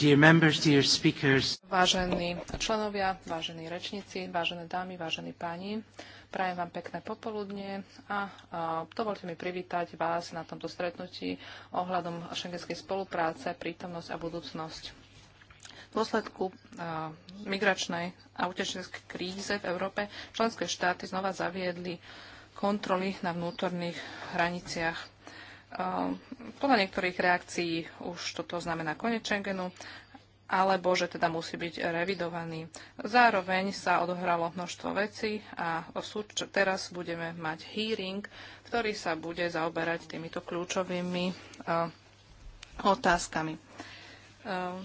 Dear members, dear speakers. Vážení členovia, vážení rečníci, vážené dámy, vážení páni, prajem vám pekné popoludne a, dovolte mi privítať vás na tomto stretnutí ohľadom šengenskej spolupráce, prítomnosť a budúcnosť. V dôsledku migračnej a utečenskej kríze v Európe členské štáty znova zaviedli kontroly na vnútorných hraniciach Ehm, podľa niektorých reakcií už toto znamená konec Schengenu, alebo že teda musí byť revidovaný. Zároveň sa odohralo množstvo vecí a teraz budeme mať hearing, ktorý sa bude zaoberať týmito kľúčovými ehm, otázkami. Ehm,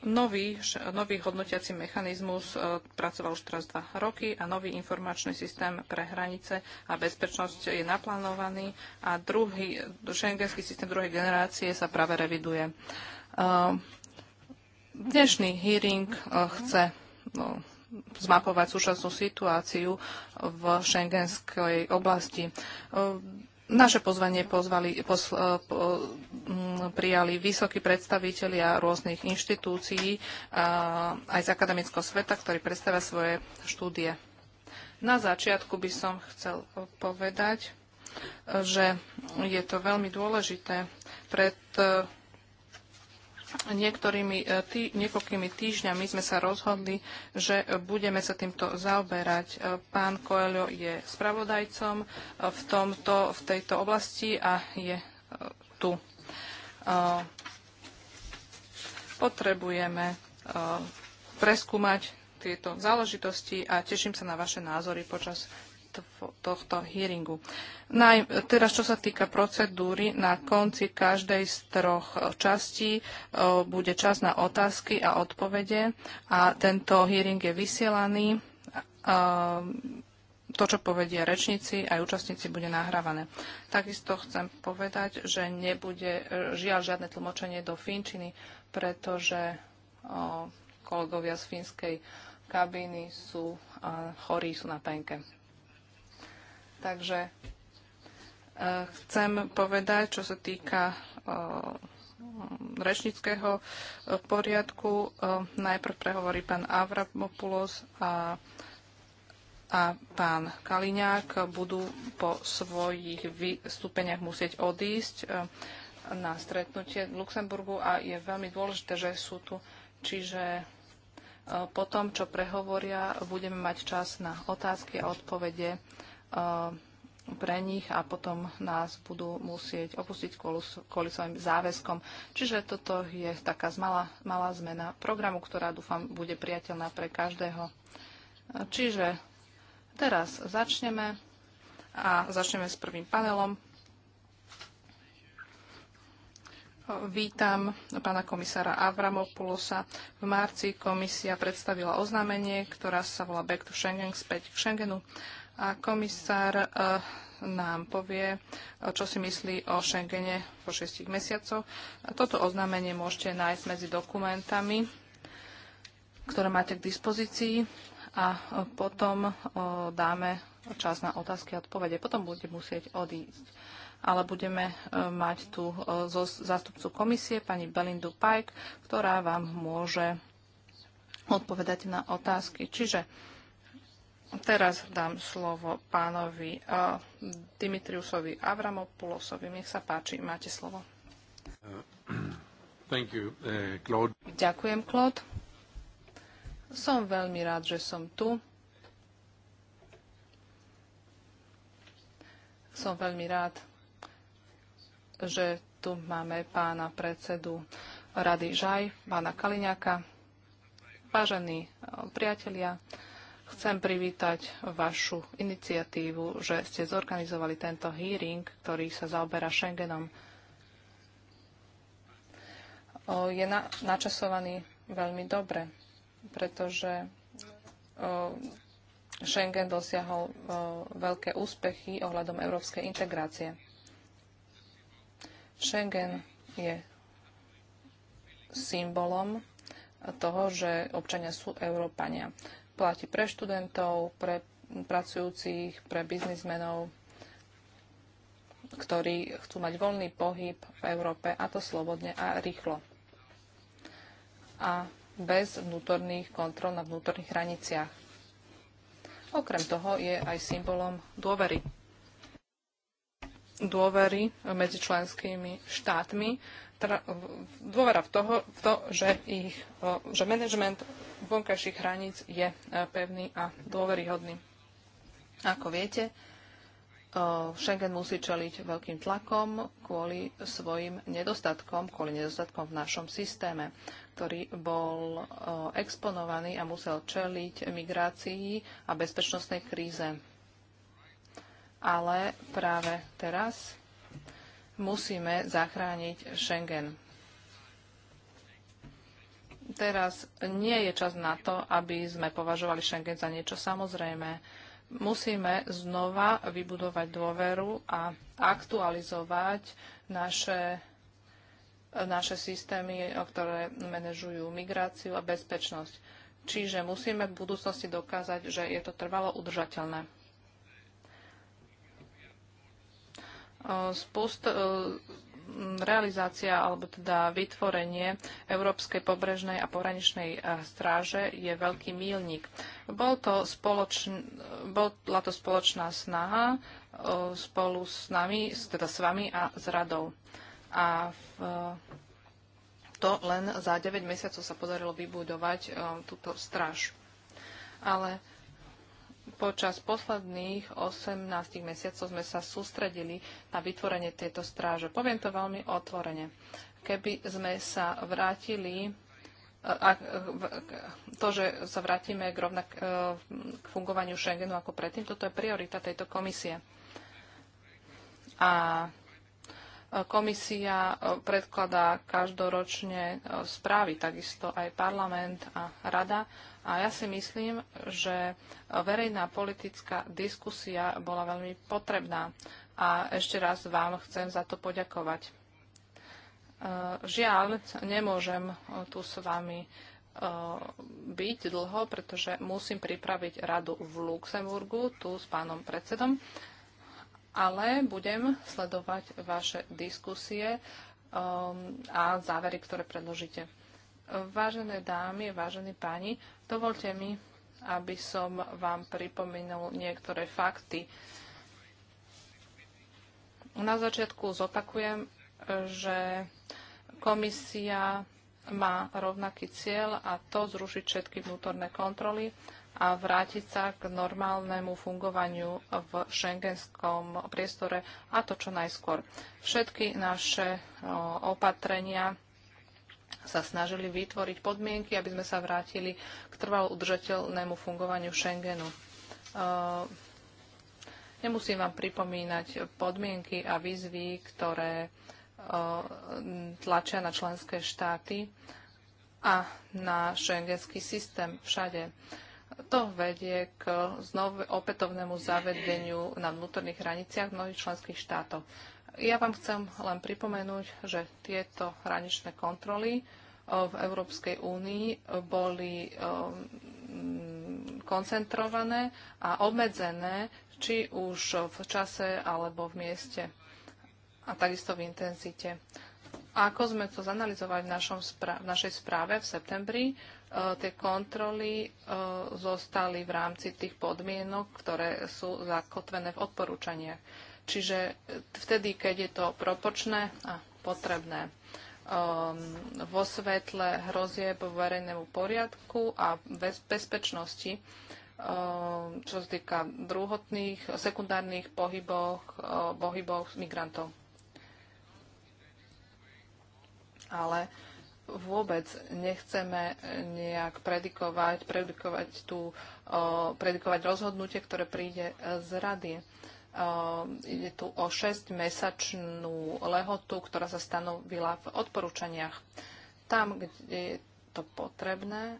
Nový, nový hodnotiaci mechanizmus e, pracoval už teraz dva roky a nový informačný systém pre hranice a bezpečnosť je naplánovaný a druhý, šengenský systém druhej generácie sa práve reviduje. E, dnešný hearing e, chce no, zmapovať súčasnú situáciu v šengenskej oblasti. Naše pozvanie pozvali, pos, eh, po, mm, prijali vysokí predstavitelia rôznych inštitúcií, a, eh, aj z akademického sveta, ktorí predstavia svoje štúdie. Na začiatku by som chcel povedať, že je to veľmi dôležité pred eh, niektorými, e, tý, niekoľkými týždňami sme sa rozhodli, že budeme sa týmto zaoberať. E, pán Koelho je spravodajcom e, v, tomto, v tejto oblasti a je tu. Potrebujeme preskúmať tieto záležitosti a teším sa na vaše názory počas tohto hearingu. Naj, teraz, čo sa týka procedúry, na konci každej z troch častí e, bude čas na otázky a odpovede a tento hearing je vysielaný. A, e, to, čo povedia rečníci, aj účastníci, bude nahrávané. Takisto chcem povedať, že nebude e, žiaľ žiadne tlmočenie do finčiny, pretože kolegovia z fínskej kabíny sú chorí, sú na penke. Takže e, chcem povedať, čo sa týka e, rečnického e, poriadku. Najprv prehovorí pán Avramopoulos a, a pán Kaliňák. Budú po svojich vystúpeniach musieť odísť na stretnutie v Luxemburgu a je veľmi dôležité, že sú tu. Čiže po tom, čo prehovoria, budeme mať čas na otázky a odpovede pre nich a potom nás budú musieť opustiť kvôli svojim záväzkom. Čiže toto je taká malá, malá zmena programu, ktorá dúfam bude priateľná pre každého. Čiže teraz začneme a začneme s prvým panelom. Vítam pána komisára Avramopulosa. V marci komisia predstavila oznámenie, ktorá sa volá Back to Schengen, späť k Schengenu a komisár eh, nám povie, eh, čo si myslí o Schengene po šestich mesiacoch. Toto oznámenie môžete nájsť medzi dokumentami, ktoré máte k dispozícii a eh, potom dáme čas na otázky a odpovede. Potom bude musieť odísť. Ale budeme mať tu zástupcu komisie, pani Belindu Pajk, ktorá vám môže odpovedať na otázky. Čiže Teraz dám slovo pánovi eh, Dimitriusovi Avramopulosovi. Nech sa páči, máte slovo. Uh, thank you, eh, Claude. Ďakujem, Claude. Som veľmi rád, že som tu. Som veľmi rád, že tu máme pána predsedu Rady Žaj, pána Kaliňaka. Vážení eh, priatelia, Chcem privítať vašu iniciatívu, že ste zorganizovali tento hearing, ktorý sa zaoberá Schengenom. Je na, načasovaný veľmi dobre, pretože Schengen dosiahol veľké úspechy ohľadom európskej integrácie. Schengen je symbolom toho, že občania sú Európania platí pre študentov, pre pracujúcich, pre biznismenov, ktorí chcú mať voľný pohyb v Európe a to slobodne a rýchlo. A bez vnútorných kontrol na vnútorných hraniciach. Okrem toho je aj symbolom dôvery. Dôvery medzi členskými štátmi, tra, teda, e, dôvera v, toho, v to, že, ich, e, že management vonkajších hraníc je e, pevný a dôveryhodný. Ako viete, Schengen musí čeliť veľkým tlakom kvôli svojim nedostatkom, kvôli nedostatkom v našom systéme, ktorý bol exponovaný a musel čeliť migrácii a bezpečnostnej kríze. Ale práve teraz musíme zachrániť Schengen. Teraz nie je čas na to, aby sme považovali Schengen za niečo samozrejme. Musíme znova vybudovať dôveru a aktualizovať naše, naše systémy, ktoré manažujú migráciu a bezpečnosť. Čiže musíme v budúcnosti dokázať, že je to trvalo udržateľné. spust- realizácia alebo teda vytvorenie Európskej pobrežnej a pohraničnej e, stráže je veľký mílnik. Bol to spoločn- bola to spoločná snaha e, spolu s nami, teda s vami a s radou. A v, to len za 9 mesiacov sa podarilo vybudovať e, túto stráž. Ale Počas posledných 18 mesiacov sme sa sústredili na vytvorenie tejto stráže. Poviem to veľmi otvorene. Keby sme sa vrátili eh, a to, že sa vrátime k, rovnak, eh, k fungovaniu Schengenu ako predtým, toto je priorita tejto komisie. A Komisia e, predkladá každoročne e, správy, takisto aj parlament a rada. A ja si myslím, že verejná politická diskusia bola veľmi potrebná. A ešte raz vám chcem za to poďakovať. E, žiaľ, nemôžem tu s vami byť dlho, pretože musím pripraviť radu v Luxemburgu, tu s pánom predsedom ale budem sledovať vaše diskusie um, a závery, ktoré predložíte. Vážené dámy, vážení páni, dovolte mi, aby som vám pripomenul niektoré fakty. Na začiatku zopakujem, že komisia má rovnaký cieľ a to zrušiť všetky vnútorné kontroly a vrátiť sa k normálnemu fungovaniu v šengenskom priestore a to čo najskôr. Všetky naše opatrenia sa snažili vytvoriť podmienky, aby sme sa vrátili k trvalo udržateľnému fungovaniu Schengenu. nemusím vám pripomínať podmienky a výzvy, ktoré tlačia na členské štáty a na šengenský systém všade. To vedie k znovu opätovnému zavedeniu na vnútorných hraniciach mnohých členských štátov. Ja vám chcem len pripomenúť, že tieto hraničné kontroly e, v Európskej únii boli e, koncentrované a obmedzené, či už v čase alebo v mieste a takisto v intenzite. Ako sme to zanalizovali v, našom spra- v našej správe v septembri, Eh, tie kontroly eh, zostali v rámci tých podmienok, ktoré sú zakotvené v odporúčaniach. Čiže eh, vtedy, keď je to propočné a potrebné ehm, vo svetle hrozie po verejnému poriadku a bezpečnosti, ehm, čo sa týka druhotných, sekundárnych pohybov, pohybov migrantov. Ale vôbec nechceme nejak predikovať, predikovať, tú, predikovať rozhodnutie, ktoré príde z rady. Ide tu o 6-mesačnú lehotu, ktorá sa stanovila v odporúčaniach. Tam, kde je to potrebné,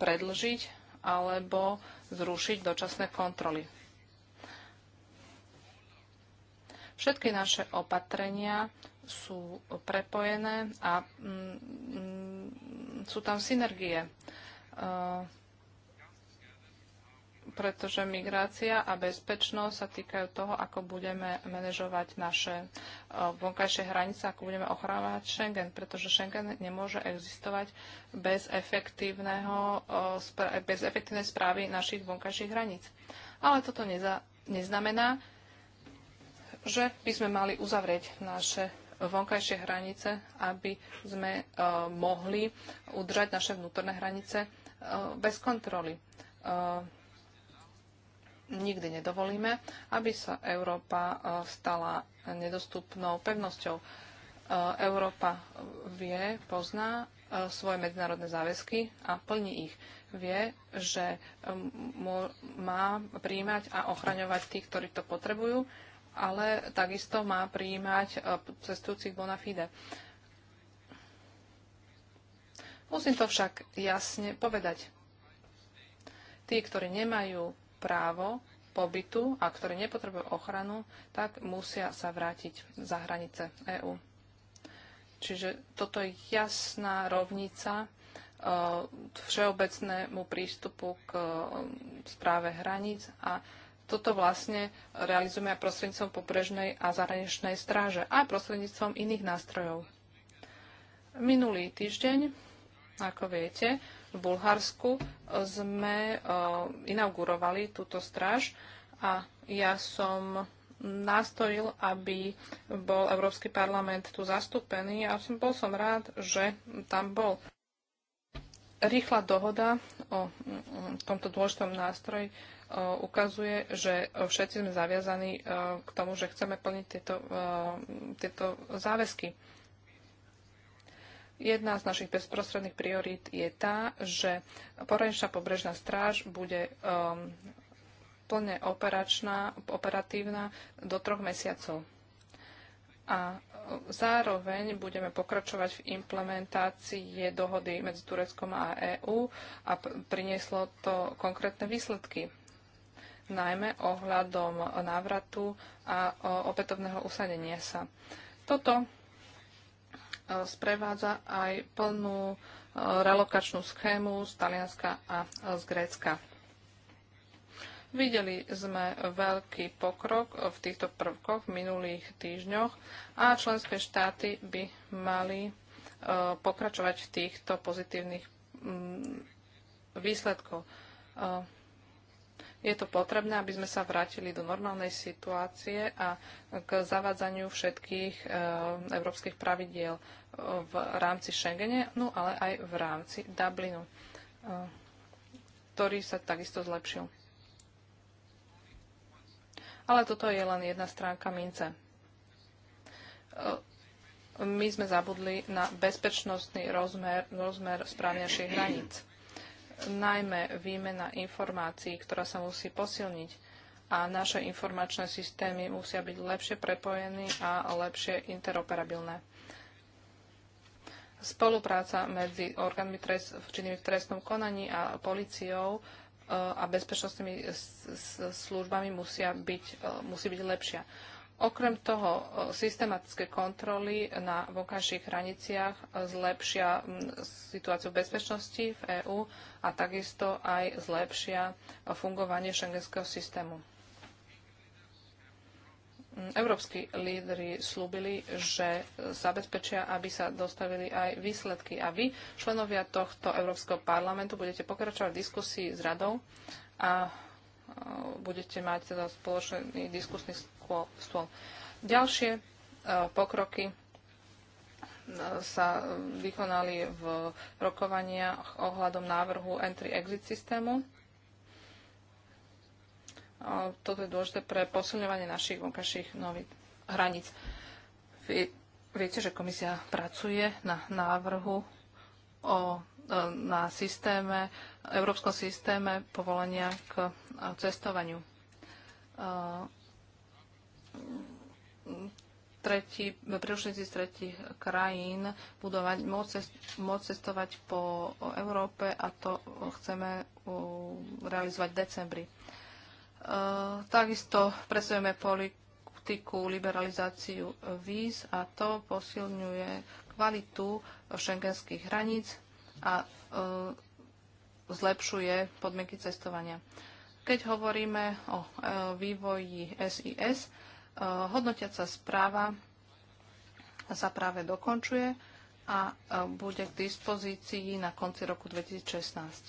predlžiť alebo zrušiť dočasné kontroly. Všetky naše opatrenia sú prepojené a mm, sú tam synergie. E, pretože migrácia a bezpečnosť sa týkajú toho, ako budeme manažovať naše e, vonkajšie hranice, ako budeme ochrávať Schengen, pretože Schengen nemôže existovať bez, efektívneho, e, bez efektívnej správy našich vonkajších hraníc. Ale toto neza, neznamená, že by sme mali uzavrieť naše vonkajšie hranice, aby sme e, mohli udržať naše vnútorné hranice e, bez kontroly. E, nikdy nedovolíme, aby sa Európa stala nedostupnou pevnosťou. Európa vie, pozná svoje medzinárodné záväzky a plní ich. Vie, že má príjmať a ochraňovať tých, ktorí to potrebujú ale takisto má prijímať e, cestujúcich bona fide. Musím to však jasne povedať. Tí, ktorí nemajú právo pobytu a ktorí nepotrebujú ochranu, tak musia sa vrátiť za hranice EÚ. Čiže toto je jasná rovnica e, všeobecnému prístupu k e, správe hraníc a toto vlastne realizujeme aj prostredníctvom pobrežnej a zahraničnej stráže, a prostredníctvom iných nástrojov. Minulý týždeň, ako viete, v Bulharsku sme e, inaugurovali túto stráž a ja som nastojil, aby bol Európsky parlament tu zastúpený a som, bol som rád, že tam bol rýchla dohoda o tomto dôležitom nástroji Eh, ukazuje, že eh, všetci sme zaviazaní eh, k tomu, že chceme plniť tieto, tieto záväzky. Jedna z našich bezprostredných priorít je tá, že porenčná pobrežná stráž bude plne operačná, operatívna do troch mesiacov. A zároveň budeme pokračovať v implementácii dohody medzi Tureckom a EÚ a prinieslo to konkrétne výsledky najmä ohľadom návratu a opätovného usadenia sa. Toto e, sprevádza aj plnú e, relokačnú schému z Talianska a e, z Grécka. Videli sme veľký pokrok v týchto prvkoch v minulých týždňoch a členské štáty by mali pokračovať v týchto pozitívnych mm, výsledkoch. Je to potrebné, aby sme sa vrátili do normálnej situácie a k zavádzaniu všetkých e, európskych pravidiel v rámci Schengene, no ale aj v rámci Dublinu, e, ktorý sa takisto zlepšil. Ale toto je len jedna stránka mince e, my sme zabudli na bezpečnostný rozmer, rozmer správnejších hraníc najmä výmena informácií, ktorá sa musí posilniť a naše informačné systémy musia byť lepšie prepojené a lepšie interoperabilné. Spolupráca medzi orgánmi činnými v trestnom konaní a policiou e, a bezpečnostnými službami musia byť, e, musí byť lepšia. Okrem toho, e, systematické kontroly na vonkajších hraniciach e, zlepšia situáciu bezpečnosti v EÚ a takisto aj zlepšia e, fungovanie šengenského systému. Mm, európsky lídry slúbili, že zabezpečia, aby sa dostavili aj výsledky. A vy, členovia tohto Európskeho parlamentu, budete pokračovať v diskusii s radou a Eh, budete mať teda spoločný diskusný stôl. Ďalšie eh, pokroky eh, sa vykonali v rokovaniach ohľadom návrhu entry-exit systému. Toto je dôležité pre posilňovanie našich vonkajších hraníc. Viete, že komisia pracuje na návrhu o na systéme, európskom systéme povolenia k cestovaniu. Tretí, príručníci z tretich krajín budú môcť, môcť cestovať po Európe a to chceme realizovať v decembri. Takisto presujeme politiku liberalizáciu víz a to posilňuje kvalitu šengenských hraníc a e, zlepšuje podmienky cestovania. Keď hovoríme o e, vývoji SIS, e, hodnotiaca správa sa práve dokončuje a bude k dispozícii na konci roku 2016.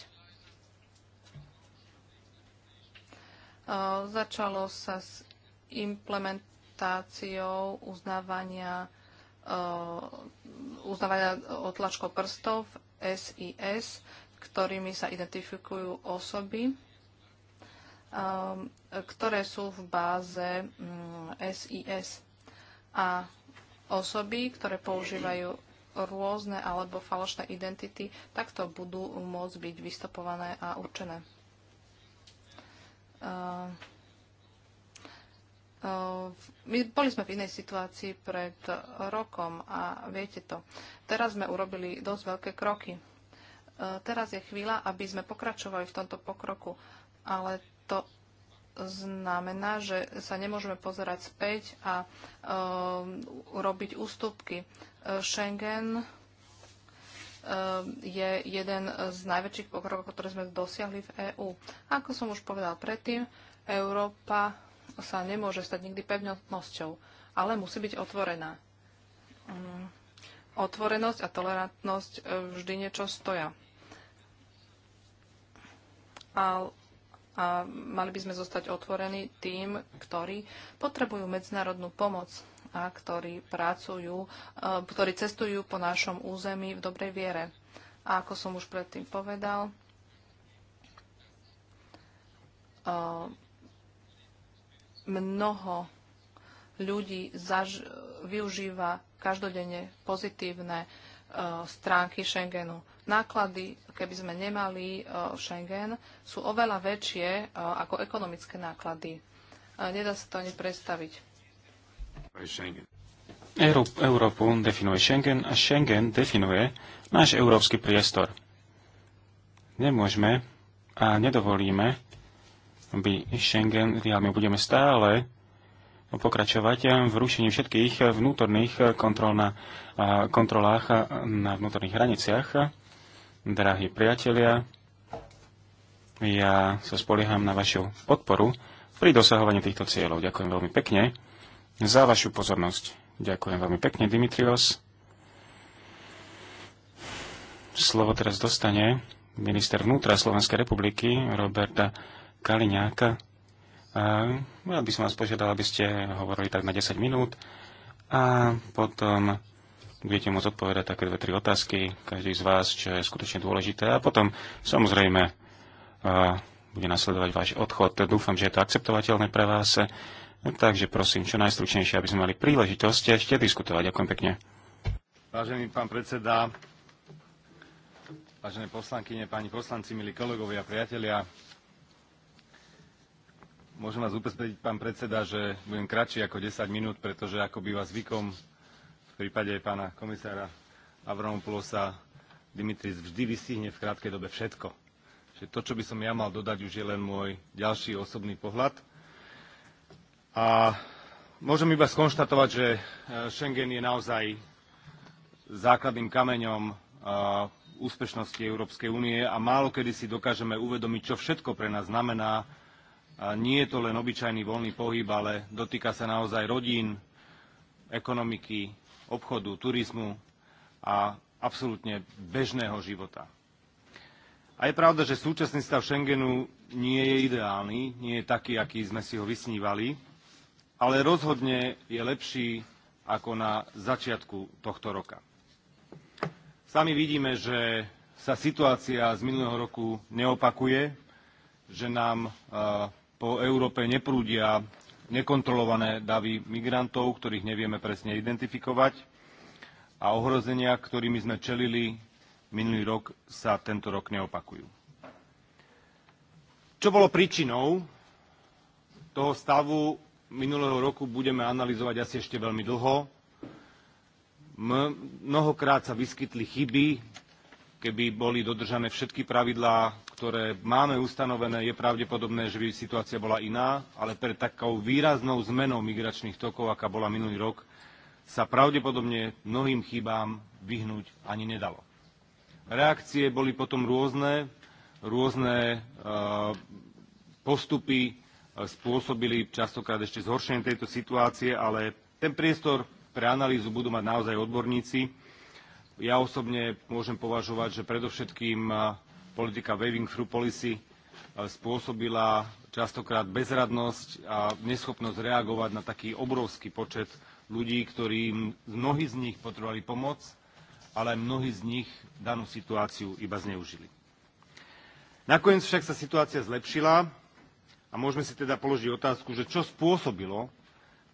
Začalo sa s implementáciou uznávania, uznávania otlačkov prstov v SIS, ktorými sa identifikujú osoby, um, ktoré sú v báze SIS mm, a osoby, ktoré používajú rôzne alebo falošné identity, takto budú môcť byť vystopované a určené. Uh, Eh, my boli sme v inej situácii pred rokom a viete to. Teraz sme urobili dosť veľké kroky. Eh, teraz je chvíľa, aby sme pokračovali v tomto pokroku, ale to znamená, že sa nemôžeme pozerať späť a eh, robiť ústupky. Schengen je jeden z najväčších pokrokov, ktoré sme dosiahli v EÚ. Ako som už povedal predtým, Európa sa nemôže stať nikdy pevnotnosťou, ale musí byť otvorená. Mm. Otvorenosť a tolerantnosť e, vždy niečo stoja. A, a mali by sme zostať otvorení tým, ktorí potrebujú medzinárodnú pomoc a ktorí pracujú, e, ktorí cestujú po našom území v dobrej viere. A ako som už predtým povedal, e, mnoho ľudí zaž- využíva každodenne pozitívne uh, stránky Schengenu. Náklady, keby sme nemali uh, Schengen, sú oveľa väčšie uh, ako ekonomické náklady. Nedá sa to ani predstaviť. Európu definuje Schengen a Schengen definuje náš európsky priestor. Nemôžeme a nedovolíme by Schengen My budeme stále pokračovať v rušení všetkých vnútorných kontrol na, kontrolách na vnútorných hraniciach. Drahí priatelia, ja sa spolieham na vašu podporu pri dosahovaní týchto cieľov. Ďakujem veľmi pekne za vašu pozornosť. Ďakujem veľmi pekne, Dimitrios. Slovo teraz dostane minister vnútra Slovenskej republiky Roberta Kaliňáka. Ja by som vás požiadal, aby ste hovorili tak na 10 minút a potom budete môcť odpovedať také dve, tri otázky, každý z vás, čo je skutočne dôležité. A potom, samozrejme, bude nasledovať váš odchod. Dúfam, že je to akceptovateľné pre vás. No, takže prosím, čo najstručnejšie, aby sme mali príležitosť ešte diskutovať. Ďakujem pekne. Vážený pán predseda, vážené poslankyne, páni poslanci, milí kolegovia, priatelia, Môžem vás ubezpečiť, pán predseda, že budem kratší ako 10 minút, pretože ako býva zvykom v prípade pána komisára Avramopulosa, Dimitris vždy vystihne v krátkej dobe všetko. Čiže to, čo by som ja mal dodať, už je len môj ďalší osobný pohľad. A môžem iba skonštatovať, že eh, Schengen je naozaj základným kameňom eh, úspešnosti Európskej únie a málo kedy si dokážeme uvedomiť, čo všetko pre nás znamená nie je to len obyčajný voľný pohyb, ale dotýka sa naozaj rodín, ekonomiky, obchodu, turizmu a absolútne bežného života. A je pravda, že súčasný stav Schengenu nie je ideálny, nie je taký, aký sme si ho vysnívali, ale rozhodne je lepší ako na začiatku tohto roka. Sami vidíme, že sa situácia z minulého roku neopakuje, že nám eh, po Európe neprúdia nekontrolované davy migrantov, ktorých nevieme presne identifikovať a ohrozenia, ktorými sme čelili minulý rok, sa tento rok neopakujú. Čo bolo príčinou toho stavu minulého roku, budeme analyzovať asi ešte veľmi dlho. Mnohokrát sa vyskytli chyby keby boli dodržané všetky pravidlá, ktoré máme ustanovené, je pravdepodobné, že by situácia bola iná, ale pre takou výraznou zmenou migračných tokov, aká bola minulý rok, sa pravdepodobne mnohým chybám vyhnúť ani nedalo. Reakcie boli potom rôzne, rôzne e, postupy e, spôsobili častokrát ešte zhoršenie tejto situácie, ale ten priestor pre analýzu budú mať naozaj odborníci ja osobne môžem považovať, že predovšetkým politika waving through policy spôsobila častokrát bezradnosť a neschopnosť reagovať na taký obrovský počet ľudí, ktorí mnohí z nich potrebovali pomoc, ale mnohí z nich danú situáciu iba zneužili. Nakoniec však sa situácia zlepšila a môžeme si teda položiť otázku, že čo spôsobilo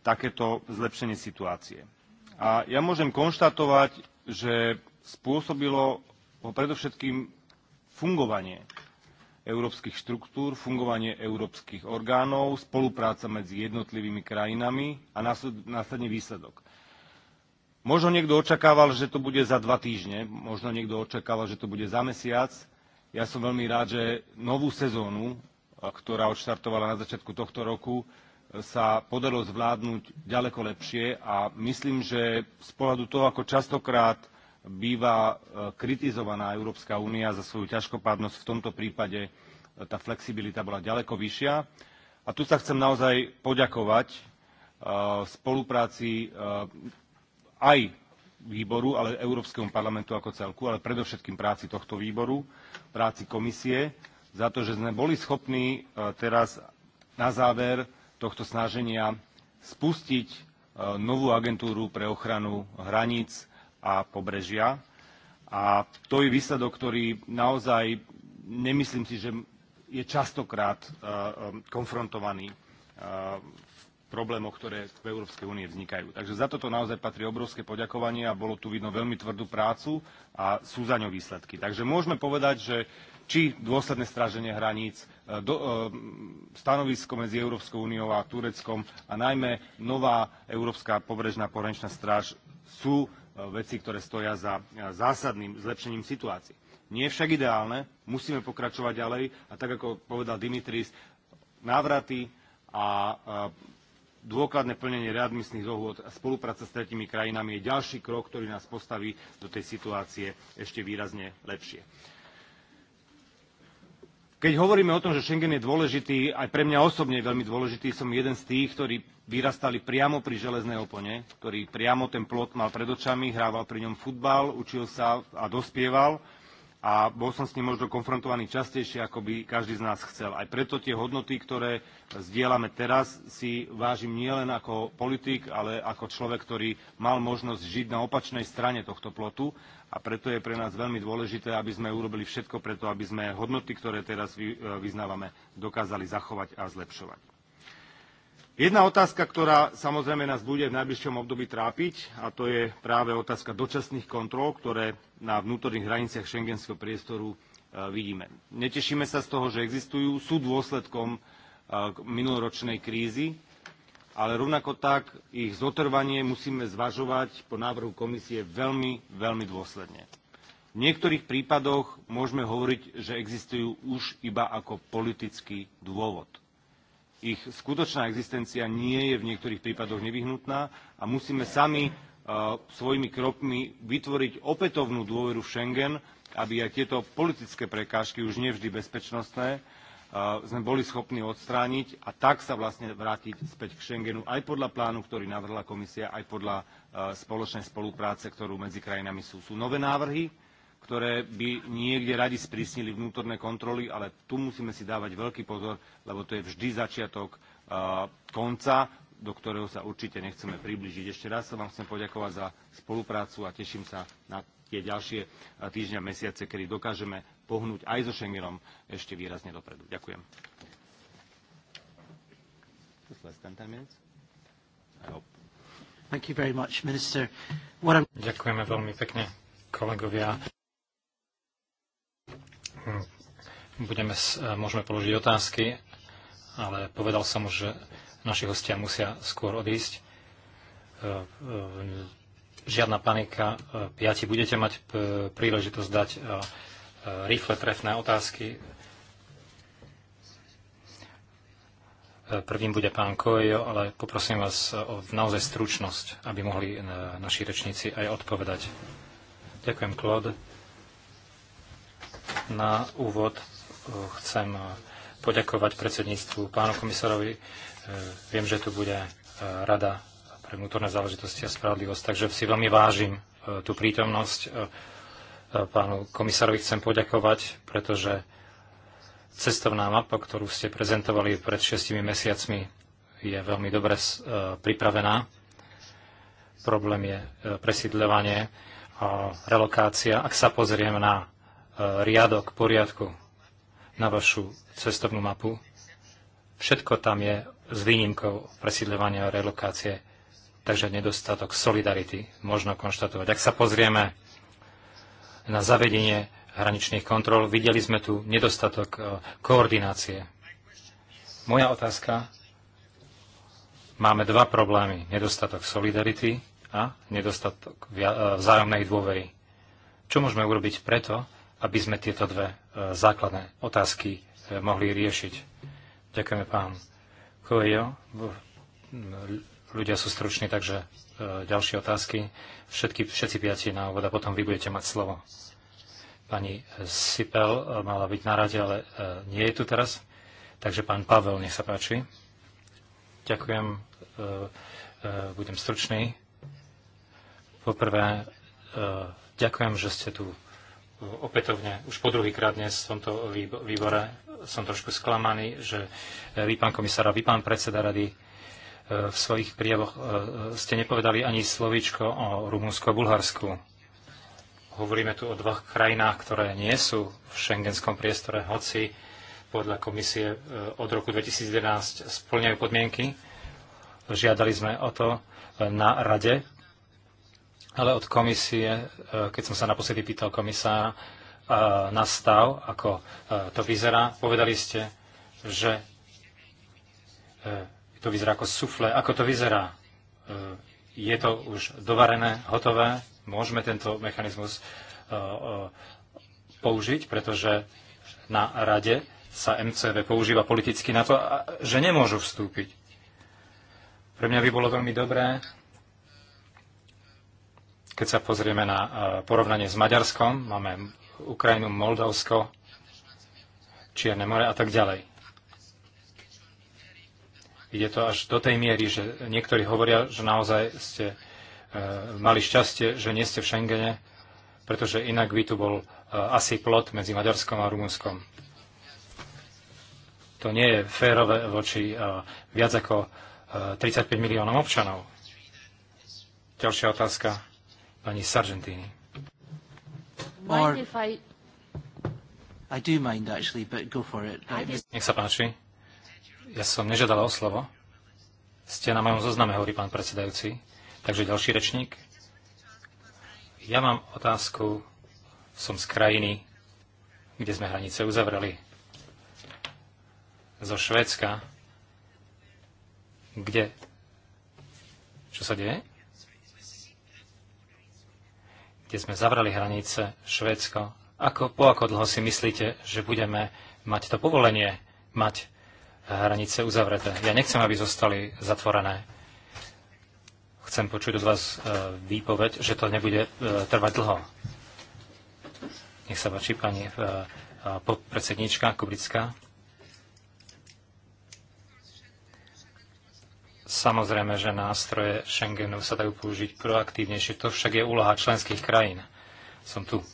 takéto zlepšenie situácie. A ja môžem konštatovať, že spôsobilo ho no, predovšetkým fungovanie európskych štruktúr, fungovanie európskych orgánov, spolupráca medzi jednotlivými krajinami a následne výsledok. Možno niekto očakával, že to bude za dva týždne, možno niekto očakával, že to bude za mesiac. Ja som veľmi rád, že novú sezónu, ktorá odštartovala na začiatku tohto roku, sa podarilo zvládnuť ďaleko lepšie a myslím, že z pohľadu toho, ako častokrát býva e, kritizovaná Európska únia za svoju ťažkopádnosť, v tomto prípade e, tá flexibilita bola ďaleko vyššia. A tu sa chcem naozaj poďakovať v e, spolupráci aj výboru, ale Európskemu parlamentu ako celku, ale predovšetkým práci tohto výboru, práci komisie, za to, že sme boli schopní teraz na záver tohto snaženia spustiť e, novú agentúru pre ochranu hraníc a pobrežia. A to je výsledok, ktorý naozaj nemyslím si, že je častokrát e, e, konfrontovaný v problémoch, ktoré v Európskej únie vznikajú. Takže za toto naozaj patrí obrovské poďakovanie a bolo tu vidno veľmi tvrdú prácu a sú za ňou výsledky. Takže môžeme povedať, že či dôsledné stráženie hraníc, e, do, e, stanovisko medzi Európskou úniou a Tureckom a najmä nová Európska pobrežná pohraničná stráž sú e, veci, ktoré stoja za zásadným zlepšením situácií. Nie je však ideálne, musíme pokračovať ďalej a tak, ako povedal Dimitris, návraty a dôkladné plnenie readmisných dohôd a spolupráca s tretimi krajinami je ďalší krok, ktorý nás postaví do tej situácie ešte výrazne lepšie. Keď hovoríme o tom, že Schengen je dôležitý, aj pre mňa osobne je veľmi dôležitý, som jeden z tých, ktorí vyrastali priamo pri železnej opone, ktorý priamo ten plot mal pred očami, hrával pri ňom futbal, učil sa a dospieval a bol som s ním možno konfrontovaný častejšie, ako by každý z nás chcel. Aj preto tie hodnoty, ktoré zdieľame teraz, si vážim nielen ako politik, ale ako človek, ktorý mal možnosť žiť na opačnej strane tohto plotu a preto je pre nás veľmi dôležité, aby sme urobili všetko preto, aby sme hodnoty, ktoré teraz e, vyznávame, dokázali zachovať a zlepšovať. Jedna otázka, ktorá samozrejme nás bude v najbližšom období trápiť, a to je práve otázka dočasných kontrol, ktoré na vnútorných hraniciach šengenského priestoru e, vidíme. Netešíme sa z toho, že existujú, sú dôsledkom e, minuloročnej krízy, ale rovnako tak ich zotrvanie musíme zvažovať po návrhu komisie veľmi, veľmi dôsledne. V niektorých prípadoch môžeme hovoriť, že existujú už iba ako politický dôvod – ich skutočná existencia nie je v niektorých prípadoch nevyhnutná a musíme sami uh, svojimi krokmi vytvoriť opätovnú dôveru v Schengen, aby aj tieto politické prekážky, už nevždy bezpečnostné, uh, sme boli schopní odstrániť a tak sa vlastne vrátiť späť k Schengenu aj podľa plánu, ktorý navrhla komisia, aj podľa uh, spoločnej spolupráce, ktorú medzi krajinami sú. Sú nové návrhy, ktoré by niekde radi sprísnili vnútorné kontroly, ale tu musíme si dávať veľký pozor, lebo to je vždy začiatok uh, konca, do ktorého sa určite nechceme priblížiť. Ešte raz sa vám chcem poďakovať za spoluprácu a teším sa na tie ďalšie uh, týždňa, mesiace, kedy dokážeme pohnúť aj so Schengenom ešte výrazne dopredu. Ďakujem. Ďakujeme veľmi pekne, kolegovia. Budeme, e, môžeme položiť otázky, ale povedal som už, že naši hostia musia skôr odísť. E, e, žiadna panika. Piati budete mať príležitosť dať rýchle trefné otázky. Prvým bude pán Kojo, ale poprosím vás o naozaj stručnosť, aby mohli naši rečníci aj odpovedať. Ďakujem, Claude. Na úvod e, chcem poďakovať predsedníctvu pánu komisárovi. E, viem, že tu bude e, rada pre vnútorné záležitosti a spravodlivosť, takže si veľmi vážim tú prítomnosť. Pánu komisárovi chcem poďakovať, pretože cestovná mapa, ktorú ste prezentovali pred šestimi mesiacmi, je veľmi dobre pripravená. Problém je presídľovanie, relokácia. Ak sa pozrieme na riadok poriadku na vašu cestovnú mapu. Všetko tam je s výnimkou presídľovania a relokácie, takže nedostatok solidarity možno konštatovať. Ak sa pozrieme na zavedenie hraničných kontrol, videli sme tu nedostatok e, koordinácie. Moja otázka, máme dva problémy. Nedostatok solidarity a nedostatok e, vzájomnej dôvery. Čo môžeme urobiť preto, aby sme tieto dve e, základné otázky e, mohli riešiť. Ďakujeme pán Coelho. Ľudia sú struční, takže e, ďalšie otázky. Všetky, všetci piati na úvod a potom vy budete mať slovo. Pani Sipel mala byť na rade, ale nie je tu teraz. Takže pán Pavel, nech sa páči. Ďakujem, budem stručný. Poprvé, ďakujem, že ste tu opätovne, už po druhýkrát dnes v tomto výbore som trošku sklamaný, že e, vy, pán komisár, vy, pán predseda rady, e, v svojich prijavoch e, ste nepovedali ani slovíčko o Rumúnsku a Bulharsku. Hovoríme tu o dvoch krajinách, ktoré nie sú v šengenskom priestore, hoci podľa komisie od roku 2011 splňajú podmienky. Žiadali sme o to na rade ale od komisie, e, keď som sa naposledy pýtal komisára e, na stav, ako e, to vyzerá, povedali ste, že to vyzerá ako sufle. Ako to vyzerá? Je to už dovarené, hotové? Môžeme tento mechanizmus použiť, pretože na rade sa MCV používa politicky na to, že nemôžu vstúpiť. Pre mňa by bolo veľmi dobré, keď sa pozrieme na e, porovnanie s Maďarskom, máme Ukrajinu, Moldavsko, Čierne more a tak ďalej. Ide to až do tej miery, že niektorí hovoria, že naozaj ste e, mali šťastie, že nie ste v Schengene, pretože inak by tu bol e, asi plot medzi Maďarskom a Rumunskom. To nie je férové voči e, viac ako 35 e, miliónov občanov. Ďalšia otázka pani Sargentini. I... I do mind actually, but go for it. Right? Nech sa páči. Ja som nežiadala o slovo. Ste na mojom zozname, hovorí pán predsedajúci. Takže ďalší rečník. Ja mám otázku. Som z krajiny, kde sme hranice uzavreli. Zo Švédska, kde... Čo sa deje? keď sme zavrali hranice Švédsko. Ako, po ako dlho si myslíte, že budeme mať to povolenie mať eh, hranice uzavreté? Ja nechcem, aby zostali zatvorené. Chcem počuť od vás eh, výpoveď, že to nebude eh, trvať dlho. Nech sa páči, pani podpredsedníčka Kubrická. Samozrejme, že nástroje Schengenu sa dajú použiť proaktívnejšie. To však je úloha členských krajín. Som tu.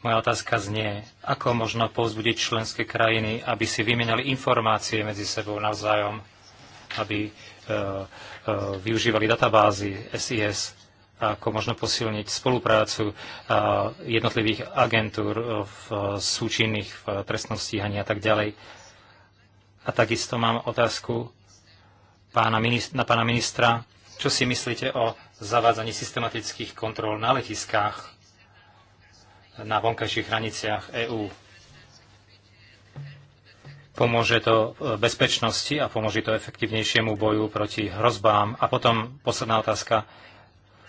Moja otázka znie, ako možno povzbudiť členské krajiny, aby si vymenali informácie medzi sebou navzájom, aby e, e, využívali databázy SIS, ako možno posilniť spoluprácu e, jednotlivých agentúr e, v e, súčinných v trestnom stíhaní a tak ďalej. A takisto mám otázku, pána na pána ministra, čo si myslíte o zavádzaní systematických kontrol na letiskách na vonkajších hraniciach EÚ. Pomôže to e, bezpečnosti a pomôže to efektívnejšiemu boju proti hrozbám. A potom posledná otázka.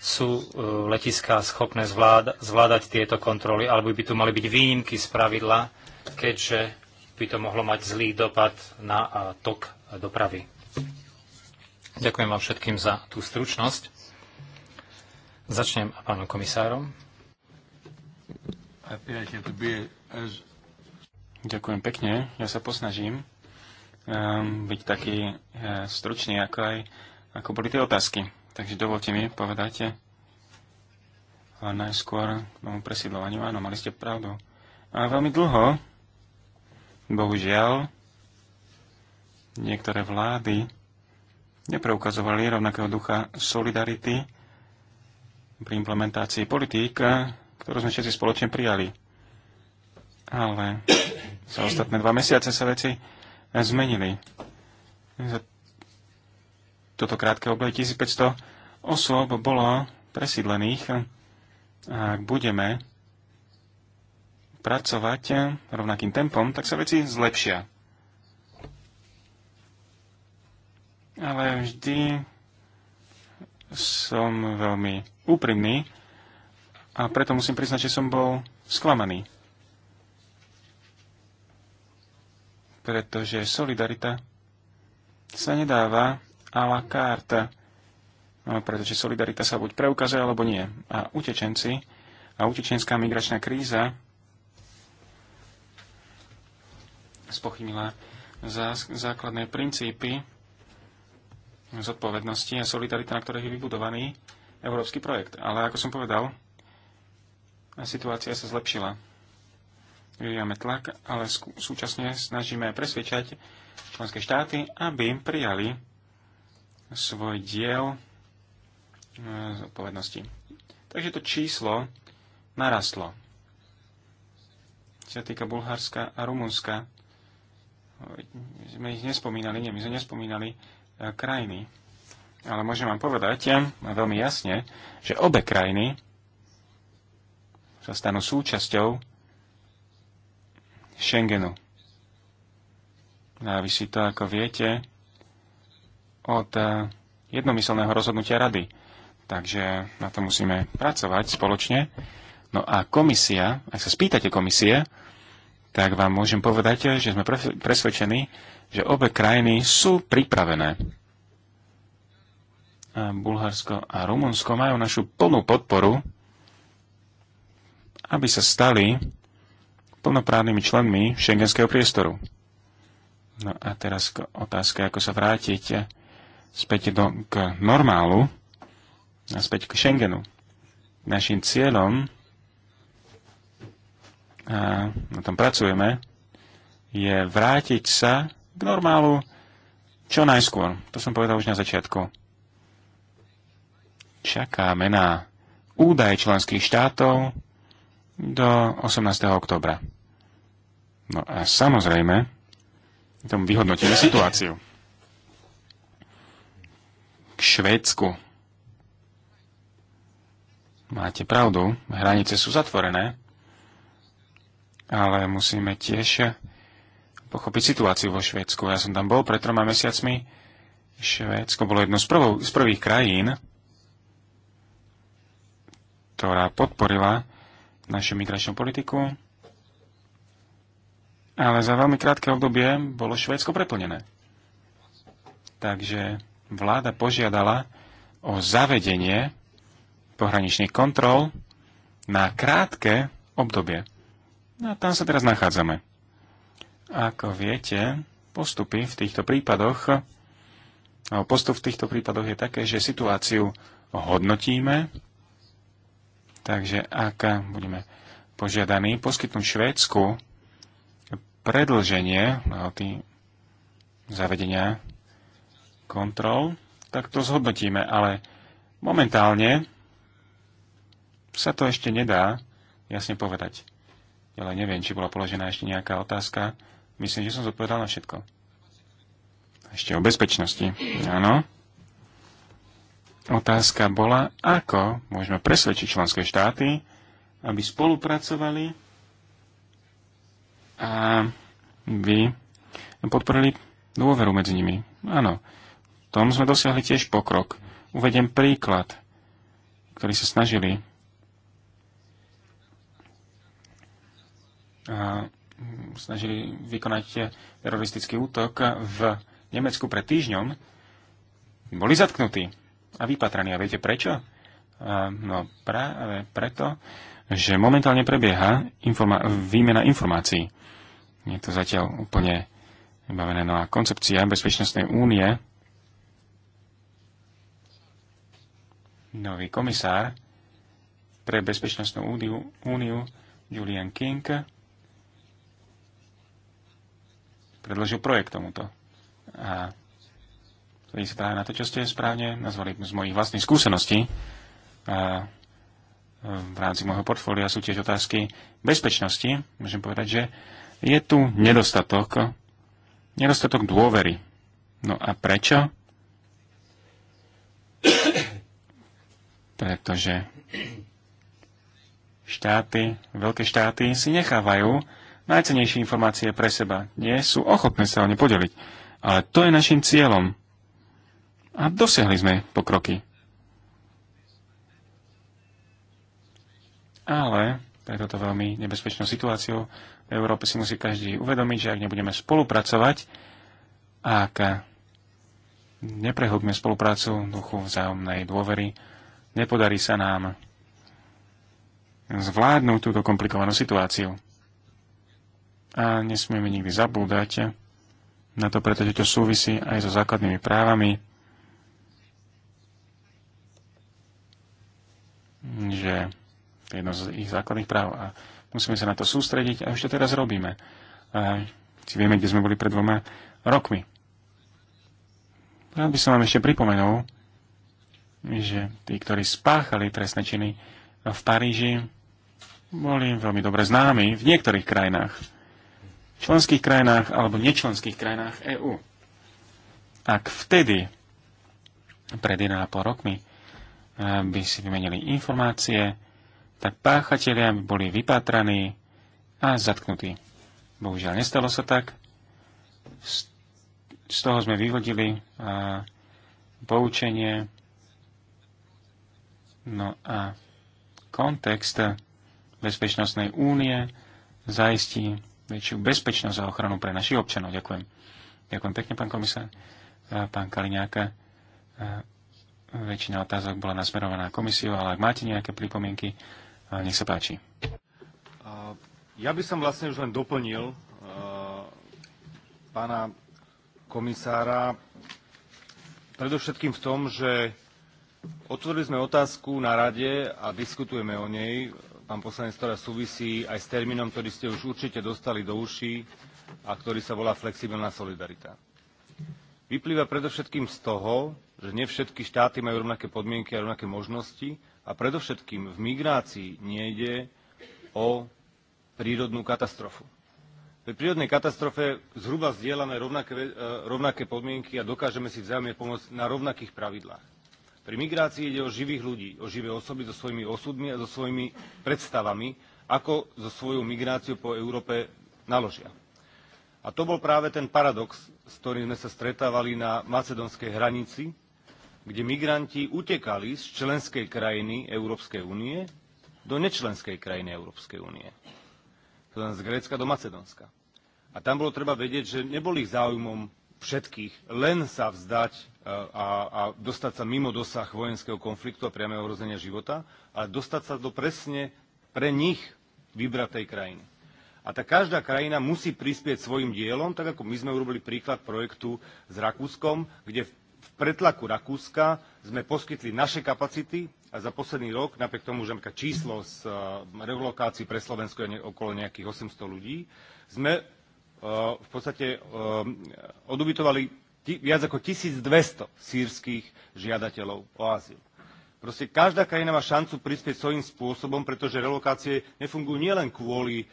Sú e, letiská schopné zvláda- zvládať tieto kontroly, alebo by tu mali byť výnimky z pravidla, keďže by to mohlo mať zlý dopad na e, tok dopravy? Ďakujem vám všetkým za tú stručnosť. Začnem pánom komisárom. Ďakujem pekne. Ja sa posnažím um, byť taký uh, stručný, ako aj ako boli tie otázky. Takže dovolte mi povedajte eh, a najskôr k tomu presídlovaniu. Áno, mali ste pravdu. A veľmi dlho, bohužiaľ, niektoré vlády nepreukazovali rovnakého ducha solidarity pri implementácii politík, ktorú sme všetci spoločne prijali. Ale za ostatné dva mesiace sa veci zmenili. Za toto krátke obdobie 1500 osôb bolo presídlených. A ak budeme pracovať rovnakým tempom, tak sa veci zlepšia. ale vždy som veľmi úprimný a preto musím priznať, že som bol sklamaný. Pretože solidarita sa nedáva a la carte, no, pretože solidarita sa buď preukazuje, alebo nie. A utečenci a utečenská migračná kríza spochybnila základné princípy zodpovednosti a solidarity, na ktorých je vybudovaný európsky projekt. Ale ako som povedal, situácia sa zlepšila. Vyvíjame tlak, ale súčasne snažíme presvedčať členské štáty, aby im prijali svoj diel e, zodpovednosti. Takže to číslo narastlo. Čo sa týka Bulharska a Rumunska, my ich nespomínali, nie, my sme nespomínali E, krajiny. Ale môžem vám povedať a veľmi jasne, že obe krajiny sa stanú súčasťou Schengenu. Závisí to, ako viete, od e, jednomyselného rozhodnutia rady. Takže na to musíme pracovať spoločne. No a komisia, ak sa spýtate komisie, tak vám môžem povedať, že sme presvedčení, že obe krajiny sú pripravené. A Bulharsko a Rumunsko majú našu plnú podporu, aby sa stali plnoprávnymi členmi šengenského priestoru. No a teraz otázka, ako sa vrátiť späť do, k normálu, naspäť k Schengenu. Našim cieľom a na tom pracujeme, je vrátiť sa k normálu čo najskôr. To som povedal už na začiatku. Čakáme na údaj členských štátov do 18. oktobra. No a samozrejme, tom vyhodnotíme situáciu. K Švédsku. Máte pravdu, hranice sú zatvorené ale musíme tiež pochopiť situáciu vo Švédsku. Ja som tam bol pred troma mesiacmi. Švédsko bolo jedno z, prvou, z prvých krajín, ktorá podporila našu migračnú politiku, ale za veľmi krátke obdobie bolo Švédsko preplnené. Takže vláda požiadala o zavedenie pohraničných kontrol na krátke obdobie. No a tam sa teraz nachádzame. Ako viete, postupy v týchto prípadoch, postup v týchto prípadoch je také, že situáciu hodnotíme, takže ak budeme požiadaní poskytnúť Švédsku predlženie tý, zavedenia kontrol, tak to zhodnotíme, ale momentálne sa to ešte nedá jasne povedať ale neviem, či bola položená ešte nejaká otázka. Myslím, že som zodpovedal na všetko. Ešte o bezpečnosti. Áno. Otázka bola, ako môžeme presvedčiť členské štáty, aby spolupracovali a vy podporili dôveru medzi nimi. Áno, v tom sme dosiahli tiež pokrok. Uvediem príklad, ktorý sa snažili a mm, snažili vykonať teroristický útok v Nemecku pred týždňom, boli zatknutí a vypatraní. A viete prečo? A, no práve preto, že momentálne prebieha informa- výmena informácií. Je to zatiaľ úplne vybavené. No a koncepcia Bezpečnostnej únie, nový komisár pre Bezpečnostnú úniu, úniu Julian King, predložil projekt tomuto. A to sa práve na to, čo ste správne nazvali z mojich vlastných skúseností. A e, v rámci môjho portfólia sú tiež otázky bezpečnosti. Môžem povedať, že je tu nedostatok, nedostatok dôvery. No a prečo? Pretože štáty, veľké štáty si nechávajú najcenejšie informácie pre seba. Nie sú ochotné sa o ne podeliť. Ale to je našim cieľom. A dosiahli sme pokroky. Ale pre toto veľmi nebezpečnou situáciou v Európe si musí každý uvedomiť, že ak nebudeme spolupracovať ak neprehobme spoluprácu v duchu vzájomnej dôvery, nepodarí sa nám zvládnuť túto komplikovanú situáciu a nesmieme nikdy zabúdať na to, pretože to súvisí aj so základnými právami, že to je jedno z ich základných práv a musíme sa na to sústrediť a už to teraz robíme. A si vieme, kde sme boli pred dvoma rokmi. Rád by som vám ešte pripomenul, že tí, ktorí spáchali trestné činy v Paríži, boli veľmi dobre známi v niektorých krajinách členských krajinách alebo nečlenských krajinách EÚ. Ak vtedy, pred 1,5 rokmi, eh, by si vymenili informácie, tak páchatelia by boli vypátraní a zatknutí. Bohužiaľ, nestalo sa tak. Z toho sme vyvodili eh, poučenie. No a kontext Bezpečnostnej únie zaistí väčšiu bezpečnosť a ochranu pre našich občanov. Ďakujem. Ďakujem pekne, pán komisár. E, pán Kaliňáka, e, väčšina otázok bola nasmerovaná komisiu, ale ak máte nejaké pripomienky, e, nech sa páči. Ja by som vlastne už len doplnil pána komisára predovšetkým v tom, že otvorili sme otázku na rade a diskutujeme o nej pán poslanec, ktorá súvisí aj s termínom, ktorý ste už určite dostali do uší a ktorý sa volá flexibilná solidarita. Vyplýva predovšetkým z toho, že nevšetky štáty majú rovnaké podmienky a rovnaké možnosti a predovšetkým v migrácii nejde o prírodnú katastrofu. Pri prírodnej katastrofe zhruba zdieľame rovnaké, e, rovnaké podmienky a dokážeme si vzájomne pomôcť na rovnakých pravidlách pri migrácii ide o živých ľudí, o živé osoby so svojimi osudmi a so svojimi predstavami, ako so svojou migráciou po Európe naložia. A to bol práve ten paradox, s ktorým sme sa stretávali na macedonskej hranici, kde migranti utekali z členskej krajiny Európskej únie do nečlenskej krajiny Európskej únie. Z Grécka do Macedónska. A tam bolo treba vedieť, že nebol ich záujmom všetkých len sa vzdať a, a dostať sa mimo dosah vojenského konfliktu a priameho ohrozenia života, ale dostať sa do presne pre nich vybratej krajiny. A tak každá krajina musí prispieť svojim dielom, tak ako my sme urobili príklad projektu s Rakúskom, kde v pretlaku Rakúska sme poskytli naše kapacity a za posledný rok, napriek tomu, že číslo z e, relokácií pre Slovensko je okolo nejakých 800 ľudí, sme e, v podstate e, odubitovali viac ako 1200 sírskych žiadateľov o azyl. Proste každá krajina má šancu prispieť svojím spôsobom, pretože relokácie nefungujú nielen kvôli e,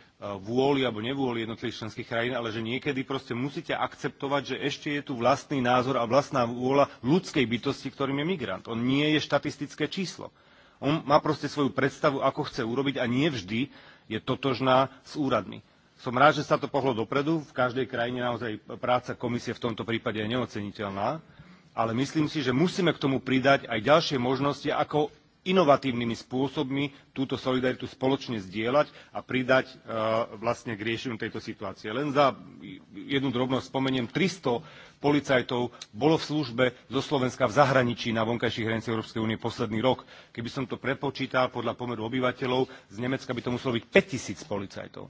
vôli alebo nevôli jednotlivých členských krajín, ale že niekedy proste musíte akceptovať, že ešte je tu vlastný názor a vlastná vôľa ľudskej bytosti, ktorým je migrant. On nie je štatistické číslo. On má proste svoju predstavu, ako chce urobiť a nie vždy je totožná s úradmi. Som rád, že sa to pohlo dopredu. V každej krajine naozaj práca komisie v tomto prípade je neoceniteľná, ale myslím si, že musíme k tomu pridať aj ďalšie možnosti, ako inovatívnymi spôsobmi túto solidaritu spoločne zdieľať a pridať uh, vlastne k riešeniu tejto situácie. Len za jednu drobnosť spomeniem, 300 policajtov bolo v službe zo Slovenska v zahraničí na vonkajších hraniciach Európskej únie posledný rok. Keby som to prepočítal podľa pomeru obyvateľov, z Nemecka by to muselo byť 5000 policajtov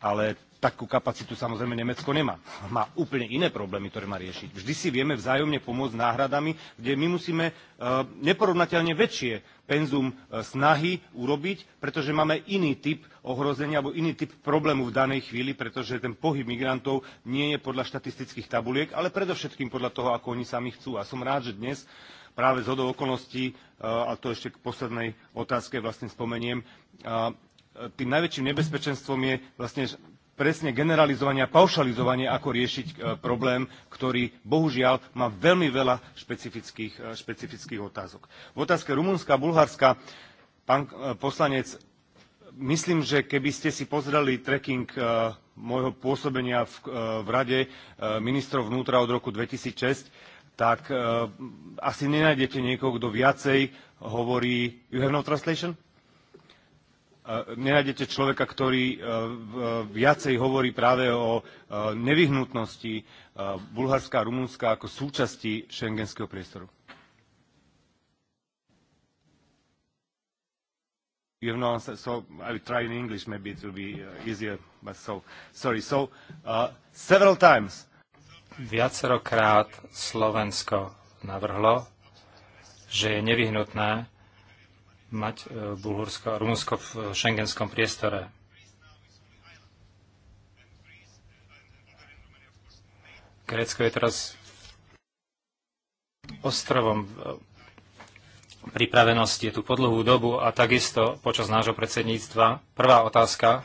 ale takú kapacitu samozrejme Nemecko nemá. Má úplne iné problémy, ktoré má riešiť. Vždy si vieme vzájomne pomôcť náhradami, kde my musíme e, neporovnateľne väčšie penzum e, snahy urobiť, pretože máme iný typ ohrozenia alebo iný typ problému v danej chvíli, pretože ten pohyb migrantov nie je podľa štatistických tabuliek, ale predovšetkým podľa toho, ako oni sami chcú. A som rád, že dnes práve z hodou okolností, e, a to ešte k poslednej otázke vlastne spomeniem, tým najväčším nebezpečenstvom je vlastne presne generalizovanie a paušalizovanie, ako riešiť e, problém, ktorý bohužiaľ má veľmi veľa špecifických, e, špecifických otázok. V otázke Rumunska a Bulharska, pán e, poslanec, myslím, že keby ste si pozreli tracking môjho pôsobenia v, v Rade ministrov vnútra od roku 2006, tak asi nenájdete niekoho, kto viacej hovorí... You have no translation? nenájdete človeka, ktorý e, viacej hovorí práve o e, nevyhnutnosti e, Bulharska a Rumunska ako súčasti šengenského priestoru. You have no answer, so I will try in English, maybe it will be uh, easier, but so, sorry. So, uh, several times. Viacerokrát Slovensko navrhlo, že je nevyhnutné mať e, Bulhorsko a Rumunsko v e, šengenskom priestore. Grécko je teraz ostrovom e, pripravenosti je tu po dlhú dobu a takisto počas nášho predsedníctva. Prvá otázka.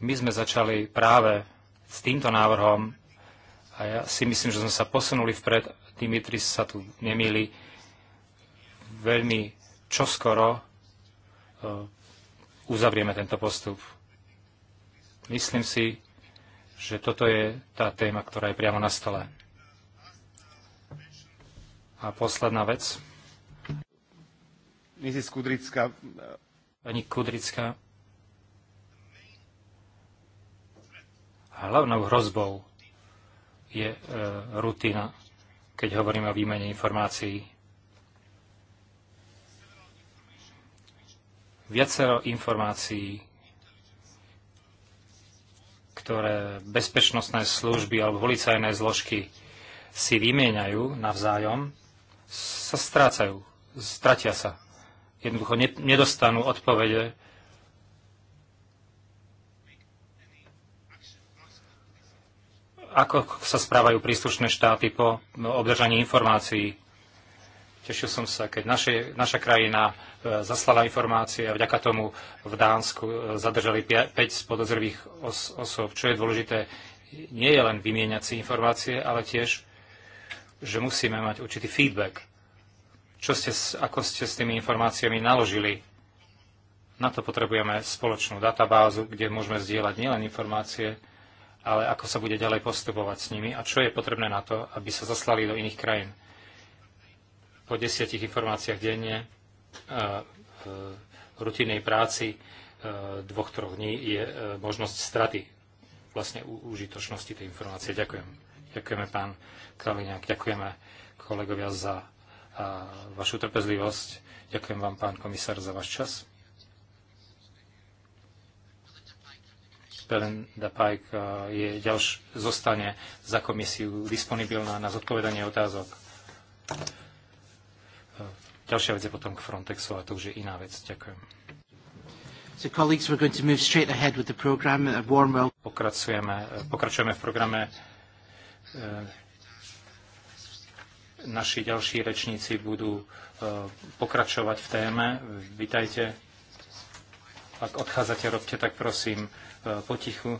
My sme začali práve s týmto návrhom a ja si myslím, že sme sa posunuli vpred. Dimitris sa tu nemýli veľmi čoskoro e, uzavrieme tento postup. Myslím si, že toto je tá téma, ktorá je priamo na stole. A posledná vec. Mrs. Kudrická. Pani Kudrická. Hlavnou hrozbou je e, rutina, keď hovoríme o výmene informácií. viacero informácií, ktoré bezpečnostné služby alebo policajné zložky si vymieňajú navzájom, sa strácajú, stratia sa. Jednoducho nedostanú odpovede. Ako sa správajú príslušné štáty po obdržaní informácií Tešil som sa, keď naše, naša krajina e, zaslala informácie a vďaka tomu v Dánsku e, zadržali 5 z podozrivých os- osob. Čo je dôležité, nie je len vymieňať si informácie, ale tiež, že musíme mať určitý feedback. Čo ste, ako ste s tými informáciami naložili? Na to potrebujeme spoločnú databázu, kde môžeme zdieľať nielen informácie, ale ako sa bude ďalej postupovať s nimi a čo je potrebné na to, aby sa zaslali do iných krajín po desiatich informáciách denne a e, e, rutinnej práci e, dvoch, troch dní je možnosť straty vlastne užitočnosti tej informácie. Ďakujem. Ďakujeme pán Kaliňák, ďakujeme kolegovia za vašu trpezlivosť. Ďakujem vám, pán komisár, za váš čas. Belinda Pike je ďalš, zostane za komisiu disponibilná na zodpovedanie otázok. Ďalšia vec je potom k Frontexu a to už je iná vec. Ďakujem. So colleagues, we're going to move straight ahead with the program. A warm welcome. Pokračujeme, pokračujeme v programe. Eh, naši ďalší rečníci budú eh, pokračovať v téme. Vítajte. Ak odchádzate, robte tak prosím eh, potichu.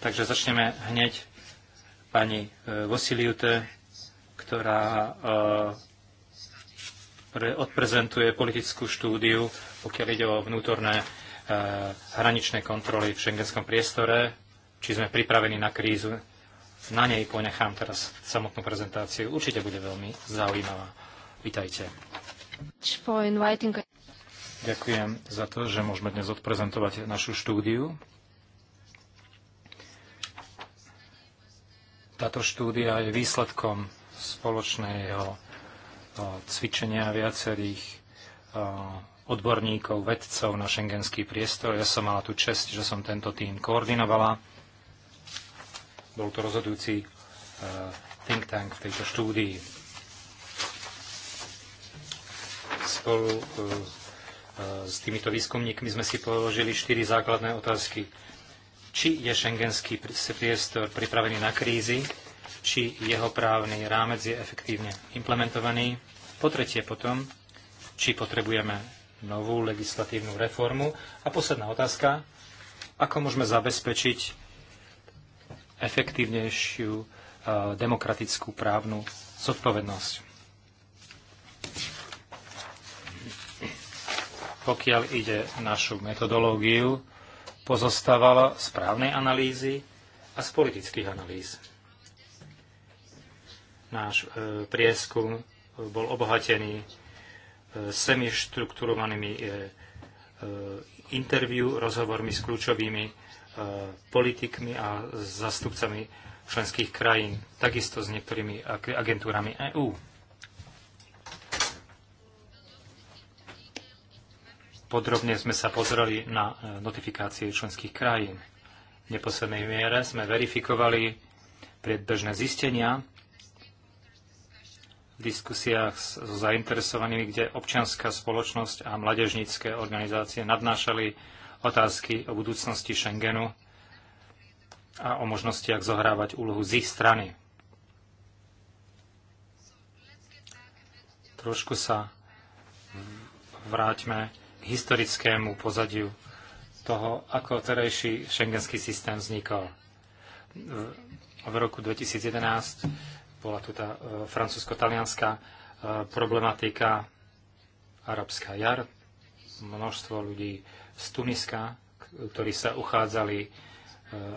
Takže začneme hneď pani Vosiliute, ktorá re, odprezentuje politickú štúdiu, pokiaľ ide o vnútorné e, hraničné kontroly v šengenskom priestore, či sme pripravení na krízu. Na nej ponechám teraz samotnú prezentáciu. Určite bude veľmi zaujímavá. Vítajte. Ďakujem za to, že môžeme dnes odprezentovať našu štúdiu. Táto štúdia je výsledkom spoločného cvičenia viacerých odborníkov, vedcov na šengenský priestor. Ja som mala tú čest, že som tento tým koordinovala. Bol to rozhodujúci e, think tank v tejto štúdii. Spolu e, e, s týmito výskumníkmi sme si položili štyri základné otázky. Či je šengenský priestor pripravený na krízy? či jeho právny rámec je efektívne implementovaný. Po tretie potom, či potrebujeme novú legislatívnu reformu. A posledná otázka, ako môžeme zabezpečiť efektívnejšiu e, demokratickú právnu zodpovednosť. Pokiaľ ide našu metodológiu, pozostávala z právnej analýzy a z politických analýz. Náš e, prieskum bol obohatený e, semištrukturovanými e, interviu, rozhovormi s kľúčovými politikmi a zastupcami členských krajín, takisto s niektorými agentúrami EÚ. Podrobne sme sa pozreli na notifikácie členských krajín. V neposlednej miere sme verifikovali predbežné zistenia v diskusiách so zainteresovanými, kde občianská spoločnosť a mladežnícke organizácie nadnášali otázky o budúcnosti Schengenu a o možnostiach zohrávať úlohu z ich strany. Trošku sa vráťme k historickému pozadiu toho, ako terajší šengenský systém vznikol. V roku 2011 bola tu tá e, francúzsko-talianská e, problematika, arabská jar, množstvo ľudí z Tuniska, ktorí sa uchádzali, e,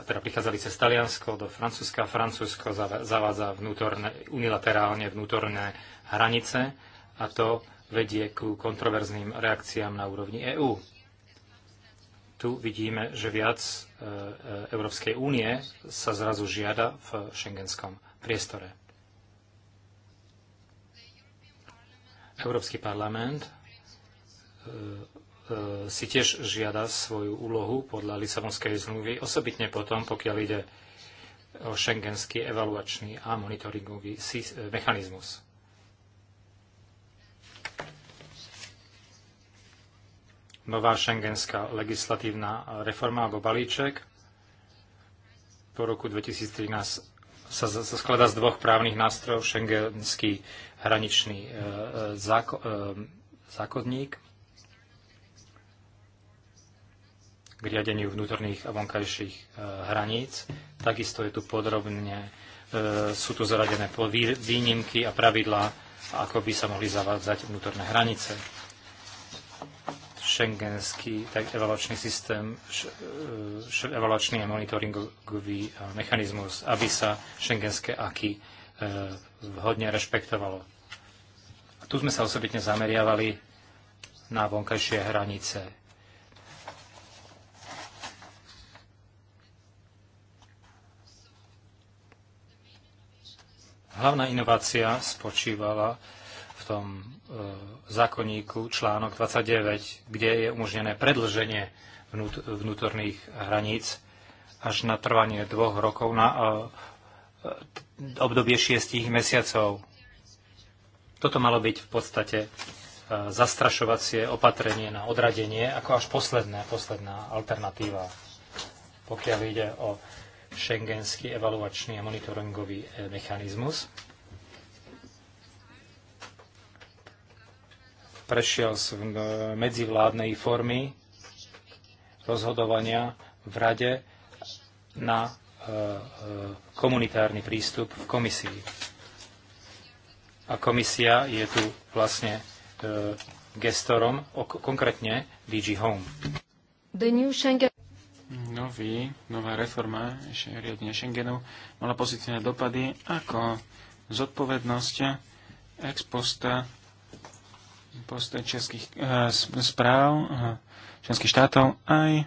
teda prichádzali cez Taliansko do Francúzska. Francúzsko zavádza vnútorné, unilaterálne vnútorné hranice a to vedie ku kontroverzným reakciám na úrovni EÚ. Tu vidíme, že viac Európskej únie sa zrazu žiada v šengenskom priestore. Európsky parlament e, e, si tiež žiada svoju úlohu podľa Lisabonskej zmluvy, osobitne potom, pokiaľ ide o šengenský evaluačný a monitoringový e, mechanizmus. Nová šengenská legislatívna reforma alebo balíček po roku 2013 sa, sa skladá z dvoch právnych nástrojov, šengenský hraničný e, e, záko, e, zákonník k riadeniu vnútorných a vonkajších hraníc. Takisto je tu podrobne, sú tu zaradené výnimky a pravidlá, ako by sa mohli zavádzať vnútorné hranice. Schengenský tak evaluačný systém, evaluačný a monitoringový mechanizmus, aby sa schengenské aky E, vhodne rešpektovalo. A tu sme sa osobitne zameriavali na vonkajšie hranice. Hlavná inovácia spočívala v tom e, zákonníku článok 29, kde je umožnené predlženie vnútorných hraníc až na trvanie dvoch rokov na e, obdobie šiestich mesiacov. Toto malo byť v podstate e, zastrašovacie opatrenie na odradenie ako až posledné, posledná alternatíva, pokiaľ ide o šengenský evaluačný a monitoringový e, mechanizmus. Prešiel z e, medzivládnej formy rozhodovania v rade na Eh, komunitárny prístup v komisii. A komisia je tu vlastne eh, gestorom, konkrétne DG Home. Nový, nová reforma riadenia Schengenu mala pozitívne dopady ako zodpovednosť ex posta, poste českých e, správ e, členských štátov aj e,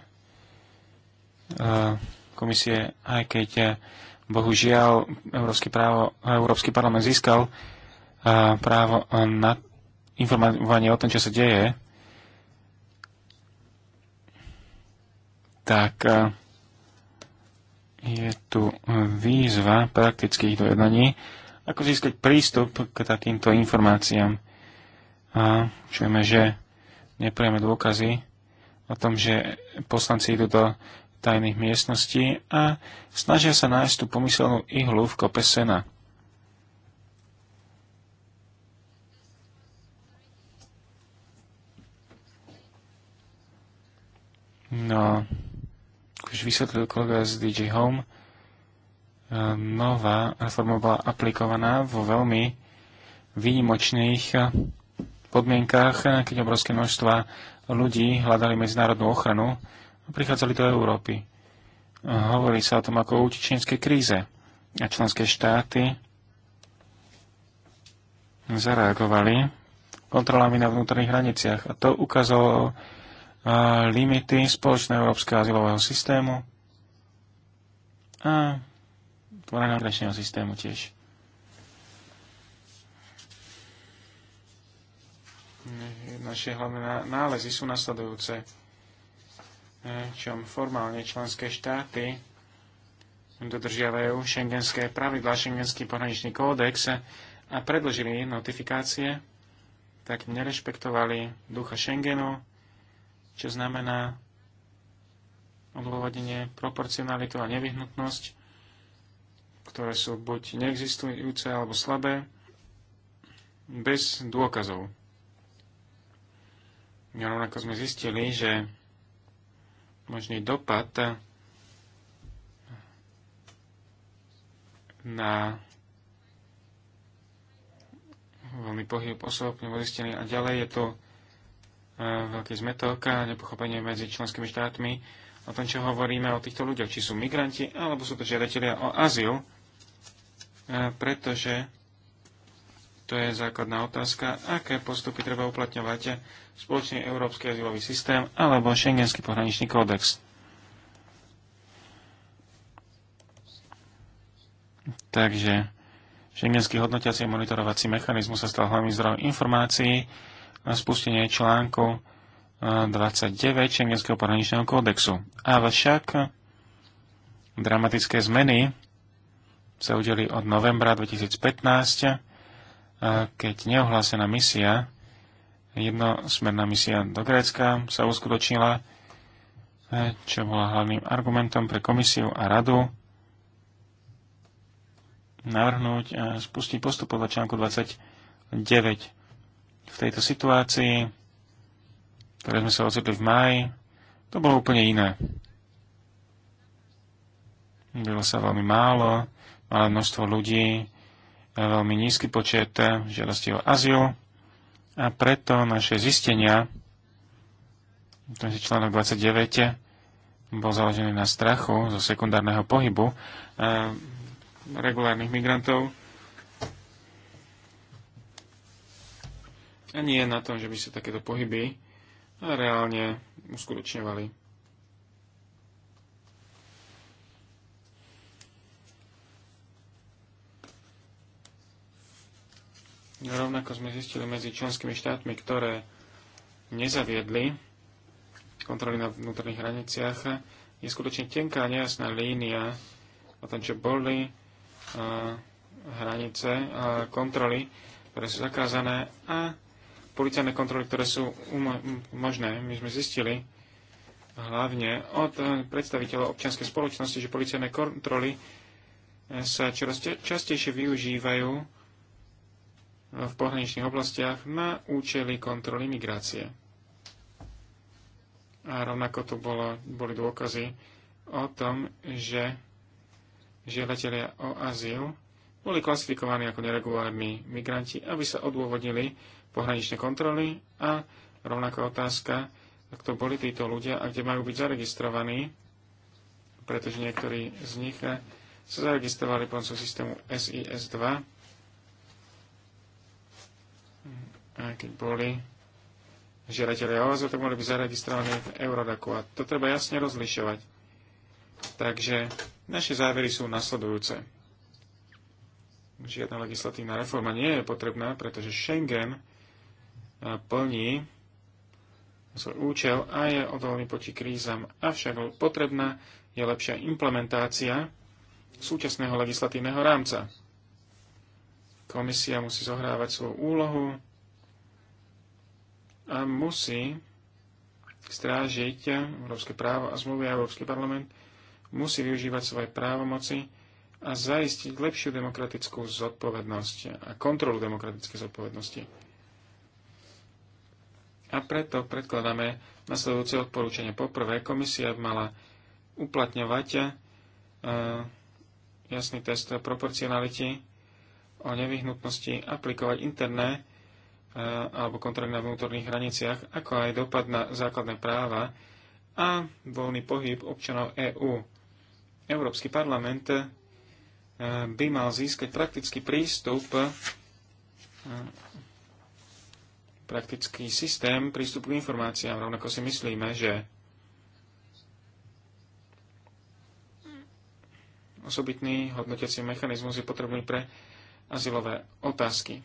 komisie, aj keď eh, bohužiaľ Európsky, právo, Európsky parlament získal eh, právo na informovanie o tom, čo sa deje, tak eh, je tu výzva praktických dojednaní, ako získať prístup k takýmto informáciám. A čujeme, že neprieme dôkazy o tom, že poslanci idú do tajných miestností a snažia sa nájsť tú pomyselnú ihlu v kope sena. No, už vysvetlil kolega z DJ Home, e, nová reforma bola aplikovaná vo veľmi výnimočných e, podmienkách, e, keď obrovské množstva ľudí hľadali medzinárodnú ochranu prichádzali do Európy. Hovorí sa o tom ako o utečenskej kríze. A členské štáty zareagovali kontrolami na vnútorných hraniciach. A to ukázalo limity spoločného európskeho azylového systému a tvoreného migračného systému tiež. Naše hlavné nálezy sú nasledujúce čom formálne členské štáty dodržiavajú šengenské pravidlá, šengenský pohraničný kódex a predložili notifikácie, tak nerešpektovali ducha Schengenu, čo znamená odôvodnenie, proporcionalitu a nevyhnutnosť, ktoré sú buď neexistujúce alebo slabé, bez dôkazov. Rovnako sme zistili, že možný dopad na voľný pohyb osob, neboli steny a ďalej je tu e, veľký zmetok a nepochopenie medzi členskými štátmi o tom, čo hovoríme o týchto ľuďoch, či sú migranti alebo sú to žiadatelia o azyl, e, pretože to je základná otázka, aké postupy treba uplatňovať spoločný európsky azylový systém alebo šengenský pohraničný kódex. Takže šengenský hodnotiaci a monitorovací mechanizmus sa stal hlavným zdrojom informácií na spustenie článku 29 eh, šengenského pohraničného kódexu. Avšak dramatické zmeny sa udeli od novembra 2015 keď neohlásená misia, jednosmerná misia do Grécka sa uskutočnila, e, čo bola hlavným argumentom pre komisiu a radu navrhnúť a spustiť postup podľa článku 29. V tejto situácii, ktoré sme sa ocitli v máji, to bolo úplne iné. Bylo sa veľmi málo, malé množstvo ľudí, veľmi nízky počet žiadostí o azyl a preto naše zistenia, je článok 29 bol založený na strachu zo sekundárneho pohybu eh, regulárnych migrantov a nie na tom, že by sa takéto pohyby reálne uskutočňovali. Rovnako sme zistili medzi členskými štátmi, ktoré nezaviedli kontroly na vnútorných hraniciach, je skutočne tenká nejasná línia o tom, čo boli a, hranice, a, kontroly, ktoré sú zakázané a policajné kontroly, ktoré sú možné. My sme zistili hlavne od predstaviteľov občianskej spoločnosti, že policajné kontroly sa čoraz častejšie využívajú v pohraničných oblastiach na účely kontroly migrácie. A rovnako tu bolo, boli dôkazy o tom, že žiadatelia o azyl boli klasifikovaní ako neregulárni migranti, aby sa odôvodnili pohraničné kontroly a rovnaká otázka, kto boli títo ľudia a kde majú byť zaregistrovaní, pretože niektorí z nich sa zaregistrovali pomocou systému SIS-2 aj boli žiadatelia o azyl, tak mohli by zaregistrovaní v Eurodaku. A to treba jasne rozlišovať. Takže naše závery sú nasledujúce. Žiadna legislatívna reforma nie je potrebná, pretože Schengen plní svoj účel a je odolný proti krízam. Avšak potrebná je lepšia implementácia súčasného legislatívneho rámca. Komisia musí zohrávať svoju úlohu, a musí strážiť európske právo a zmluvy a Európsky parlament musí využívať svoje právomoci a zaistiť lepšiu demokratickú zodpovednosť a kontrolu demokratickej zodpovednosti. A preto predkladáme nasledujúce odporúčania. Poprvé, komisia mala uplatňovať e, jasný test proporcionality o nevyhnutnosti aplikovať interné alebo kontroly na vnútorných hraniciach, ako aj dopad na základné práva a voľný pohyb občanov EÚ. Európsky parlament e, by mal získať praktický prístup, e, praktický systém prístupu k informáciám. Rovnako si myslíme, že osobitný hodnotiací mechanizmus je potrebný pre azylové otázky.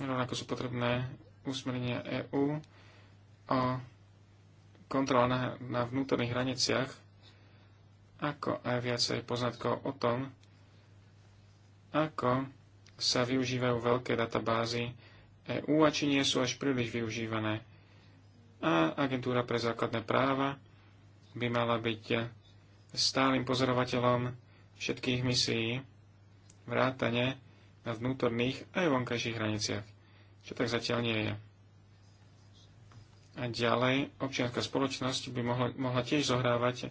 Rovnako sú potrebné usmerenia EÚ o kontrole na, na vnútorných hraniciach, ako aj viacej poznatkov o tom, ako sa využívajú veľké databázy EÚ a či nie sú až príliš využívané. A agentúra pre základné práva by mala byť stálym pozorovateľom všetkých misií vrátane na vnútorných aj vonkajších hraniciach, čo tak zatiaľ nie je. A ďalej, občianská spoločnosť by mohla, mohla tiež zohrávať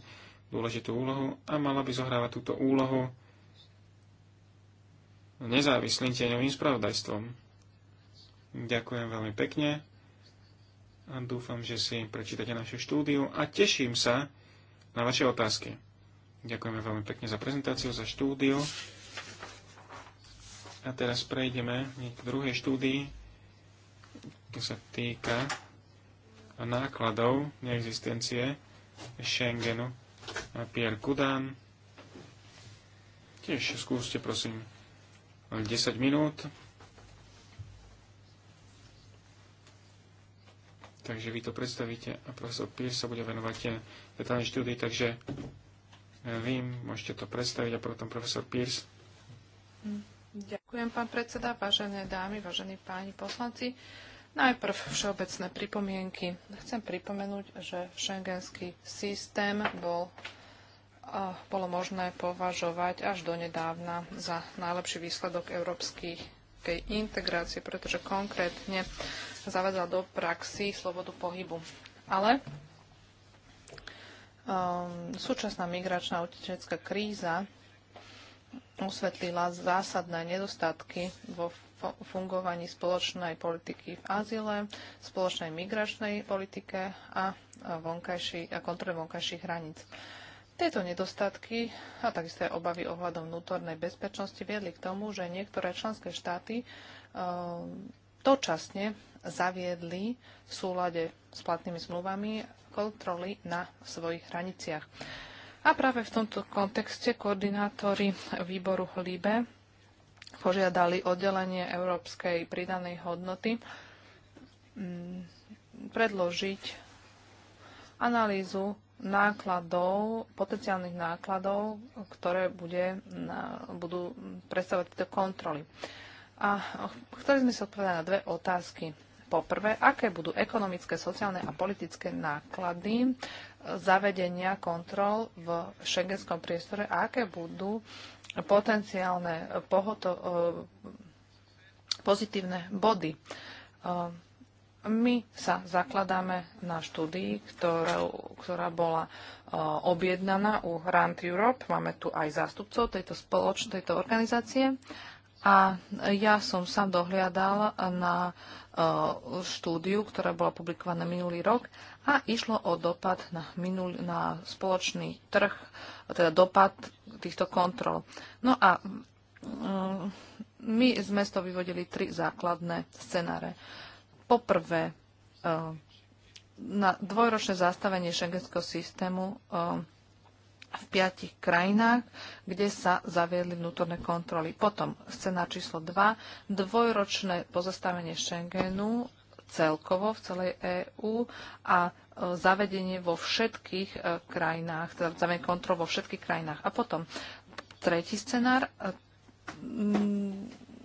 dôležitú úlohu a mala by zohrávať túto úlohu nezávislým tieňovým spravodajstvom. Ďakujem veľmi pekne a dúfam, že si prečítate naše štúdiu a teším sa na vaše otázky. Ďakujeme veľmi pekne za prezentáciu, za štúdiu. A teraz prejdeme k druhej štúdii, ktorý sa týka nákladov neexistencie Schengenu. Pierre Kudan. Tiež skúste, prosím, 10 minút. Takže vy to predstavíte a profesor Pierce sa bude venovať detálnej štúdii, takže vy môžete to predstaviť a potom profesor Pierce. Mm. Ďakujem, pán predseda, vážené dámy, vážení páni poslanci. Najprv všeobecné pripomienky. Chcem pripomenúť, že šengenský systém bol, bolo možné považovať až donedávna za najlepší výsledok európskych európskej integrácie, pretože konkrétne zavádzal do praxi slobodu pohybu. Ale um, súčasná migračná utečenská kríza osvetlila zásadné nedostatky vo fungovaní spoločnej politiky v azile, spoločnej migračnej politike a, vonkajší, a kontrole vonkajších hraníc. Tieto nedostatky a takisto aj obavy ohľadom vnútornej bezpečnosti viedli k tomu, že niektoré členské štáty e, dočasne zaviedli v súlade s platnými zmluvami kontroly na svojich hraniciach. A práve v tomto kontexte koordinátori výboru LIBE požiadali oddelenie európskej pridanej hodnoty mm, predložiť analýzu nákladov, potenciálnych nákladov, ktoré bude, budú predstavovať tieto kontroly. A chceli sme sa odpovedať na dve otázky. Poprvé, aké budú ekonomické, sociálne a politické náklady e, zavedenia kontrol v šengenskom priestore a aké budú potenciálne pohoto- e, pozitívne body. E, my sa zakladáme na štúdii, ktorou, ktorá bola objednaná u Grant Europe. Máme tu aj zástupcov tejto, spoločnej tejto organizácie. A ja som sám dohliadal na e, štúdiu, ktorá bola publikovaná minulý rok a išlo o dopad na, minul, na spoločný trh, teda dopad týchto kontrol. No a mm, my sme z toho vyvodili tri základné scenáre. Poprvé, e, na dvojročné zastavenie šengenského systému e, v piatich krajinách, kde sa zaviedli vnútorné kontroly. Potom scéna číslo 2, dvojročné pozastavenie Schengenu celkovo v celej EÚ a e, zavedenie vo všetkých e, krajinách, teda zavedenie kontrol vo všetkých krajinách. A potom tretí scenár, e,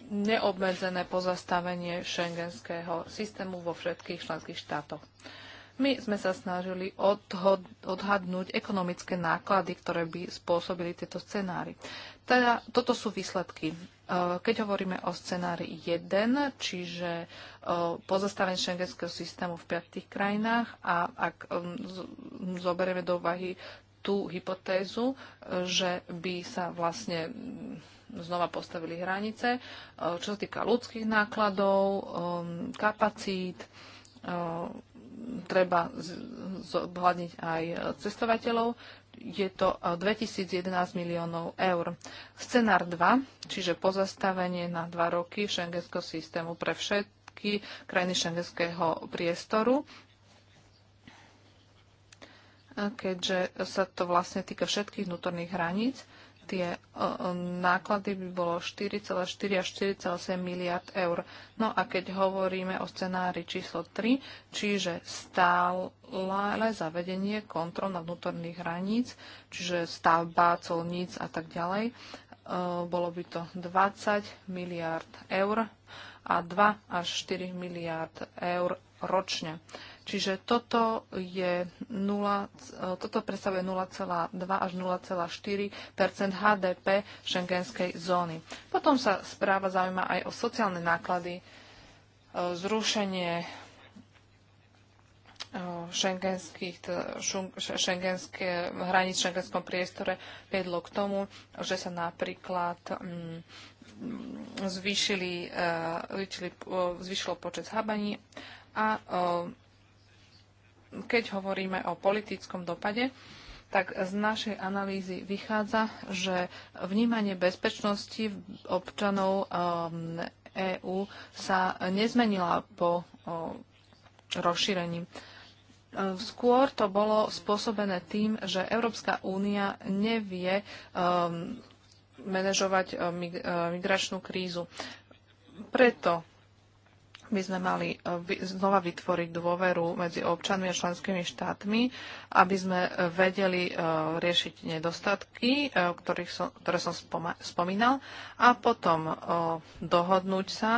neobmedzené pozastavenie šengenského systému vo všetkých členských štátoch. My sme sa snažili odhod, odhadnúť ekonomické náklady, ktoré by spôsobili tieto scenári. Teda, toto sú výsledky. E, keď hovoríme o scenári 1, čiže e, pozastavenie šengenského systému v piatých krajinách a ak zoberieme do úvahy tú hypotézu, e, že by sa vlastne znova postavili hranice, čo sa týka ľudských nákladov, kapacít, treba zohľadniť aj cestovateľov. Je to 2011 miliónov eur. Scenár 2, čiže pozastavenie na 2 roky šengenského systému pre všetky krajiny šengenského priestoru, keďže sa to vlastne týka všetkých vnútorných hraníc tie náklady by bolo 4,4 až 4,8 miliard eur. No a keď hovoríme o scenári číslo 3, čiže stále zavedenie kontrol na vnútorných hraníc, čiže stavba, colníc a tak ďalej, e, bolo by to 20 miliard eur a 2 až 4 miliard eur ročne. Čiže toto, je 0, e, toto predstavuje 0,2 až 0,4 HDP šengenskej zóny. Potom sa správa zaujíma aj o sociálne náklady, e, zrušenie e, šengenských, šengenské, hraníc v šengenskom priestore viedlo k tomu, že sa napríklad mm, zvýšili, zvýšili, zvýšilo počet zhabaní a keď hovoríme o politickom dopade, tak z našej analýzy vychádza, že vnímanie bezpečnosti občanov um, EÚ sa nezmenila po rozšírení. Skôr to bolo spôsobené tým, že Európska únia nevie um, manažovať uh, uh, migračnú krízu. Preto by sme mali e, znova vytvoriť dôveru medzi občanmi a členskými štátmi, aby sme e, vedeli e, riešiť nedostatky, ktorých som, ktoré som spomínal, a potom dohodnúť sa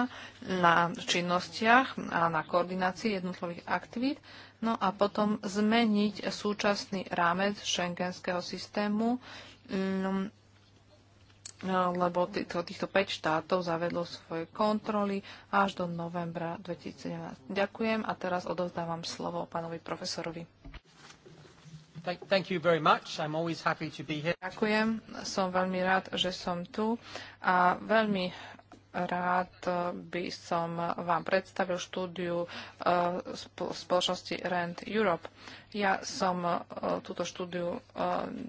na činnostiach a na koordinácii jednotlivých aktivít, no a potom zmeniť súčasný rámec šengenského systému lebo týchto, týchto 5 štátov zavedlo svoje kontroly až do novembra 2017. Ďakujem a teraz odovzdávam slovo pánovi profesorovi. Ďakujem, som veľmi rád, že som tu a veľmi Rád by som vám predstavil štúdiu eh, spoločnosti Rent Europe. Ja som eh, túto štúdiu eh,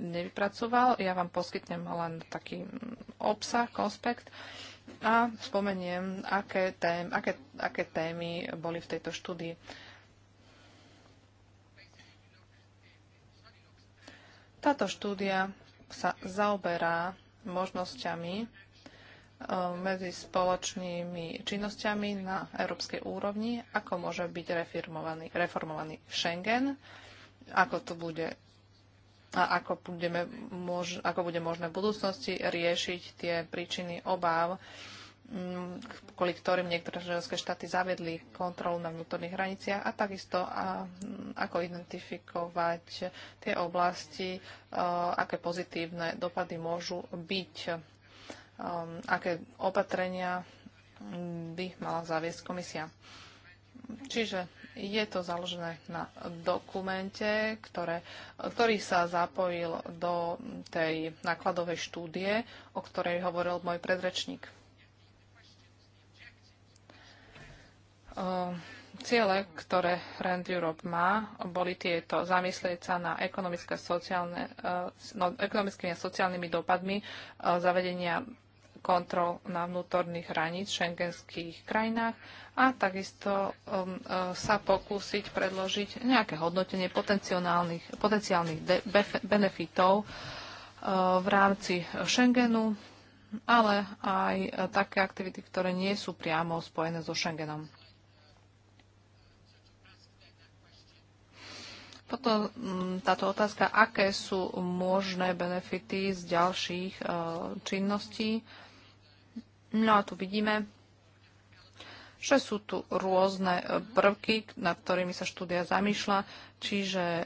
nevypracoval, ja vám poskytnem len taký mm, obsah, konspekt a spomeniem, aké, tém, aké, aké témy boli v tejto štúdii. Táto štúdia sa zaoberá možnosťami Eh, medzi spoločnými činnosťami na európskej úrovni, ako môže byť reformovaný, reformovaný Schengen, ako to bude a ako, budeme, ako bude možné v budúcnosti riešiť tie príčiny obáv, mm, kvôli ktorým niektoré členské štáty zaviedli kontrolu na vnútorných hraniciach a takisto a, mm, ako identifikovať tie oblasti, a, eh, aké pozitívne dopady môžu byť Um, aké opatrenia by mala zaviesť komisia. Čiže je to založené na dokumente, ktoré, ktorý sa zapojil do tej nákladovej štúdie, o ktorej hovoril môj predrečník. Um, ciele, ktoré Rand Europe má, boli tieto zamyslieť sa na ekonomické, sociálne, uh, no, ekonomickými a sociálnymi dopadmi uh, zavedenia kontrol na vnútorných hraníc v šengenských krajinách a takisto um, e, sa pokúsiť predložiť nejaké hodnotenie potenciálnych, potenciálnych benefitov uh, v rámci Schengenu, ale aj uh, také aktivity, ktoré nie sú priamo spojené so Schengenom. Potom mm, táto otázka, aké sú možné benefity z ďalších e, činností. No a tu vidíme, že sú tu rôzne e, prvky, nad ktorými sa štúdia zamýšľa, čiže e,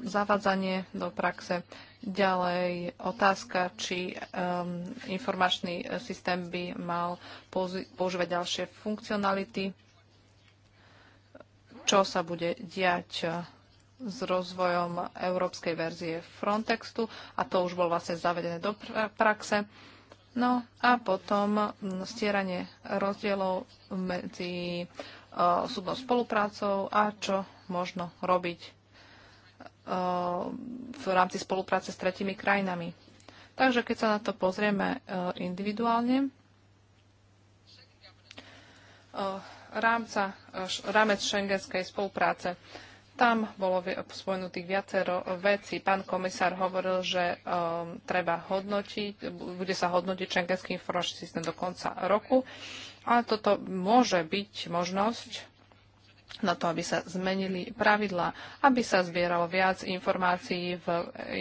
zavádzanie do praxe. Ďalej otázka, či e, informačný systém by mal používať ďalšie funkcionality, čo sa bude diať e, s rozvojom európskej verzie Frontextu a to už bolo vlastne zavedené do praxe. No a potom mm, stieranie rozdielov medzi uh, e, súdnou spoluprácou a čo možno robiť uh, v rámci spolupráce s tretimi krajinami. Takže keď sa na to pozrieme uh, individuálne, rámca, rámec šengenskej spolupráce. Tam bolo spomenutých viacero vecí. Pán komisár hovoril, že um, treba hodnotiť, bude sa hodnotiť šengenský informačný systém do konca roku, ale toto môže byť možnosť na to, aby sa zmenili pravidlá, aby sa zbieralo viac informácií v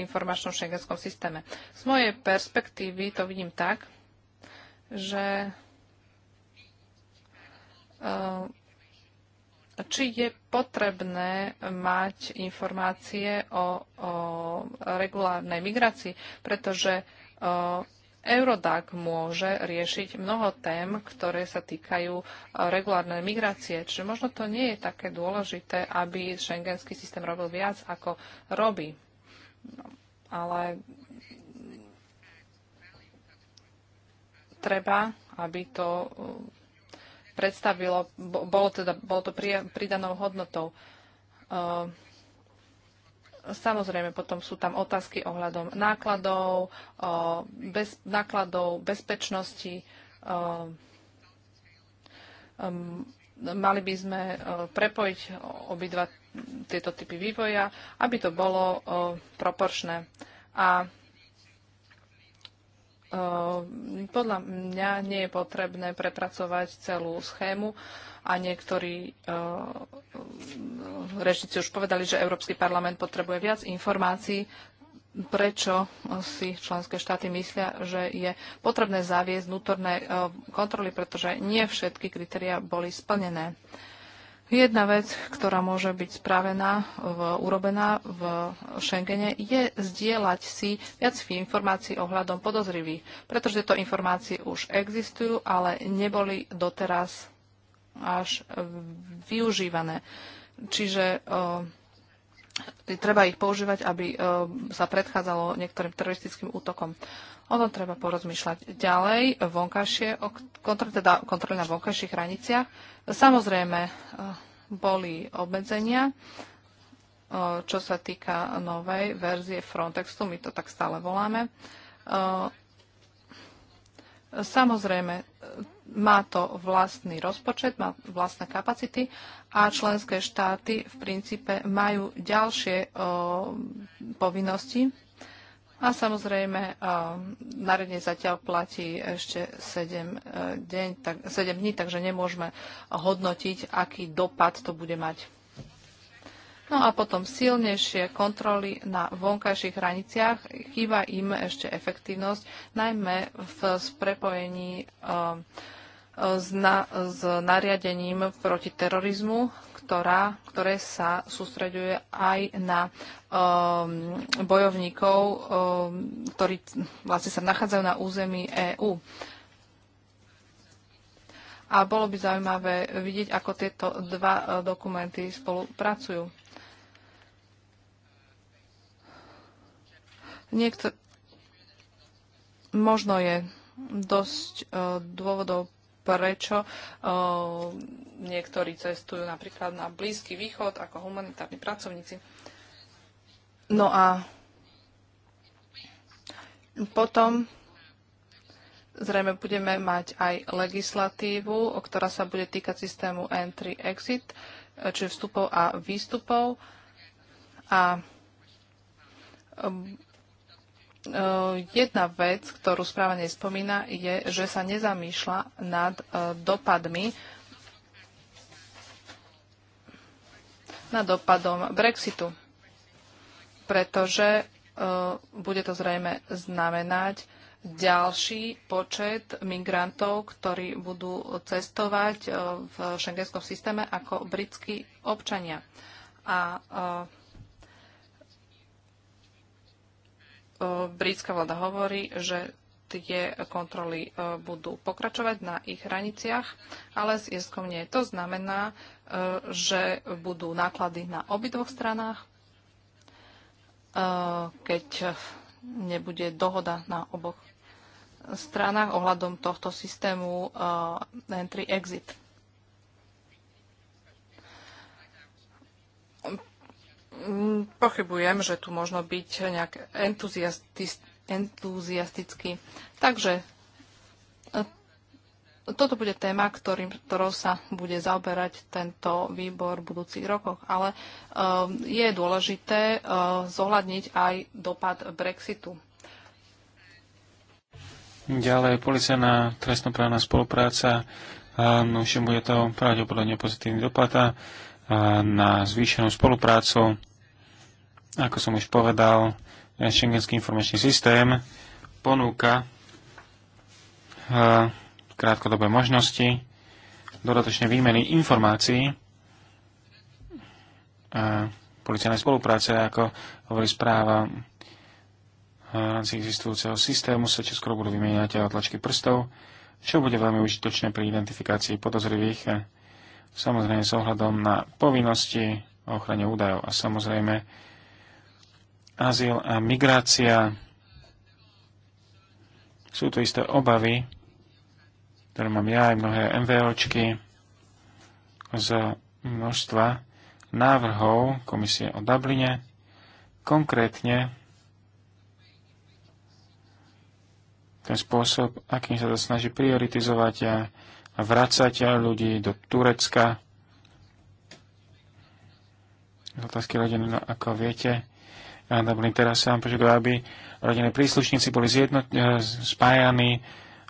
informačnom šengenskom systéme. Z mojej perspektívy to vidím tak, že uh, či je potrebné mať informácie o, o regulárnej migrácii, pretože o, Eurodac môže riešiť mnoho tém, ktoré sa týkajú regulárnej migrácie. Čiže možno to nie je také dôležité, aby šengenský systém robil viac, ako robí. No, ale treba, aby to predstavilo, bolo, teda, bolo to pridanou hodnotou. E, samozrejme, potom sú tam otázky ohľadom nákladov, e, bez, nákladov bezpečnosti. E, mali by sme prepojiť obidva tieto typy vývoja, aby to bolo proporčné. A Ehm, podľa mňa nie je potrebné prepracovať celú schému a niektorí ehm, rečníci už povedali, že Európsky parlament potrebuje viac informácií, prečo si členské štáty myslia, že je potrebné zaviesť vnútorné ehm, kontroly, pretože nie všetky kritéria boli splnené. Jedna vec, ktorá môže byť spravená, v, urobená v Schengene, je zdieľať si viac informácií ohľadom podozrivých, pretože tieto informácie už existujú, ale neboli doteraz až využívané. Čiže o, treba ich používať, aby e, sa predchádzalo niektorým teroristickým útokom. O tom treba porozmýšľať. Ďalej, vonkajšie, kontrol, teda kontroly na vonkajších hraniciach. Samozrejme, e, boli obmedzenia, e, čo sa týka novej verzie Frontextu, my to tak stále voláme. Samozrejme, má to vlastný rozpočet, má vlastné kapacity a členské štáty v princípe majú ďalšie povinnosti. A samozrejme, naredne zatiaľ platí ešte 7, e, deň, tak, 7 dní, takže nemôžeme hodnotiť, aký dopad to bude mať. No a potom silnejšie kontroly na vonkajších hraniciach. Chýba im ešte efektívnosť, najmä v prepojení uh, s, na, s nariadením proti terorizmu, ktorá, ktoré sa sústreďuje aj na um, bojovníkov, um, ktorí vlastne sa nachádzajú na území EÚ. A bolo by zaujímavé vidieť, ako tieto dva uh, dokumenty spolupracujú. Niektor- možno je dosť uh, dôvodov prečo niektorí cestujú napríklad na Blízky východ ako humanitárni pracovníci. No a potom zrejme budeme mať aj legislatívu, o ktorá sa bude týkať systému entry-exit, čiže vstupov a výstupov. A Eh, jedna vec, ktorú správa nespomína, je, že sa nezamýšľa nad eh, dopadmi nad dopadom Brexitu, pretože eh, bude to zrejme znamenať ďalší počet migrantov, ktorí budú cestovať v šengenskom systéme ako britskí občania. A E, britská vláda hovorí, že tie kontroly e, budú pokračovať na ich hraniciach, ale s Irskom nie. To znamená, e, že budú náklady na obidvoch stranách, keď nebude dohoda na oboch stranách ohľadom tohto systému entry-exit. Mm, pochybujem, že tu možno byť nejak entuziastický. Takže e, toto bude téma, ktorým, ktorou sa bude zaoberať tento výbor v budúcich rokoch, ale e, je dôležité e, zohľadniť aj dopad Brexitu. Ďalej, policajná trestnoprávna spolupráca, no bude to pravdepodobne pozitívny dopad na zvýšenú spoluprácu ako som už povedal, eh, Schengenský informačný systém ponúka eh, krátkodobé možnosti dodatočne výmeny informácií a eh, policajnej spolupráce, ako hovorí správa v rámci existujúceho systému sa čoskoro budú vymieňať aj otlačky prstov, čo bude veľmi užitočné pri identifikácii podozrivých, samozrejme s ohľadom na povinnosti o ochrane údajov a samozrejme azyl a migrácia. Sú to isté obavy, ktoré mám ja aj mnohé MVOčky z množstva návrhov komisie o Dubline. Konkrétne ten spôsob, akým sa to snaží prioritizovať a, vrácať vracať ľudí do Turecka. Z otázky rodiny, no ako viete, Dublin teraz sa požaduje, aby rodinné príslušníci boli zjedno, e, spájani,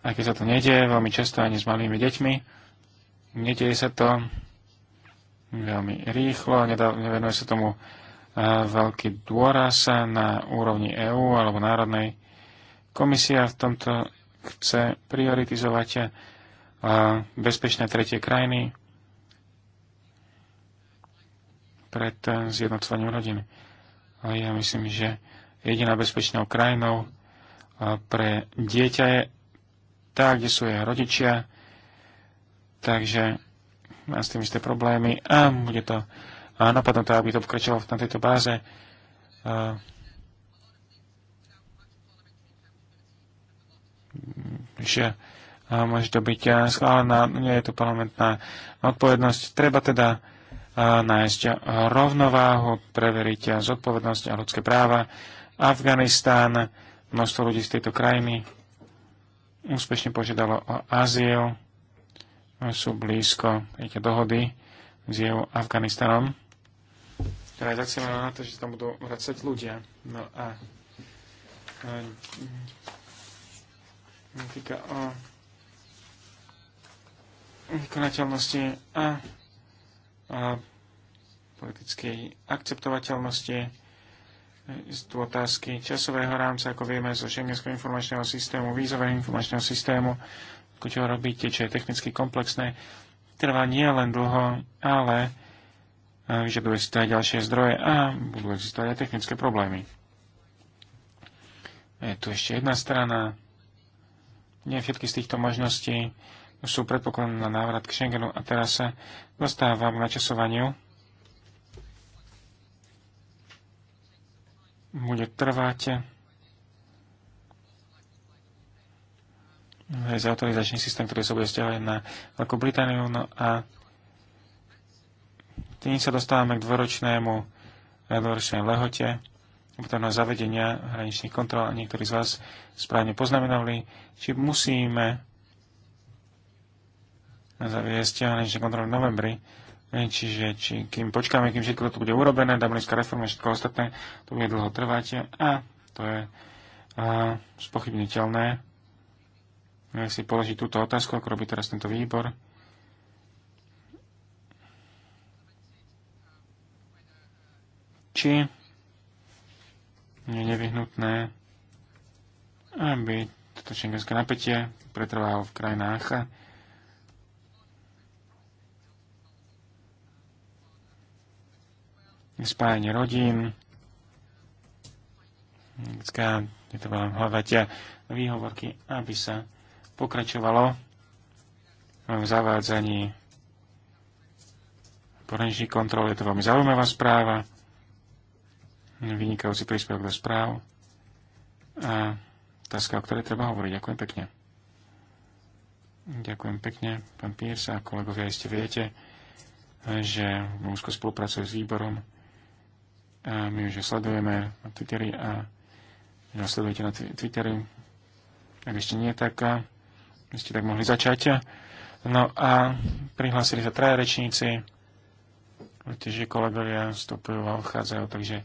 aj keď sa to nedieje veľmi často ani s malými deťmi. Nedieje sa to veľmi rýchlo, nevenuje sa tomu e, veľký dôraz na úrovni EÚ alebo národnej. Komisia v tomto chce prioritizovať e, bezpečné tretie krajiny pred zjednocovaním rodiny ja myslím, že jediná bezpečnou krajinou pre dieťa je tá, kde sú jej rodičia, takže má s tým isté problémy a bude to napadnuté, aby to pokračovalo na tejto báze. že môže to byť schválená, nie je to parlamentná odpovednosť. Treba teda nájsť rovnováhu, preveriť zodpovednosť a ľudské práva. Afganistán, množstvo ľudí z tejto krajiny úspešne požiadalo o azyl, sú blízko tejto dohody s jeho Afganistanom, ktorá je zacielená na to, že tam budú vracať ľudia. No a e, týka o vykonateľnosti a politickej akceptovateľnosti, z tu otázky časového rámca, ako vieme zo šengenského informačného systému, vízového informačného systému, ako čo robíte, čo je technicky komplexné, trvá nie len dlho, ale že budú existovať ďalšie zdroje a budú existovať aj technické problémy. Je tu ešte jedna strana. Nie všetky z týchto možností sú predpokladom na návrat k Schengenu a teraz sa dostávam k načasovaniu. Bude trvať je za autorizačný systém, ktorý sa bude stiahovať na Veľkú Britániu. No a tým sa dostávame k dvoročnému dvoročnej lehote opätovného zavedenia hraničných kontrol a niektorí z vás správne poznamenali, či musíme zaviesť ešte kontroly v novembri. E, čiže či, kým počkáme, kým všetko to bude urobené, Dublinská reforma, všetko ostatné, to bude dlho trvať a to je a, spochybniteľné. Ja e, si položí túto otázku, ako robí teraz tento výbor. Či je nevyhnutné, aby toto šengenské napätie pretrvalo v krajinách spájanie rodín. Vždycká, je to vám hlavate výhovorky, aby sa pokračovalo v zavádzaní porenčných kontrol. Je to veľmi zaujímavá správa, vynikajúci príspevok do správ a otázka, o ktorej treba hovoriť. Ďakujem pekne. Ďakujem pekne, pán Pírsa, a kolegovia, iste viete, že úzko spolupracuje s výborom my už sledujeme na Twitteri a že sledujete na Twitteri. Ak ešte nie, tak eh, by ste tak mohli začať. No a prihlásili sa traja rečníci, tiež kolegovia vstupujú a odchádzajú, takže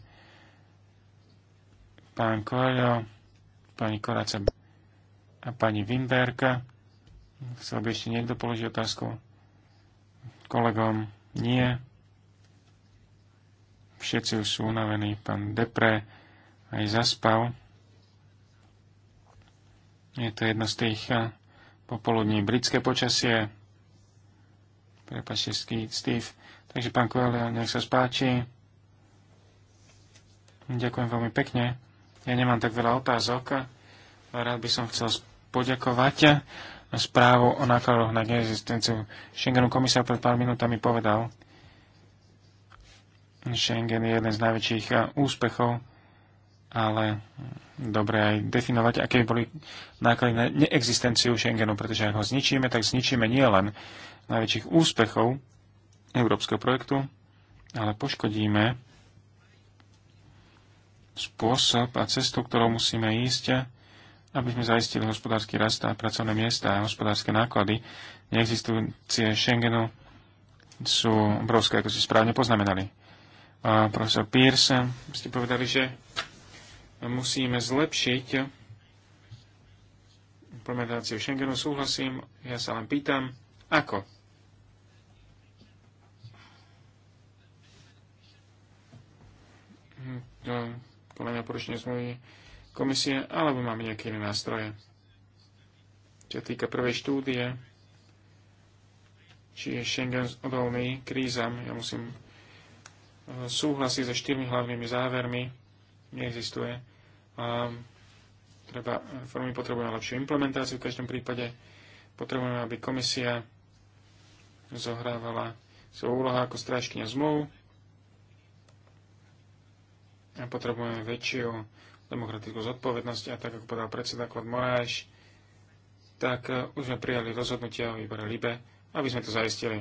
pán Koľo, pani Koráca a pani Wimberka. Chcel by ešte niekto položiť otázku kolegom? Nie. Všetci už sú unavení. Pán Depre aj zaspal. Je to jedno z tých eh, popoludní britské počasie. Prepačte, Steve. Takže pán Kuel, nech sa spáči. Ďakujem veľmi pekne. Ja nemám tak veľa otázok. Rád by som chcel poďakovať správu o nákladoch na neexistenciu. Schengenu komisár pred pár minútami povedal, Schengen je jeden z najväčších eh, úspechov, ale dobre aj definovať, aké boli náklady na neexistenciu Schengenu, pretože ak ho zničíme, tak zničíme nielen najväčších úspechov európskeho projektu, ale poškodíme spôsob a cestu, ktorou musíme ísť, aby sme zaistili hospodársky rast a pracovné miesta a hospodárske náklady. Neexistujúcie Schengenu sú obrovské, ako si správne poznamenali a profesor Pierce, ste povedali, že musíme zlepšiť implementáciu Schengenu. Súhlasím, ja sa len pýtam, ako? To podľa mňa porušenie zmluvy komisie, alebo máme nejaké iné nástroje. Čo týka prvej štúdie, či je Schengen odolný krízam, ja musím súhlasí so štyrmi hlavnými závermi, neexistuje. A treba, formy potrebujeme lepšiu implementáciu v každom prípade. Potrebujeme, aby komisia zohrávala svoju úlohu ako strážkynia zmluv. A potrebujeme väčšiu demokratickú zodpovednosť a tak, ako povedal predseda Klod Moráš, tak eh, už sme prijali rozhodnutia o výbore LIBE, aby sme to zaistili.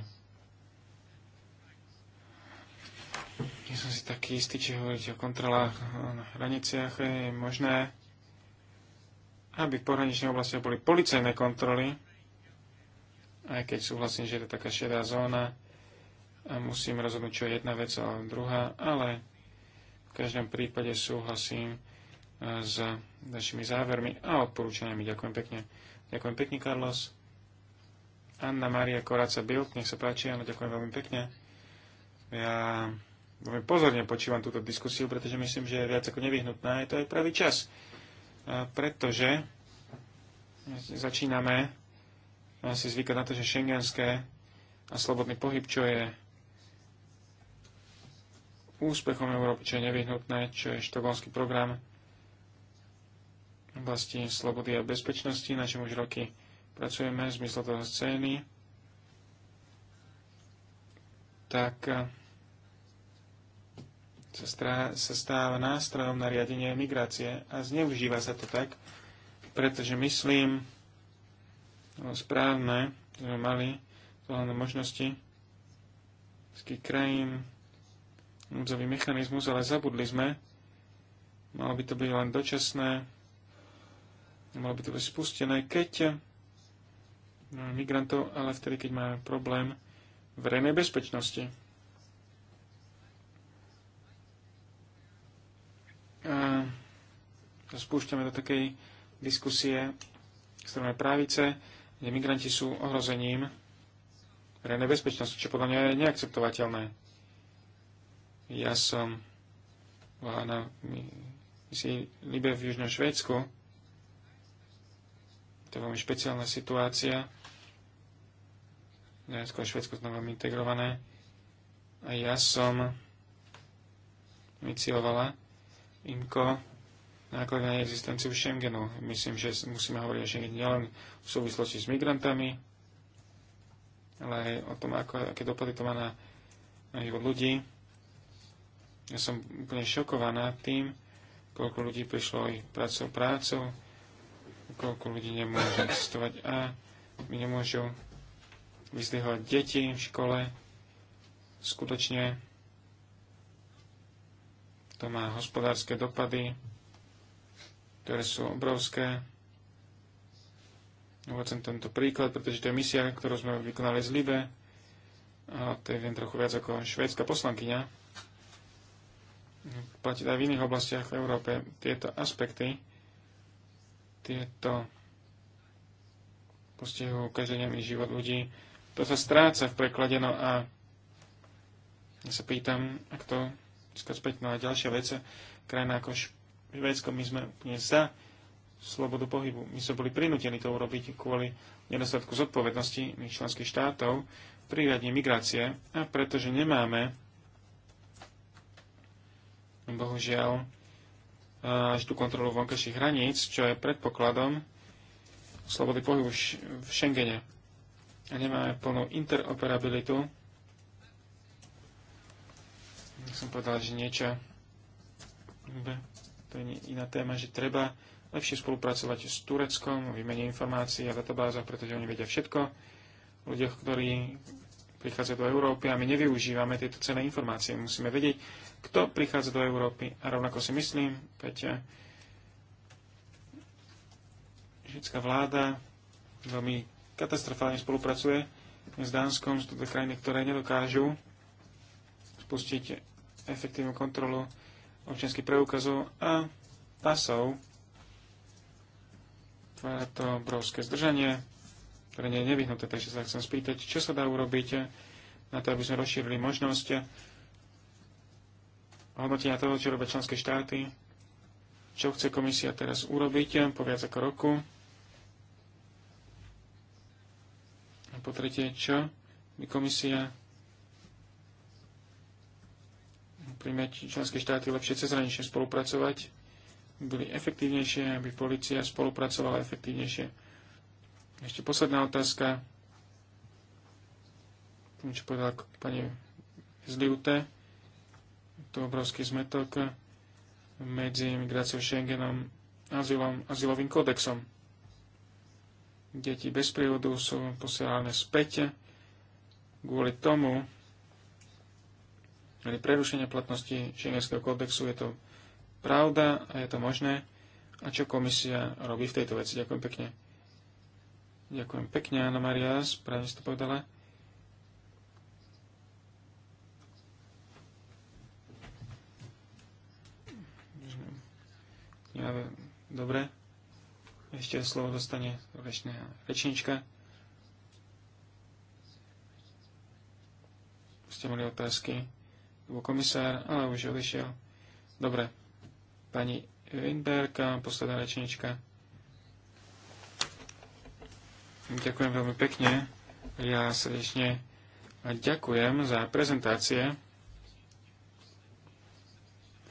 Nie som si taký istý, či hovoríte o kontrolách eh, na hraniciach. Je možné, aby v pohraničnej oblasti boli policajné kontroly, aj keď súhlasím, že je to taká šedá zóna a musím rozhodnúť, čo je jedna vec a druhá, ale v každom prípade súhlasím eh, s našimi závermi a odporúčaniami. Ďakujem pekne. Ďakujem pekne, Carlos. Anna Maria Koráca Bild, nech sa páči, áno, ďakujem veľmi pekne. Ja veľmi no, pozorne počívam túto diskusiu, pretože myslím, že je viac ako nevyhnutná. Je to aj pravý čas. Pretože začíname si zvykať na to, že šengenské a slobodný pohyb, čo je úspechom Európy, čo je nevyhnutné, čo je štokholmský program v oblasti slobody a bezpečnosti, na čom už roky pracujeme v toho scény, tak sa, strá, sa stáva nástrojom na riadenie migrácie a zneužíva sa to tak, pretože myslím, no správne, sme mali zvolené možnosti krajín, núdzový mechanizmus, ale zabudli sme, malo by to byť len dočasné, malo by to byť spustené, keď migrantov, ale vtedy, keď máme problém verejnej bezpečnosti. e, spúšťame do takej diskusie extrémnej právice, kde migranti sú ohrozením pre nebezpečnosť, čo podľa mňa je neakceptovateľné. Ja som na misii Libe v Južnom Švédsku. To je veľmi špeciálna situácia. Dnesko a Švédsko sú veľmi integrované. A ja som iniciovala Inko, náklady na existenciu Schengenu. Myslím, že musíme hovoriť o Schengenu nielen v súvislosti s migrantami, ale aj o tom, ako, aké dopady to má na, na život ľudí. Ja som úplne šokovaná tým, koľko ľudí prišlo aj prácou prácou, koľko ľudí nemôže existovať a nemôžu vyzdvihovať deti v škole. Skutočne to má hospodárske dopady, ktoré sú obrovské. Uvádzam tento príklad, pretože to je misia, ktorú sme vykonali z Libe. A to je viem trochu viac ako švédska poslankyňa. Platí aj v iných oblastiach v Európe tieto aspekty, tieto postihujú každodenný život ľudí. To sa stráca v prekladeno a ja sa pýtam, ak to získať späť. na no ďalšie ďalšia krajina ako Švédsko, my sme nie za slobodu pohybu. My sme boli prinútení to urobiť kvôli nedostatku zodpovednosti členských štátov pri riadne migrácie a pretože nemáme bohužiaľ až tú kontrolu vonkajších hraníc, čo je predpokladom slobody pohybu v Schengene. A nemáme plnú interoperabilitu ja som povedal, že niečo to je iná téma, že treba lepšie spolupracovať s Tureckom, vymene informácií a databázach, pretože oni vedia všetko. Ľudia, ktorí prichádzajú do Európy a my nevyužívame tieto cené informácie. Musíme vedieť, kto prichádza do Európy. A rovnako si myslím, Peťa, žická vláda veľmi katastrofálne spolupracuje s Dánskom, s to krajiny, ktoré nedokážu spustiť efektívnu kontrolu občianských preukazov a pasov. Tvára to obrovské zdržanie, ktoré nie je nevyhnuté, takže sa chcem spýtať, čo sa dá urobiť na to, aby sme rozšírili možnosť hodnotenia toho, čo robia členské štáty, čo chce komisia teraz urobiť po viac ako roku. A po tretie, čo by komisia príjmať členské štáty lepšie cezhranične spolupracovať, boli efektívnejšie, aby policia spolupracovala efektívnejšie. Ešte posledná otázka, tým, čo povedala pani Zliute, to obrovský zmetok medzi migráciou Schengenom, azylom, azylovým kódexom. Deti bez prírodu sú posielané späť kvôli tomu, Mali prerušenie platnosti Šengenského kódexu, je to pravda a je to možné. A čo komisia robí v tejto veci? Ďakujem pekne. Ďakujem pekne, Anna Maria, správne si to povedala. Dobre. Ešte slovo dostane rečná rečnička. Ste mali otázky? alebo komisár, ale už odišiel. Dobre, pani Winberg, posledná rečnička. Ďakujem veľmi pekne. Ja srdečne ďakujem za prezentácie.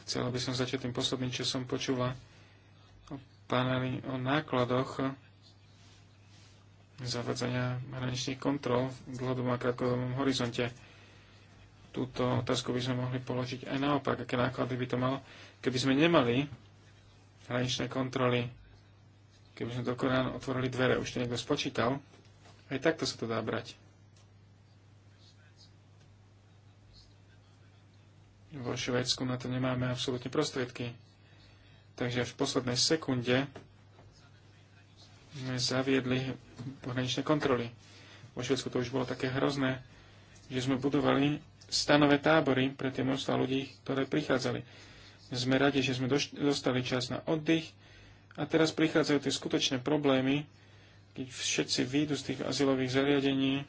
Chcela by som začať tým posledným, čo som počula o paneli o nákladoch zavadzania hraničných kontrol v dlhodobom a krátkodobom horizonte túto otázku by sme mohli položiť aj naopak, aké náklady by to malo, keby sme nemali hraničné kontroly, keby sme dokonal otvorili dvere, už to niekto spočítal, aj takto sa to dá brať. Vo Švedsku na to nemáme absolútne prostriedky. Takže až v poslednej sekunde sme zaviedli pohraničné kontroly. Vo Švedsku to už bolo také hrozné, že sme budovali stanové tábory pre tie množstva ľudí, ktoré prichádzali. Sme radi, že sme dostali čas na oddych a teraz prichádzajú tie skutočné problémy, keď všetci výjdu z tých azylových zariadení,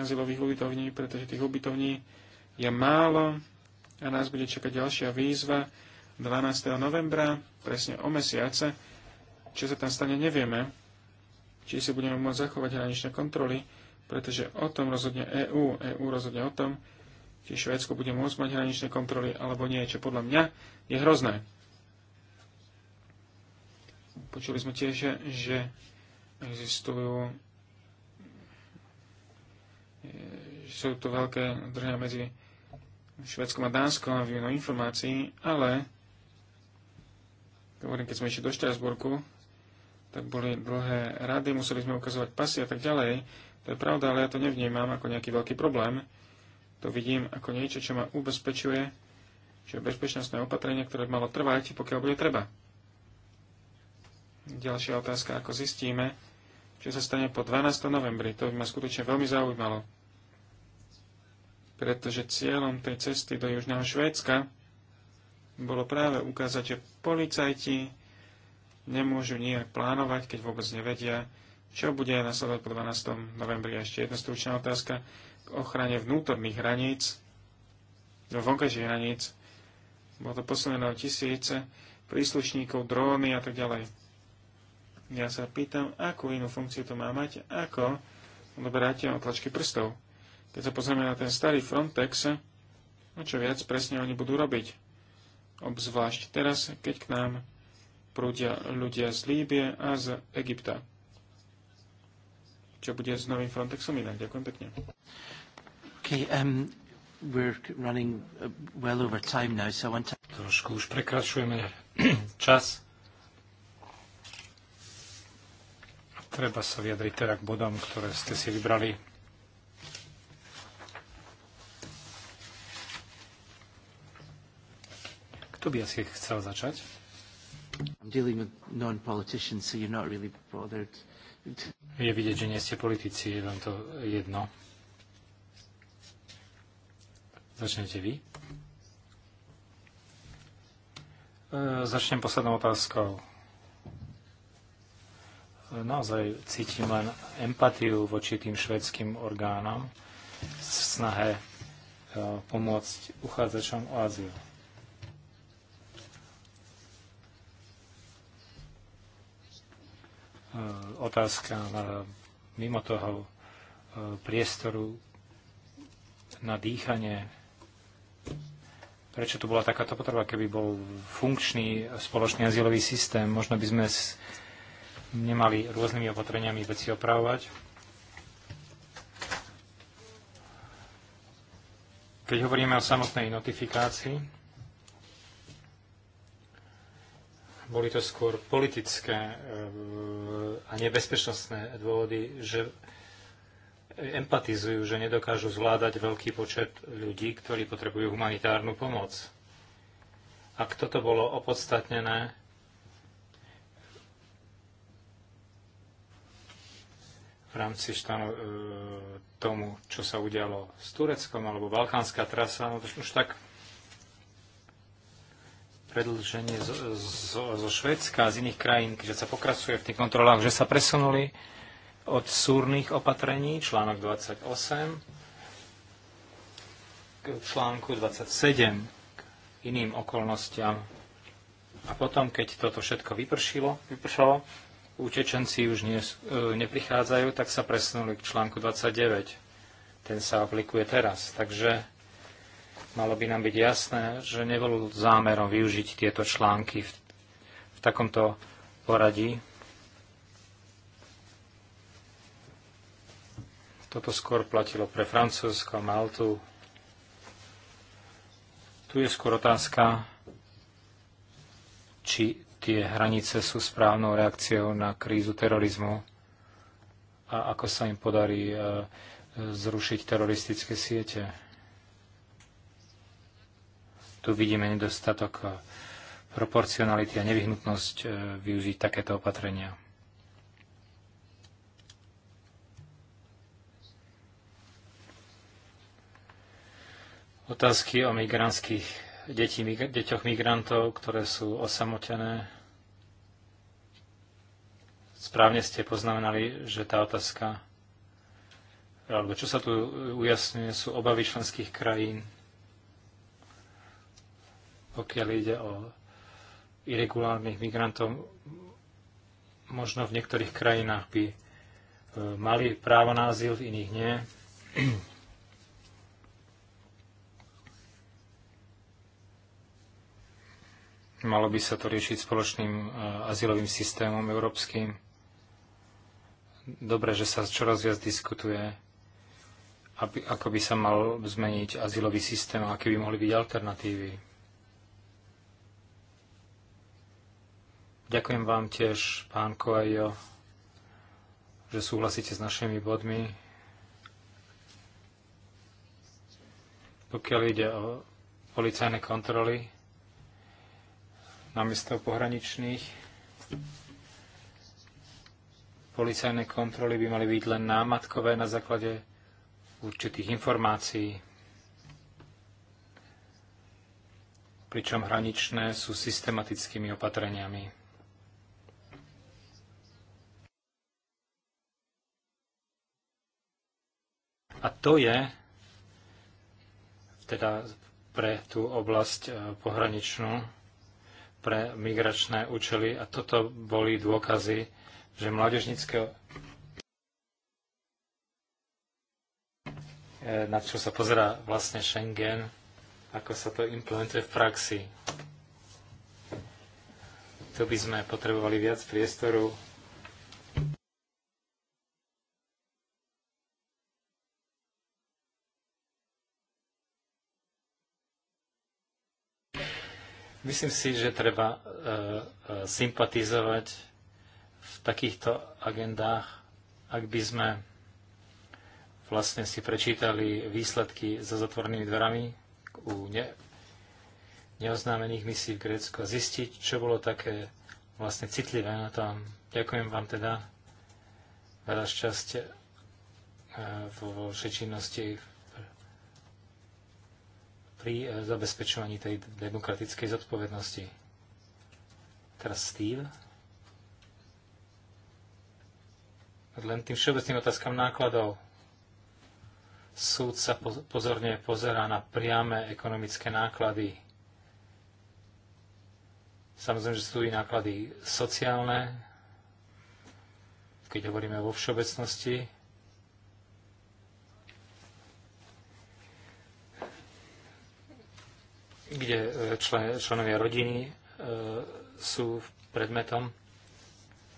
azylových ubytovní, pretože tých ubytovní je málo a nás bude čakať ďalšia výzva 12. novembra, presne o mesiace. Čo sa tam stane, nevieme. Či si budeme môcť zachovať hraničné kontroly, pretože o tom rozhodne EÚ. EÚ rozhodne o tom, či Švédsko bude môcť mať hraničné kontroly alebo nie, čo podľa mňa je hrozné. Počuli sme tiež, že existujú e, sú to veľké držia medzi Švedskom a Dánskom a výmenu informácií, ale hovorím, keď sme išli do Štrasburku, tak boli dlhé rady, museli sme ukazovať pasy a tak ďalej. To je pravda, ale ja to nevnímam ako nejaký veľký problém to vidím ako niečo, čo ma ubezpečuje, že bezpečnostné opatrenie, ktoré malo trvať, pokiaľ bude treba. Ďalšia otázka, ako zistíme, čo sa stane po 12. novembri. To by ma skutočne veľmi zaujímalo. Pretože cieľom tej cesty do Južného Švédska bolo práve ukázať, že policajti nemôžu nijak plánovať, keď vôbec nevedia, čo bude nasledovať po 12. novembri. A ešte jedna stručná otázka ochrane vnútorných hraníc, no vonkajších hraníc. Bolo to posledné tisíce príslušníkov, dróny a tak ďalej. Ja sa pýtam, akú inú funkciu to má mať, ako odoberáte otlačky prstov. Keď sa pozrieme na ten starý Frontex, no čo viac presne oni budú robiť. Obzvlášť teraz, keď k nám prúdia ľudia z Líbie a z Egypta. Čo bude s novým Frontexom inak? Ďakujem pekne. Um, uh, Trošku už prekračujeme čas. Treba sa vyjadriť teda k bodom, ktoré ste si vybrali. Kto by asi chcel začať? I'm dealing with non-politicians, so you're not really bothered. Je vidieť, že nie ste politici, je vám to jedno. Začnete vy. E, začnem poslednou otázkou. Naozaj cítim len empatiu voči tým švedským orgánom v snahe e, pomôcť uchádzačom o azyl. E, otázka na, mimo toho priestoru na dýchanie prečo tu bola takáto potreba, keby bol funkčný spoločný azylový systém. Možno by sme nemali rôznymi opatreniami veci opravovať. Keď hovoríme o samotnej notifikácii, boli to skôr politické e, a nebezpečnostné dôvody, že empatizujú, že nedokážu zvládať veľký počet ľudí, ktorí potrebujú humanitárnu pomoc. Ak toto bolo opodstatnené, v rámci štano, e, tomu, čo sa udialo s Tureckom, alebo Balkánska trasa, no to už tak predlženie zo, zo, zo Švedska a z iných krajín, keďže sa pokračuje v tých kontrolách, že sa presunuli od súrnych opatrení, článok 28, k článku 27, k iným okolnostiam. A potom, keď toto všetko vypršilo, vypršalo, utečenci už nie, e, neprichádzajú, tak sa presunuli k článku 29. Ten sa aplikuje teraz. Takže malo by nám byť jasné, že nebol zámerom využiť tieto články v, v takomto poradí. Toto skôr platilo pre Francúzsko, Maltu. Tu je skôr otázka, či tie hranice sú správnou reakciou na krízu terorizmu a ako sa im podarí e, zrušiť teroristické siete. Tu vidíme nedostatok proporcionality a nevyhnutnosť e, využiť takéto opatrenia. otázky o migrantských deťoch migrantov, ktoré sú osamotené. Správne ste poznamenali, že tá otázka, alebo čo sa tu ujasňuje, sú obavy členských krajín, pokiaľ ide o irregulárnych migrantov. Možno v niektorých krajinách by e, mali právo na azyl, v iných nie Malo by sa to riešiť spoločným e, azylovým systémom európskym. Dobre, že sa čoraz viac diskutuje, aby, ako by sa mal zmeniť azylový systém a aké by mohli byť alternatívy. Ďakujem vám tiež, pán Koajo, že súhlasíte s našimi bodmi. Pokiaľ ide o policajné kontroly, namiesto pohraničných. Policajné kontroly by mali byť len námatkové na základe určitých informácií. pričom hraničné sú systematickými opatreniami. A to je teda pre tú oblasť eh, pohraničnú pre migračné účely a toto boli dôkazy, že mládežnické e, na čo sa pozerá vlastne Schengen, ako sa to implementuje v praxi. Tu by sme potrebovali viac priestoru Myslím si, že treba e, e, sympatizovať v takýchto agendách, ak by sme vlastne si prečítali výsledky za zatvorenými dverami u ne, neoznámených misí v Grécku a zistiť, čo bolo také vlastne citlivé na tom. Ďakujem vám teda veľa šťastie vo vašej činnosti v pri eh, zabezpečovaní tej demokratickej zodpovednosti. Teraz Steve. Len tým všeobecným otázkam nákladov. Súd sa pozorne pozerá na priame ekonomické náklady. Samozrejme, že sú i náklady sociálne, keď hovoríme vo všeobecnosti, kde e, člen, členovia rodiny e, sú predmetom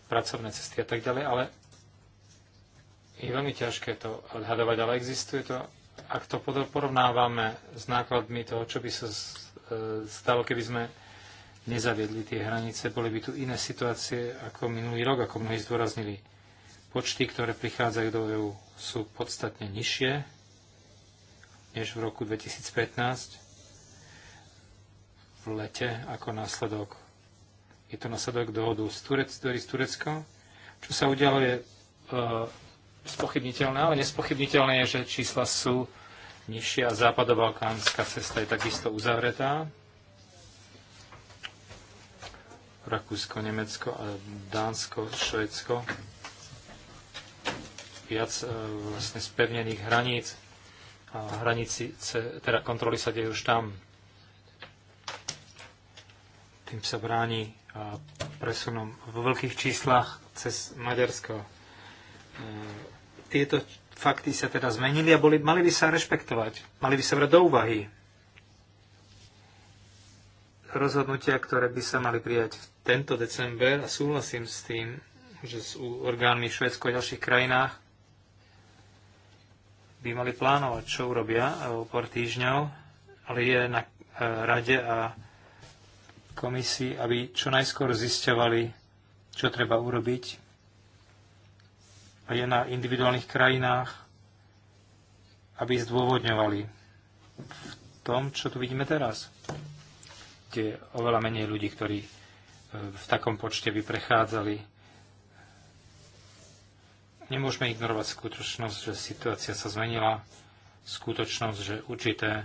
pracovné cesty a tak ďalej, ale je veľmi ťažké to odhadovať, ale existuje to, ak to porovnávame s nákladmi toho, čo by sa e, stalo, keby sme nezaviedli tie hranice, boli by tu iné situácie ako minulý rok, ako mnohí zdôraznili. Počty, ktoré prichádzajú do EÚ, sú podstatne nižšie než v roku 2015 v lete ako následok. Je to následok dohodu z Turec, z Turecka. Čo sa udialo je e, spochybniteľné, ale nespochybniteľné je, že čísla sú nižšie a západobalkánska cesta je takisto uzavretá. Rakúsko, Nemecko a Dánsko, Švedsko. Viac e, vlastne spevnených hraníc a hranici, teda kontroly sa dejú už tam tým sa bráni presunom v veľkých číslach cez Maďarsko. E, tieto fakty sa teda zmenili a boli, mali by sa rešpektovať, mali by sa brať do úvahy. Rozhodnutia, ktoré by sa mali prijať v tento december, a súhlasím s tým, že s orgánmi Švedsko a ďalších krajinách by mali plánovať, čo urobia o pár týždňov, ale je na e, rade a komisii, aby čo najskôr zisťovali, čo treba urobiť. A je na individuálnych krajinách, aby zdôvodňovali v tom, čo tu vidíme teraz. Kde je oveľa menej ľudí, ktorí e, v takom počte by prechádzali. Nemôžeme ignorovať skutočnosť, že situácia sa zmenila, skutočnosť, že určité e,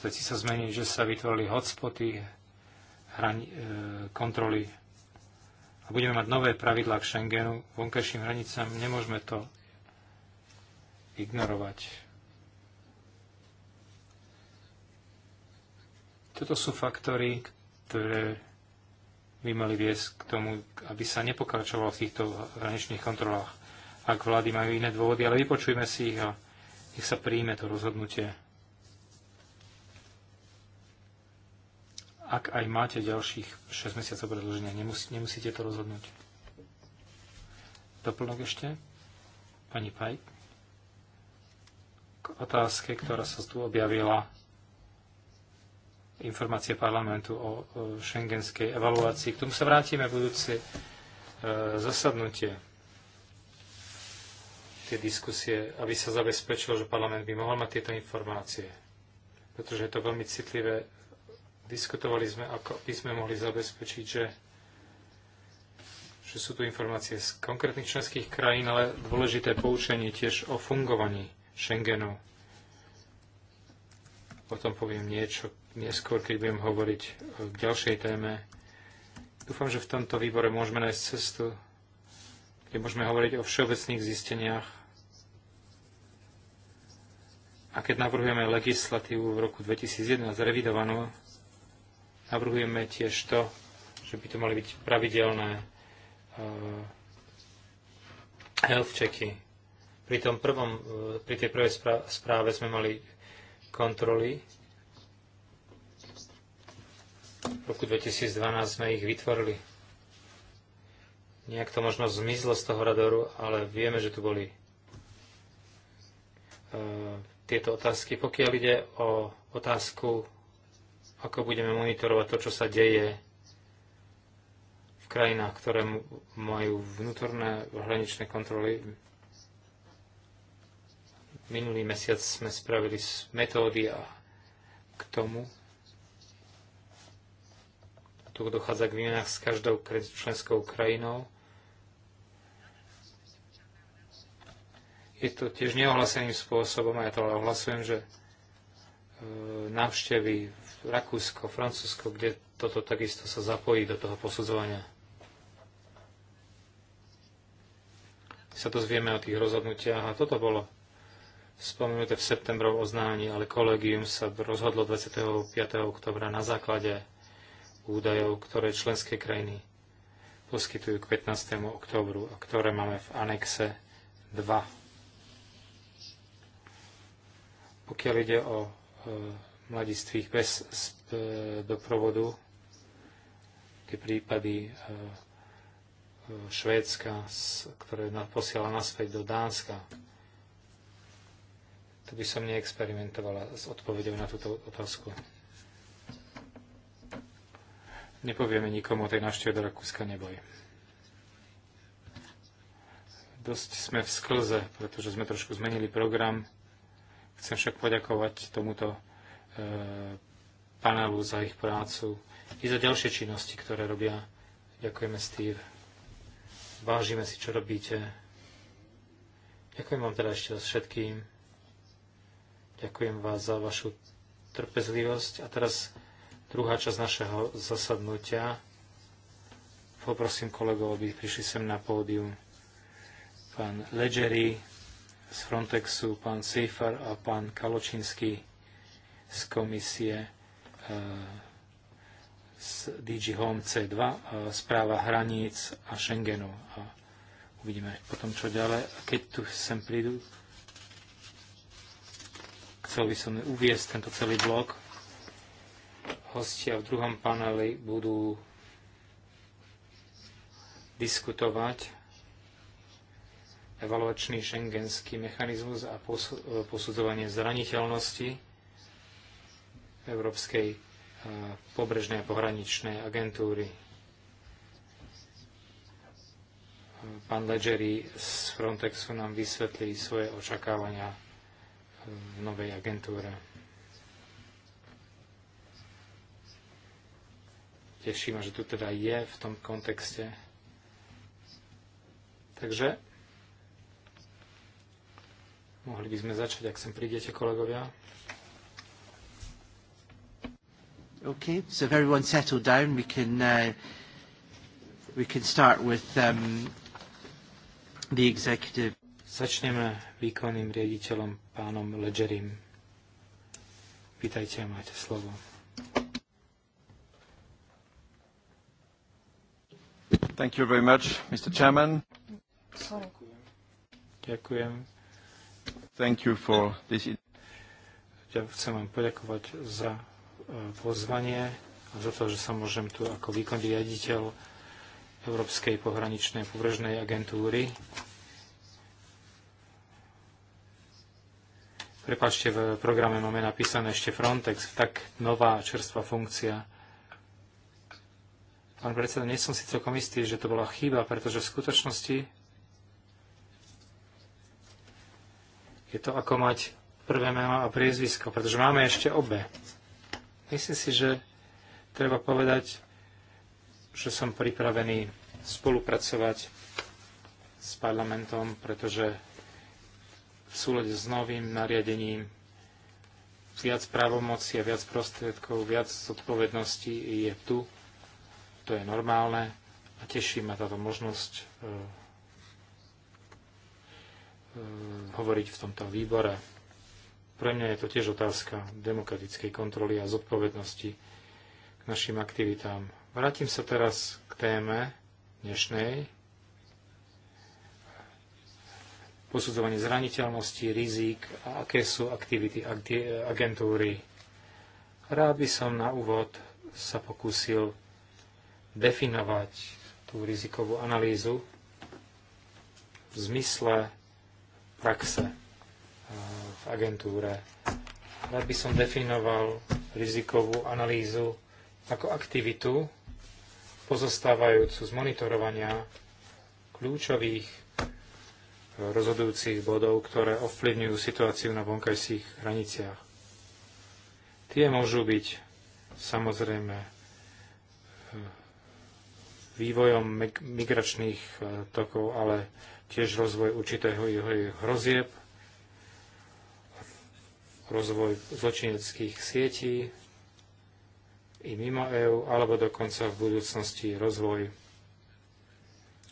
veci sa zmenili, že sa vytvorili hotspoty, hrani, e, kontroly a budeme mať nové pravidlá k Schengenu, vonkajším hranicám, nemôžeme to ignorovať. Toto sú faktory, ktoré by mali viesť k tomu, aby sa nepokračovalo v týchto hraničných kontrolách. Ak vlády majú iné dôvody, ale vypočujme si ich a nech sa príjme to rozhodnutie. ak aj máte ďalších 6 mesiacov predlženia, nemus- nemusíte to rozhodnúť. Doplnok ešte? Pani Paj? K otázke, ktorá sa tu objavila, informácie parlamentu o, o šengenskej evaluácii. K tomu sa vrátime v budúce e, zasadnutie tie diskusie, aby sa zabezpečilo, že parlament by mohol mať tieto informácie. Pretože je to veľmi citlivé Diskutovali sme, ako by sme mohli zabezpečiť, že, že sú tu informácie z konkrétnych členských krajín, ale dôležité poučenie tiež o fungovaní Schengenu. O tom poviem niečo neskôr, keď budem hovoriť k ďalšej téme. Dúfam, že v tomto výbore môžeme nájsť cestu, kde môžeme hovoriť o všeobecných zisteniach a keď navrhujeme legislatívu v roku 2011 revidovanú, Navrhujeme tiež to, že by to mali byť pravidelné e, health checky. Pri, tom prvom, e, pri tej prvej správe sme mali kontroly. V roku 2012 sme ich vytvorili. Nejak to možno zmizlo z toho radoru, ale vieme, že tu boli e, tieto otázky. Pokiaľ ide o otázku ako budeme monitorovať to, čo sa deje v krajinách, ktoré majú vnútorné hraničné kontroly. Minulý mesiac sme spravili metódy a k tomu. Tu dochádza k výmenách s každou členskou krajinou. Je to tiež neohlaseným spôsobom, a ja to ale ohlasujem, že e, návštevy v Rakúsko, Francúzsko, kde toto takisto sa zapojí do toho posudzovania. Sa zvieme o tých rozhodnutiach a toto bolo spomenuté v septembrov oznámení, ale kolegium sa rozhodlo 25. oktobra na základe údajov, ktoré členské krajiny poskytujú k 15. oktobru a ktoré máme v anexe 2. Pokiaľ ide o e, mladistvých bez e, doprovodu, tie prípady e, e, Švédska, ktoré posiela naspäť do Dánska. To by som neexperimentovala s odpovedou na túto otázku. Nepovieme nikomu o tej návšteve do Rakúska, neboj. Dosť sme v sklze, pretože sme trošku zmenili program. Chcem však poďakovať tomuto E, Panelu za ich prácu i za ďalšie činnosti, ktoré robia. Ďakujeme, Steve. Vážime si, čo robíte. Ďakujem vám teda ešte všetkým. Ďakujem vás za vašu trpezlivosť. A teraz druhá časť našeho zasadnutia. Poprosím kolegov, aby prišli sem na pódium. Pán Ledgeri z Frontexu, pán Sejfar a pán Kaločinský z komisie e, z DG Home C2, e, správa hraníc a Schengenu. A uvidíme potom, čo ďalej. A keď tu sem prídu, chcel by som uviesť tento celý blok. Hostia v druhom paneli budú diskutovať evaluačný šengenský mechanizmus a e, posudzovanie zraniteľnosti Európskej pobrežnej a pohraničnej agentúry. Pán Ledgeri z Frontexu nám vysvetlí svoje očakávania v novej agentúre. Teší ma, že tu teda je v tom kontexte. Takže mohli by sme začať, ak sem prídete, kolegovia. Okay, so if everyone's settled down, we can, uh, we can start with um, the executive. Začneme výkonným riaditeľom pánom Ledgerim. Vítajte, máte slovo. Thank you very much, Mr. Chairman. Ďakujem. Thank you for this. Ja chcem vám poďakovať za pozvanie a za to, že sa môžem tu ako výkonný riaditeľ Európskej pohraničnej pobrežnej agentúry Prepačte, v programe máme napísané ešte Frontex, tak nová čerstvá funkcia. Pán predseda, nie som si celkom istý, že to bola chyba, pretože v skutočnosti je to ako mať prvé meno a priezvisko, pretože máme ešte obe. Myslím si, že treba povedať, že som pripravený spolupracovať s parlamentom, pretože v súlade s novým nariadením viac právomoci a viac prostriedkov, viac zodpovedností je tu. To je normálne a teší ma táto možnosť e, e, hovoriť v tomto výbore. Pre mňa je to tiež otázka demokratickej kontroly a zodpovednosti k našim aktivitám. Vrátim sa teraz k téme dnešnej. Posudzovanie zraniteľnosti, rizík a aké sú aktivity agentúry. Rád by som na úvod sa pokúsil definovať tú rizikovú analýzu v zmysle praxe v agentúre. Rád by som definoval rizikovú analýzu ako aktivitu pozostávajúcu z monitorovania kľúčových rozhodujúcich bodov, ktoré ovplyvňujú situáciu na vonkajších hraniciach. Tie môžu byť samozrejme eh, vývojom migračných eh, tokov, ale tiež rozvoj určitého jeho hrozieb, rozvoj zločineckých sietí i mimo EÚ, alebo dokonca v budúcnosti rozvoj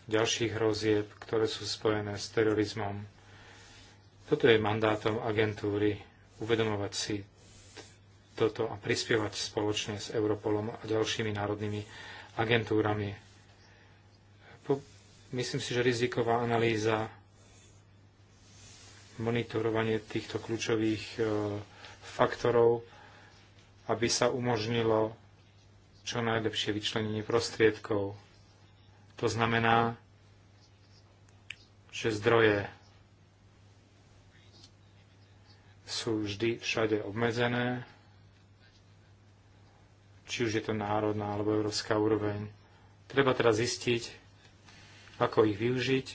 ďalších hrozieb, ktoré sú spojené s terorizmom. Toto je mandátom agentúry uvedomovať si toto a prispievať spoločne s Europolom a ďalšími národnými agentúrami. Po, myslím si, že riziková analýza monitorovanie týchto kľúčových e, faktorov, aby sa umožnilo čo najlepšie vyčlenenie prostriedkov. To znamená, že zdroje sú vždy všade obmedzené, či už je to národná alebo európska úroveň. Treba teraz zistiť, ako ich využiť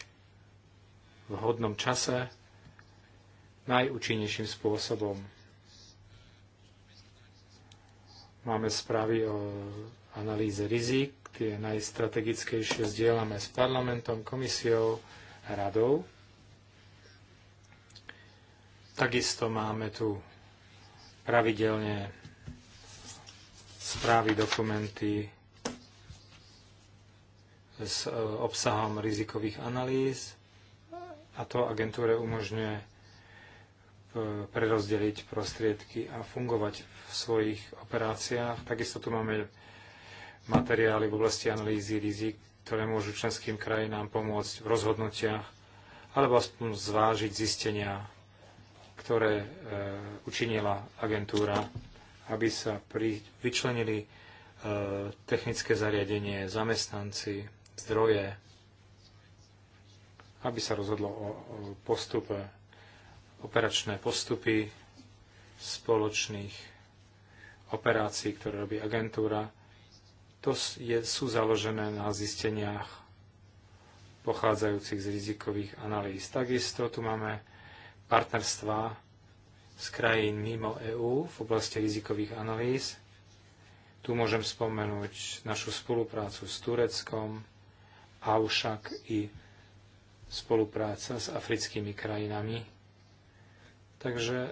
v hodnom čase najúčinnejším spôsobom. Máme správy o analýze rizik, tie najstrategickejšie zdieľame s parlamentom, komisiou a radou. Takisto máme tu pravidelne správy, dokumenty s e, obsahom rizikových analýz a to agentúre umožňuje E, prerozdeliť prostriedky a fungovať v svojich operáciách. Takisto tu máme materiály v oblasti analýzy rizik, ktoré môžu členským krajinám pomôcť v rozhodnutiach alebo aspoň zvážiť zistenia, ktoré e, učinila agentúra, aby sa pri, vyčlenili e, technické zariadenie, zamestnanci, zdroje, aby sa rozhodlo o, o postupe operačné postupy spoločných operácií, ktoré robí agentúra, to je, sú založené na zisteniach pochádzajúcich z rizikových analýz. Takisto tu máme partnerstva z krajín mimo EÚ v oblasti rizikových analýz. Tu môžem spomenúť našu spoluprácu s Tureckom, a však i spolupráca s africkými krajinami, Takže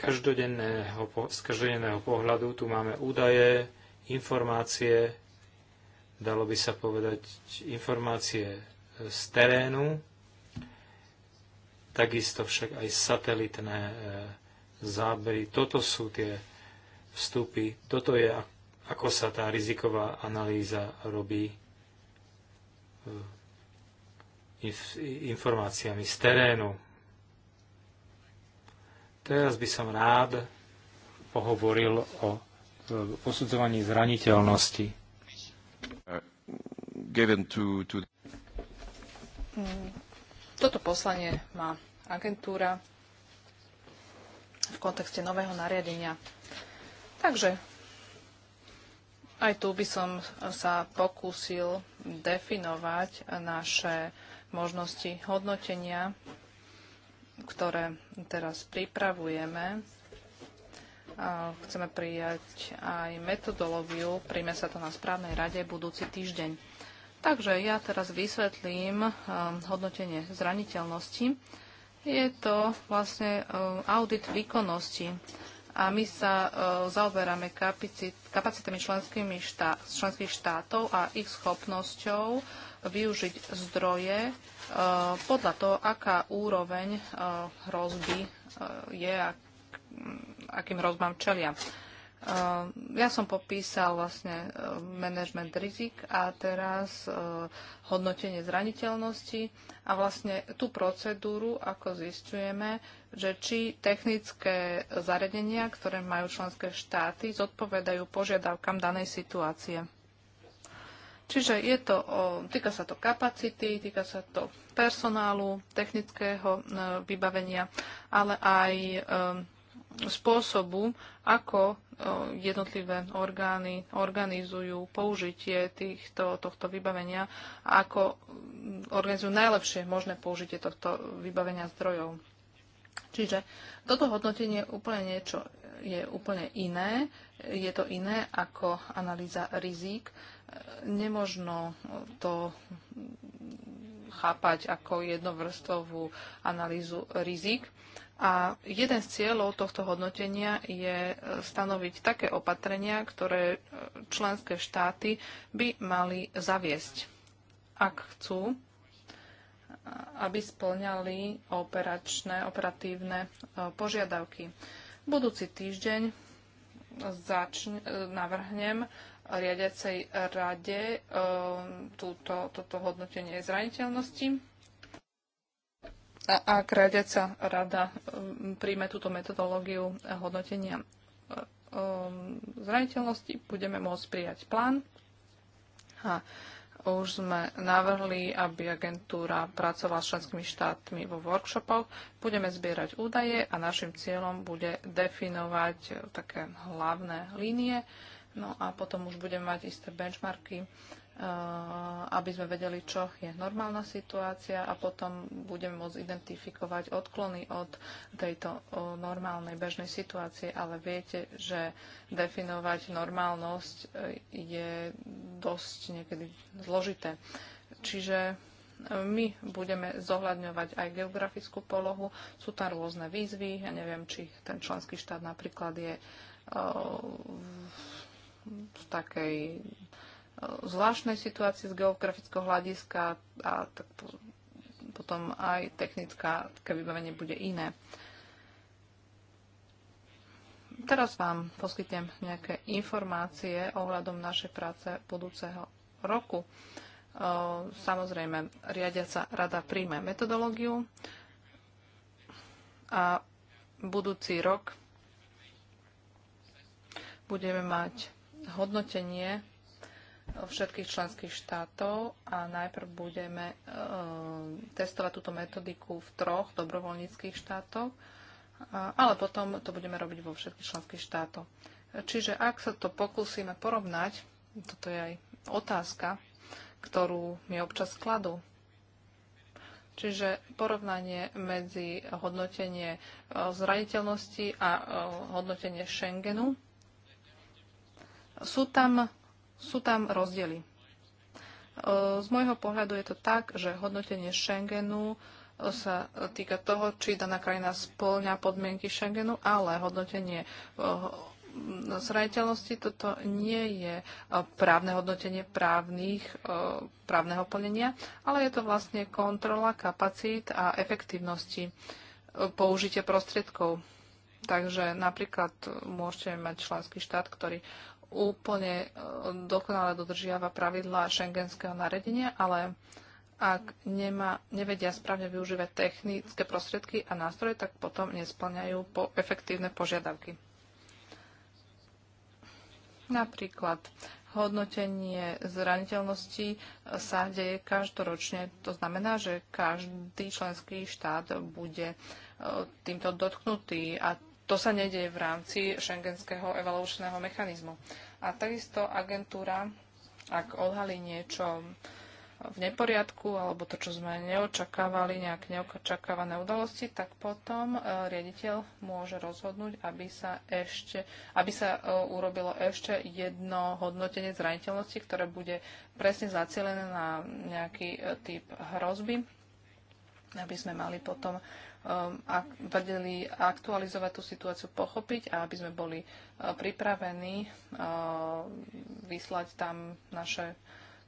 každodenného, z každodenného pohľadu tu máme údaje, informácie, dalo by sa povedať informácie e, z terénu, takisto však aj satelitné e, zábery. Toto sú tie vstupy, toto je ako sa tá riziková analýza robí e, informáciami z terénu. Teraz by som rád pohovoril o posudzovaní zraniteľnosti. Mm, toto poslanie má agentúra v kontexte nového nariadenia. Takže aj tu by som sa pokúsil definovať naše možnosti hodnotenia ktoré teraz pripravujeme. Chceme prijať aj metodológiu, príjme sa to na správnej rade budúci týždeň. Takže ja teraz vysvetlím um, hodnotenie zraniteľnosti. Je to vlastne um, audit výkonnosti a my sa uh, zaoberáme kapacitami členských štátov a ich schopnosťou využiť zdroje e, podľa toho, aká úroveň e, hrozby e, je a mm, akým hrozbám čelia. Ja som popísal vlastne management rizik a teraz hodnotenie zraniteľnosti a vlastne tú procedúru, ako zistujeme, že či technické zariadenia, ktoré majú členské štáty, zodpovedajú požiadavkám danej situácie. Čiže je to týka sa to kapacity, týka sa to personálu, technického e, vybavenia, ale aj e, spôsobu, ako e, jednotlivé orgány organizujú použitie týchto, tohto vybavenia a ako mm, organizujú najlepšie možné použitie tohto vybavenia zdrojov. Čiže toto hodnotenie je úplne niečo je úplne iné. Je to iné ako analýza rizík nemožno to chápať ako jednovrstovú analýzu rizik. A jeden z cieľov tohto hodnotenia je stanoviť také opatrenia, ktoré členské štáty by mali zaviesť, ak chcú, aby splňali operačné, operatívne e, požiadavky. Budúci týždeň e, navrhnem riadiacej rade ehm, túto, toto hodnotenie zraniteľnosti. A ak riadiaca rada ehm, príjme túto metodológiu hodnotenia ehm, zraniteľnosti, budeme môcť prijať plán. A už sme navrhli, aby agentúra pracovala s členskými štátmi vo workshopoch. Budeme zbierať údaje a našim cieľom bude definovať také hlavné línie, No a potom už budeme mať isté benchmarky, eh, aby sme vedeli, čo je normálna situácia a potom budeme môcť identifikovať odklony od tejto eh, normálnej bežnej situácie, ale viete, že definovať normálnosť eh, je dosť niekedy zložité. Čiže my budeme zohľadňovať aj geografickú polohu. Sú tam rôzne výzvy. Ja neviem, či ten členský štát napríklad je v takej eh, zvláštnej situácii z geografického hľadiska a tak potom aj technická vybavenie bude iné. Teraz vám poskytnem nejaké informácie ohľadom našej práce budúceho roku. Eh, samozrejme, riadiaca rada príjme metodológiu a budúci rok budeme mať hodnotenie všetkých členských štátov a najprv budeme e, testovať túto metodiku v troch dobrovoľníckých štátoch, ale potom to budeme robiť vo všetkých členských štátoch. Čiže ak sa to pokúsime porovnať, toto je aj otázka, ktorú mi občas skladú. Čiže porovnanie medzi hodnotenie e, zraniteľnosti a e, hodnotenie Schengenu. Sú tam, sú tam rozdiely. E, z môjho pohľadu je to tak, že hodnotenie Schengenu e, sa týka toho, či daná krajina spĺňa podmienky Schengenu, ale hodnotenie e, zraniteľnosti toto nie je právne hodnotenie právnych, právneho plnenia, ale je to vlastne kontrola kapacít a efektívnosti použitia prostriedkov. Takže napríklad môžete mať členský štát, ktorý úplne e, dokonale dodržiava pravidlá šengenského naredenia, ale ak nemá, nevedia správne využívať technické prostriedky a nástroje, tak potom nesplňajú po efektívne požiadavky. Napríklad hodnotenie zraniteľnosti e, sa deje každoročne. To znamená, že každý členský štát bude e, týmto dotknutý a to sa nedieje v rámci šengenského evaluačného mechanizmu. A takisto agentúra, ak odhalí niečo v neporiadku alebo to, čo sme neočakávali, nejak neočakávané udalosti, tak potom e, riaditeľ môže rozhodnúť, aby sa, ešte, aby sa e, urobilo ešte jedno hodnotenie zraniteľnosti, ktoré bude presne zacielené na nejaký e, typ hrozby, aby sme mali potom Um, ak, vedeli aktualizovať tú situáciu, pochopiť a aby sme boli uh, pripravení uh, vyslať tam naše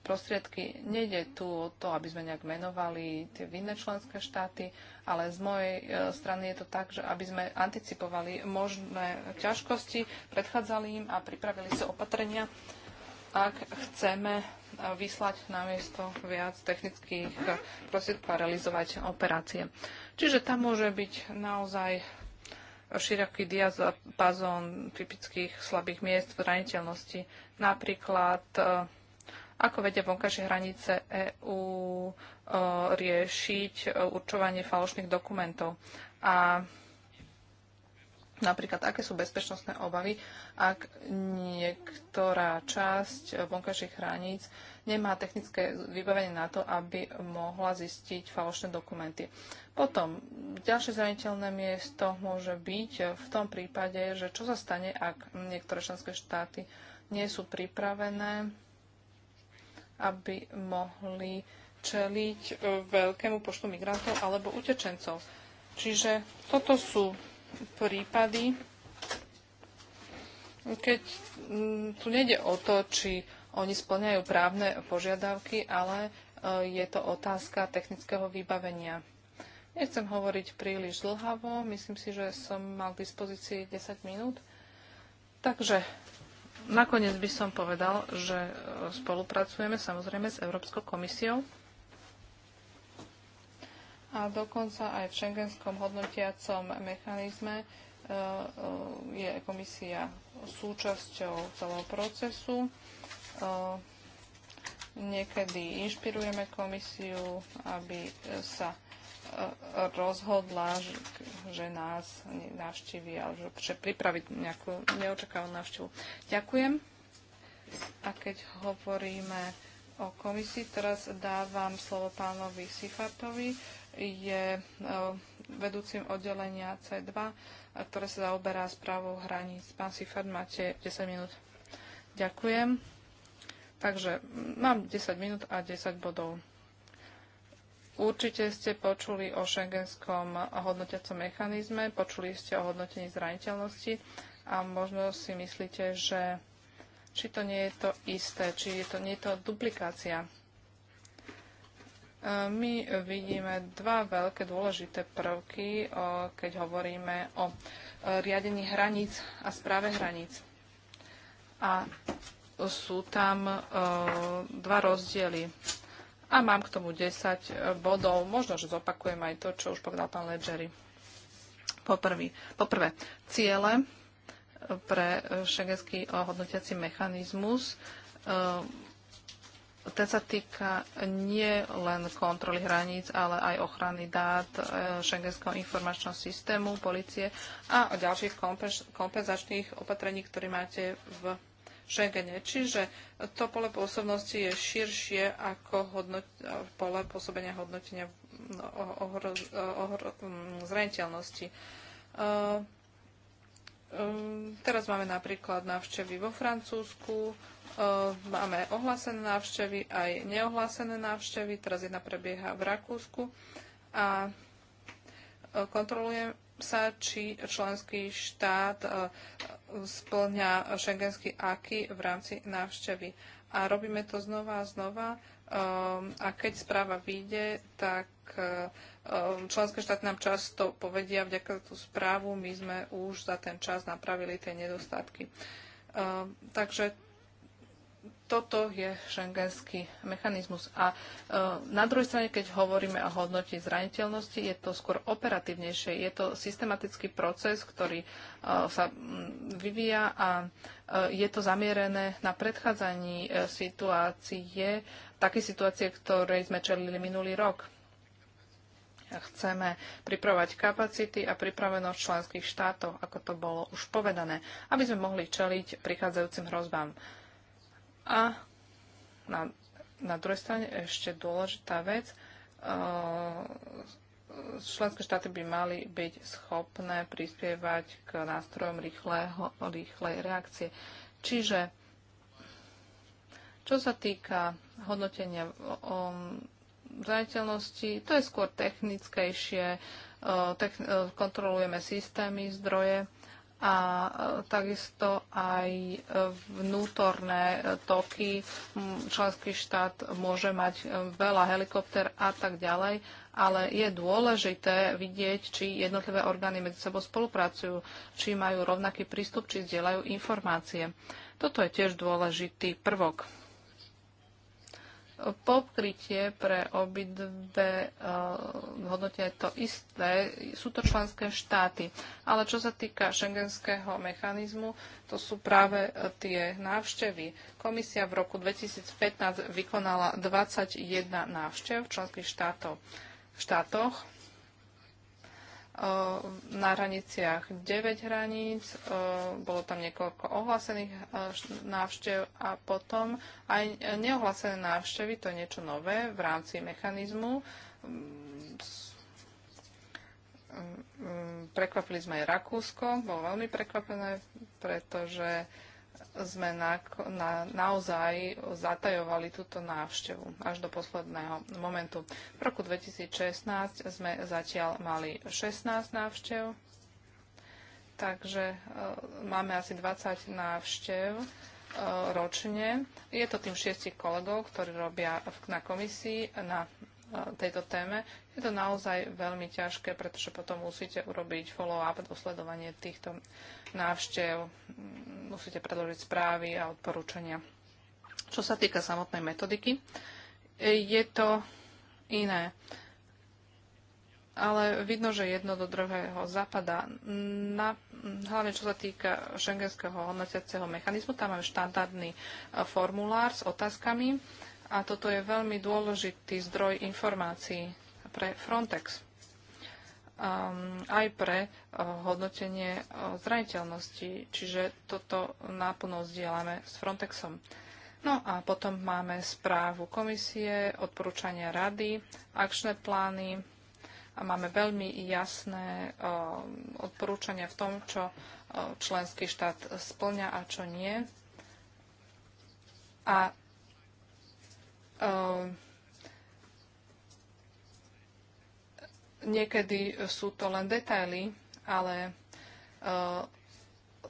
prostriedky. Nejde tu o to, aby sme nejak menovali tie vinné členské štáty, ale z mojej uh, strany je to tak, že aby sme anticipovali možné ťažkosti, predchádzali im a pripravili sa opatrenia, ak chceme vyslať na miesto viac technických prostriedkov a realizovať operácie. Čiže tam môže byť naozaj široký diazapazón typických slabých miest v zraniteľnosti. Napríklad, e, ako vedia vonkajšie hranice EÚ e, riešiť e, určovanie falošných dokumentov. A Napríklad, aké sú bezpečnostné obavy, ak niektorá časť vonkajších hraníc nemá technické vybavenie na to, aby mohla zistiť falošné dokumenty. Potom, ďalšie zraniteľné miesto môže byť v tom prípade, že čo sa stane, ak niektoré členské štáty nie sú pripravené, aby mohli čeliť veľkému počtu migrantov alebo utečencov. Čiže toto sú prípady, keď mm, tu nejde o to, či oni splňajú právne požiadavky, ale e, je to otázka technického vybavenia. Nechcem hovoriť príliš dlhavo, myslím si, že som mal k dispozícii 10 minút. Takže nakoniec by som povedal, že e, spolupracujeme samozrejme s Európskou komisiou a dokonca aj v šengenskom hodnotiacom mechanizme e, e, je komisia súčasťou celého procesu. E, niekedy inšpirujeme komisiu, aby sa rozhodla, že nás navštívi a že pripraviť nejakú neočakávanú návštevu. Ďakujem. A keď hovoríme o komisii, teraz dávam slovo pánovi Sifatovi je e, vedúcim oddelenia C2, ktoré sa zaoberá správou hraníc. Pán Sifard, máte 10 minút. Ďakujem. Takže mám 10 minút a 10 bodov. Určite ste počuli o šengenskom hodnotiacom mechanizme, počuli ste o hodnotení zraniteľnosti a možno si myslíte, že či to nie je to isté, či je to, nie je to duplikácia. My vidíme dva veľké dôležité prvky, keď hovoríme o e, riadení hraníc a správe hraníc. A sú tam e, dva rozdiely. A mám k tomu 10 e, bodov. Možno, že zopakujem aj to, čo už povedal pán Ledgeri. Poprvé, ciele pre šengenský hodnotiaci mechanizmus ten sa týka nie len kontroly hraníc, ale aj ochrany dát, šengenského e, informačného systému, policie a ďalších kompenzačných opatrení, ktoré máte v Schengene. Čiže to pole pôsobnosti je širšie ako hodnot, pole pôsobenia hodnotenia no, ohro, ohro, zraniteľnosti. Uh, e, Ehm, teraz máme napríklad návštevy vo Francúzsku, ehm, máme ohlásené návštevy, aj neohlásené návštevy, teraz jedna prebieha v Rakúsku a ehm, kontroluje sa, či členský štát splňa šengenský aky v rámci návštevy. A robíme to znova a znova a keď správa vyjde, tak Eh, eh, členské štáty nám často povedia, vďaka tú správu my sme už za ten čas napravili tie nedostatky. Eh, takže toto je šengenský mechanizmus. A na druhej strane, keď hovoríme o hodnote zraniteľnosti, je to skôr operatívnejšie. Je to systematický proces, ktorý sa mm, vyvíja a je to zamierené na predchádzaní situácie, také situácie, ktorej sme čelili minulý rok chceme pripravovať kapacity a pripravenosť členských štátov, ako to bolo už povedané, aby sme mohli čeliť prichádzajúcim hrozbám. A na, na druhej strane ešte dôležitá vec, e, členské štáty by mali byť schopné prispievať k nástrojom rýchleho, rýchlej reakcie. Čiže, čo sa týka hodnotenia o, o zraniteľnosti. To je skôr technickejšie. E, e, kontrolujeme systémy, zdroje a e, takisto aj vnútorné toky. Členský štát môže mať veľa helikopter a tak ďalej, ale je dôležité vidieť, či jednotlivé orgány medzi sebou spolupracujú, či majú rovnaký prístup, či zdieľajú informácie. Toto je tiež dôležitý prvok. Pokrytie pre obidve eh, hodnotia je to isté, sú to členské štáty. Ale čo sa týka šengenského mechanizmu, to sú práve eh, tie návštevy. Komisia v roku 2015 vykonala 21 návštev v členských štátoch. štátoch na hraniciach 9 hraníc, bolo tam niekoľko ohlásených návštev a potom aj neohlásené návštevy, to je niečo nové v rámci mechanizmu. Mm, mm, mm, prekvapili sme aj Rakúsko, bolo veľmi prekvapené, pretože sme na, na, naozaj zatajovali túto návštevu až do posledného momentu. V roku 2016 sme zatiaľ mali 16 návštev, takže e, máme asi 20 návštev e, ročne. Je to tým šiestich kolegov, ktorí robia v, na komisii na tejto téme, je to naozaj veľmi ťažké, pretože potom musíte urobiť follow-up, dosledovanie týchto návštev, mm, musíte predložiť správy a odporúčania. Čo sa týka samotnej metodiky, e, je to iné. Ale vidno, že jedno do druhého zapadá. Na, hlavne čo sa týka šengenského hodnotiaceho mechanizmu, tam máme štandardný e, formulár s otázkami a toto je veľmi dôležitý zdroj informácií pre Frontex. aj pre eh, hodnotenie eh, zraniteľnosti. Čiže toto náplno vzdielame s Frontexom. No a potom máme správu komisie, odporúčania rady, akčné plány a máme veľmi jasné eh, odporúčania v tom, čo členský štát splňa a čo nie. A Ehm, niekedy sú to len detaily, ale ehm,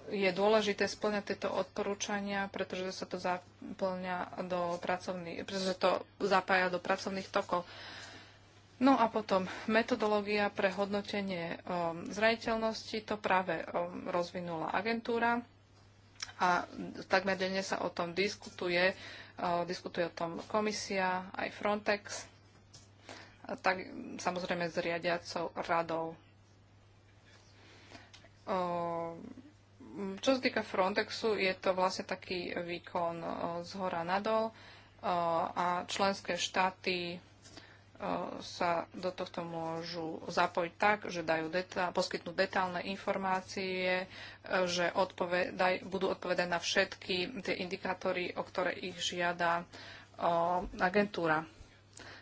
je dôležité splňať tieto odporúčania, pretože sa to zaplňa do pracovných, pretože to zapája do pracovných tokov. No a potom metodológia pre hodnotenie ehm, zraniteľnosti, to práve rozvinula agentúra a takmer denne sa o tom diskutuje Eh, diskutuje o tom komisia, aj Frontex, tak samozrejme s riadiacou radou. Eh, čo sa týka Frontexu, je to vlastne taký výkon eh, z hora nadol a členské štáty sa do tohto môžu zapojiť tak, že dajú detál, poskytnú detálne informácie, e, že odpovedaj, budú odpovedať na všetky tie indikátory, o ktoré ich žiada o, agentúra.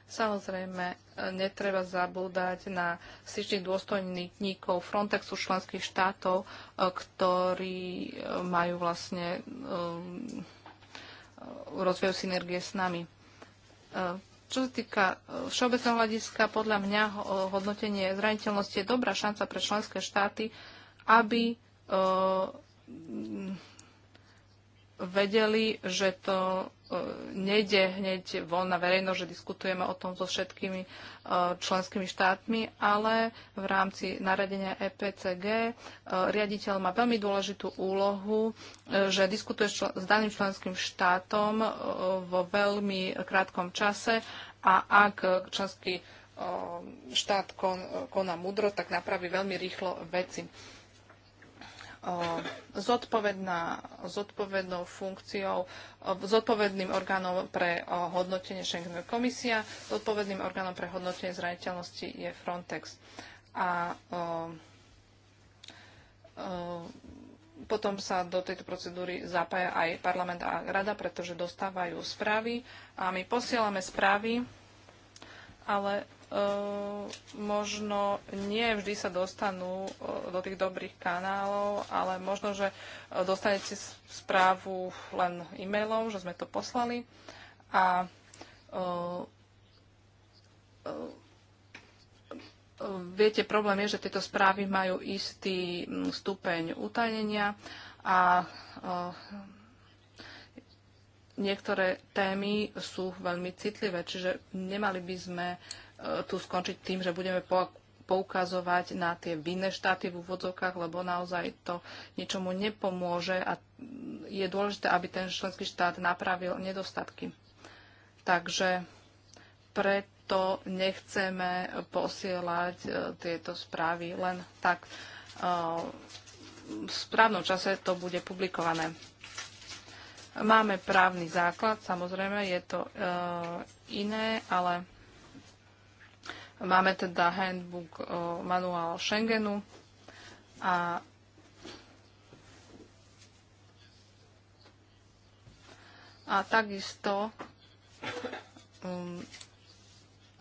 Samozrejme, e, netreba zabúdať na styčných dôstojníkov Frontexu členských štátov, e, ktorí majú vlastne, rozvoj synergie s nami čo sa týka e, všeobecného hľadiska, podľa mňa e, hodnotenie zraniteľnosti je dobrá šanca pre členské štáty, aby e, vedeli, že to e, nejde hneď von na verejnosť, že diskutujeme o tom so všetkými e, členskými štátmi, ale v rámci naradenia EPCG e, riaditeľ má veľmi dôležitú úlohu, že diskutuje s daným členským štátom vo veľmi krátkom čase a ak členský štát koná múdro, tak napraví veľmi rýchlo veci. Eh, zodpovedná, zodpovednou funkciou, eh, zodpovedným orgánom pre eh, hodnotenie Schengenovej komisia, zodpovedným orgánom pre hodnotenie zraniteľnosti je Frontex. A o, o, potom sa do tejto procedúry zapája aj parlament a rada, pretože dostávajú správy a my posielame správy, ale Eh, možno nie vždy sa dostanú eh, do tých dobrých kanálov, ale možno, že eh, dostanete správu len e-mailom, že sme to poslali a viete, problém je, že tieto správy majú istý mm, stupeň utajenia a niektoré témy sú veľmi citlivé, čiže nemali by sme uh, tu skončiť tým, že budeme poukazovať na tie vinné štáty v úvodzovkách, lebo naozaj to ničomu nepomôže a je dôležité, aby ten členský štát napravil nedostatky. Takže preto nechceme posielať e, tieto správy len tak. E, v správnom čase to bude publikované. Máme právny základ, samozrejme je to e, iné, ale Máme teda handbook eh, manuál Schengenu a A takisto um,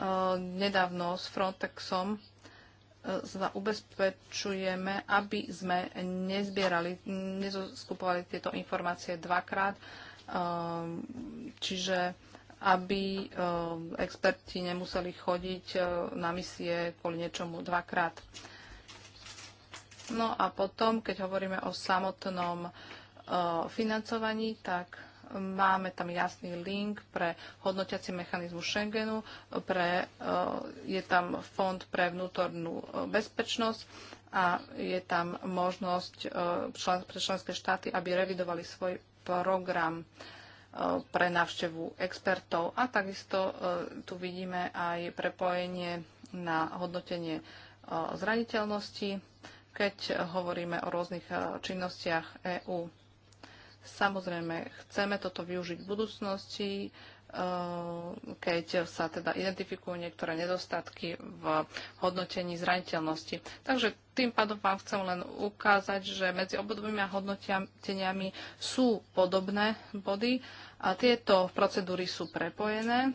uh, nedávno s Frontexom uh, ubezpečujeme, aby sme nezbierali, nezoskupovali tieto informácie dvakrát. Um, čiže aby um, experti nemuseli chodiť uh, na misie kvôli niečomu dvakrát. No a potom, keď hovoríme o samotnom uh, financovaní, tak máme tam jasný link pre hodnotiaci mechanizmu Schengenu, pre, uh, je tam fond pre vnútornú bezpečnosť a je tam možnosť pre členské štáty, aby revidovali svoj program pre návštevu expertov a takisto e, tu vidíme aj prepojenie na hodnotenie e, zraniteľnosti, keď hovoríme o rôznych e, činnostiach EÚ. Samozrejme, chceme toto využiť v budúcnosti Eh, keď sa teda identifikujú niektoré nedostatky v hodnotení zraniteľnosti. Takže tým pádom vám chcem len ukázať, že medzi a hodnoteniami sú podobné body a tieto procedúry sú prepojené,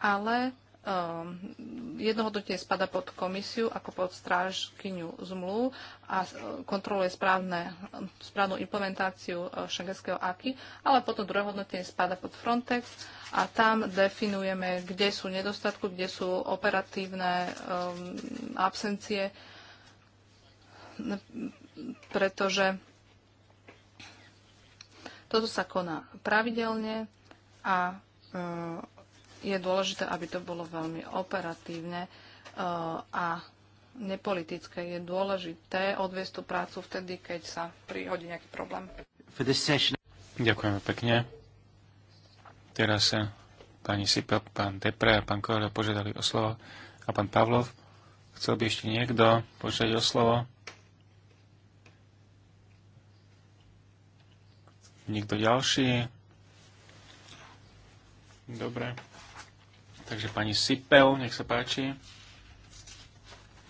ale Ehm, jednohodnotne spada pod komisiu ako pod strážkyňu zmluv a kontroluje správne, správnu implementáciu e, šengenského AKI, ale potom druhohodnotne spada pod Frontex a tam definujeme, kde sú nedostatku, kde sú operatívne ehm, absencie, pretože toto sa koná pravidelne a e, je dôležité, aby to bolo veľmi operatívne e, a nepolitické. Je dôležité odviesť tú prácu vtedy, keď sa prihodí nejaký problém. Ďakujeme pekne. Teraz pani Sipa, pán Depre a pán Koľa požiadali o slovo a pán Pavlov. Chcel by ešte niekto požiadať o slovo? Niekto ďalší? Dobre. Takže pani Sipel, nech sa páči.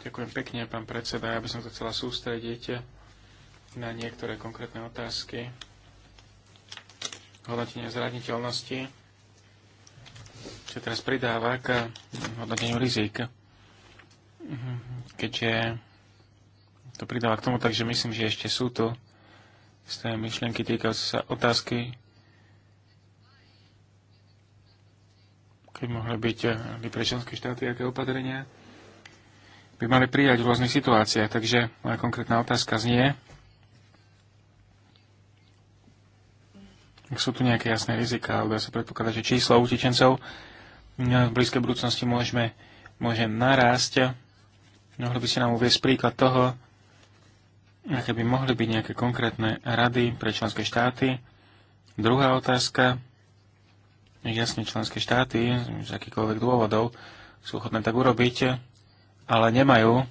Ďakujem pekne, pán predseda. Ja by som sa chcela sústrediť na niektoré konkrétne otázky. Hodnotenie zraditeľnosti, čo teraz pridáva k hodnoteniu rizik. Keďže to pridáva k tomu, takže myslím, že ešte sú tu isté myšlienky týkajúce sa otázky aké mohli byť eh, pre členské štáty, aké opatrenia by mali prijať v rôznych situáciách. Takže moja konkrétna otázka znie, ak sú tu nejaké jasné rizika, alebo dá sa predpokladať, že číslo utečencov eh, v blízkej budúcnosti môžeme, môže narásť. Mohli by ste nám uviesť príklad toho, aké by mohli byť nejaké konkrétne rady pre členské štáty. Druhá otázka, jasne členské štáty z akýkoľvek dôvodov sú ochotné tak urobiť, ale nemajú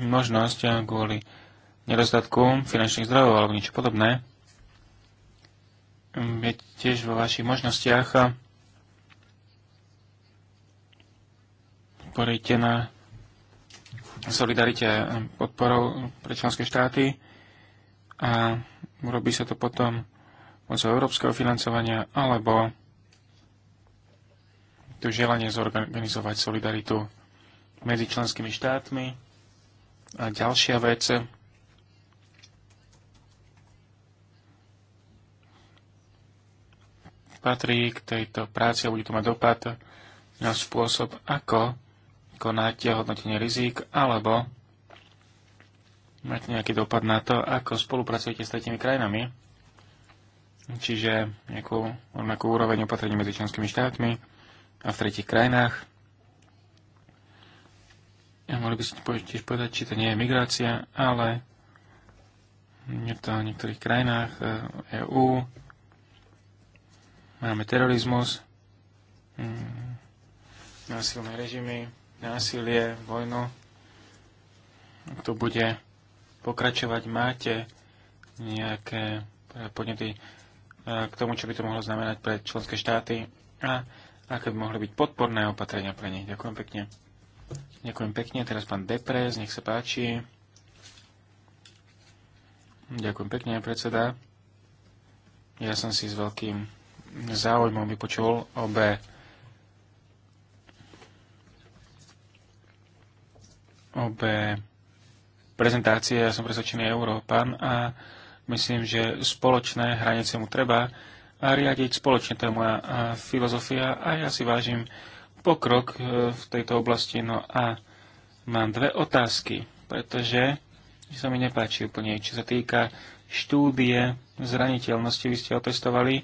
možnosť kvôli nedostatku finančných zdrojov alebo niečo podobné. Je tiež vo vašich možnostiach podporíte na solidarite podporou pre členské štáty a urobí sa to potom z európskeho financovania alebo to želanie zorganizovať solidaritu medzi členskými štátmi. A ďalšia vec, patrí k tejto práci a bude to mať dopad na spôsob, ako konať hodnotenie rizik, alebo mať nejaký dopad na to, ako spolupracujete s tretimi krajinami čiže nejakú rovnakú úroveň opatrení medzi členskými štátmi a v tretich krajinách. Ja mohli by ste tiež povedať, či to nie je migrácia, ale je to v niektorých krajinách EÚ. E Máme terorizmus, mm, násilné režimy, násilie, vojnu. Ak to bude pokračovať, máte nejaké podnety k tomu, čo by to mohlo znamenať pre členské štáty a aké by mohli byť podporné opatrenia pre nich. Ďakujem pekne. Ďakujem pekne. Teraz pán Deprez, nech sa páči. Ďakujem pekne, predseda. Ja som si s veľkým záujmom vypočul obe obe prezentácie. Ja som presvedčený Európan a Myslím, že spoločné hranice mu treba a riadiť spoločne. To je moja filozofia a ja si vážim pokrok e, v tejto oblasti. No a mám dve otázky, pretože sa mi nepáči úplne, čo sa týka štúdie zraniteľnosti. Vy ste otestovali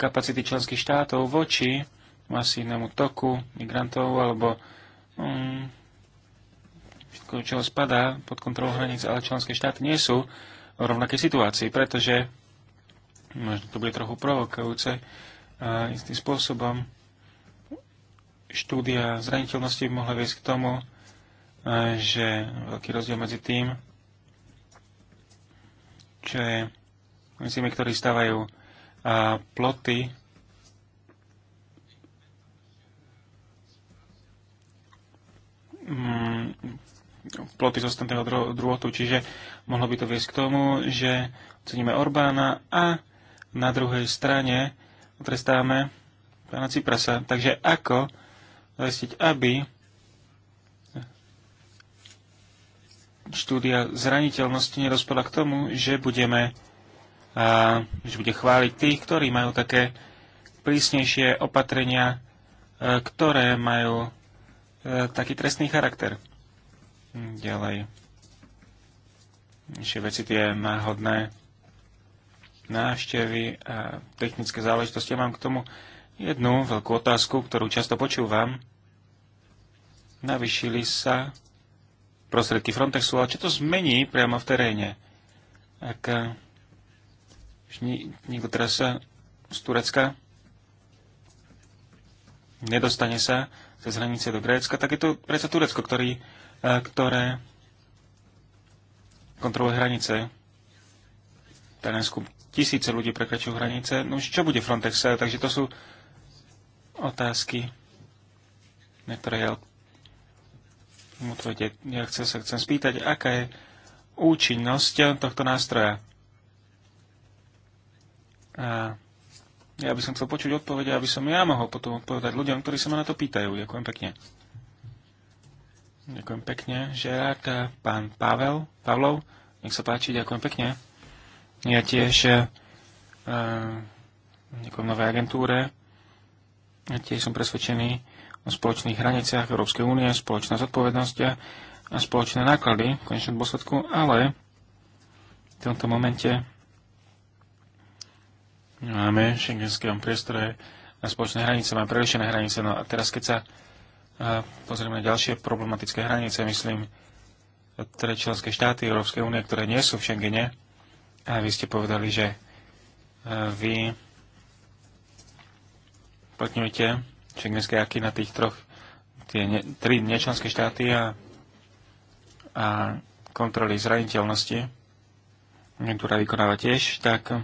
kapacity členských štátov voči masívnemu toku migrantov alebo um, všetko, čo spadá pod kontrolu hraníc, ale členské štáty nie sú rovnakej situácii, pretože možno to bude trochu provokujúce, a istým spôsobom štúdia zraniteľnosti mohla viesť k tomu, že veľký rozdiel medzi tým, čo je medzi tými, ktorí stávajú ploty, mm, ploty zostanného druhotu, čiže Mohlo by to viesť k tomu, že ceníme Orbána a na druhej strane trestáme pána Ciprasa. Takže ako zajistiť, aby štúdia zraniteľnosti nerozpadla k tomu, že budeme a, že bude chváliť tých, ktorí majú také prísnejšie opatrenia, e, ktoré majú e, taký trestný charakter. Hm, ďalej ďalšie veci, tie náhodné návštevy a technické záležitosti. Ja mám k tomu jednu veľkú otázku, ktorú často počúvam. Navyšili sa prostriedky Frontexu, ale čo to zmení priamo v teréne? Ak už niekto teraz sa z Turecka nedostane sa cez hranice do Grécka, tak je to predsa Turecko, ktorý, ktoré kontrole hranice. V Taliansku tisíce ľudí prekračujú hranice. No čo bude Frontex? Takže to sú otázky, na ktoré ja mu tvojde, ja chcem sa chcem spýtať, aká je účinnosť tohto nástroja. A ja by som chcel počuť odpovede, aby som ja mohol potom odpovedať ľuďom, ktorí sa ma na to pýtajú. Ďakujem pekne. Ďakujem pekne. Žerák, eh, pán Pavel, Pavlov, nech sa páči, ďakujem pekne. Ja tiež ďakujem eh, eh, novej agentúre. Ja tiež som presvedčený o spoločných hraniciach Európskej únie, spoločná zodpovednosť a spoločné náklady v konečnom dôsledku, ale v tomto momente máme v šengenskom priestore na spoločné hranice, máme prelišené hranice. No a teraz, keď sa pozrieme ďalšie problematické hranice, myslím, ktoré členské štáty Európskej únie, ktoré nie sú v Schengene, a vy ste povedali, že e, vy platňujete šengenské aký na tých troch, tie ne, tri nečlenské štáty a, a kontroly zraniteľnosti, ktorá vykonáva tiež, tak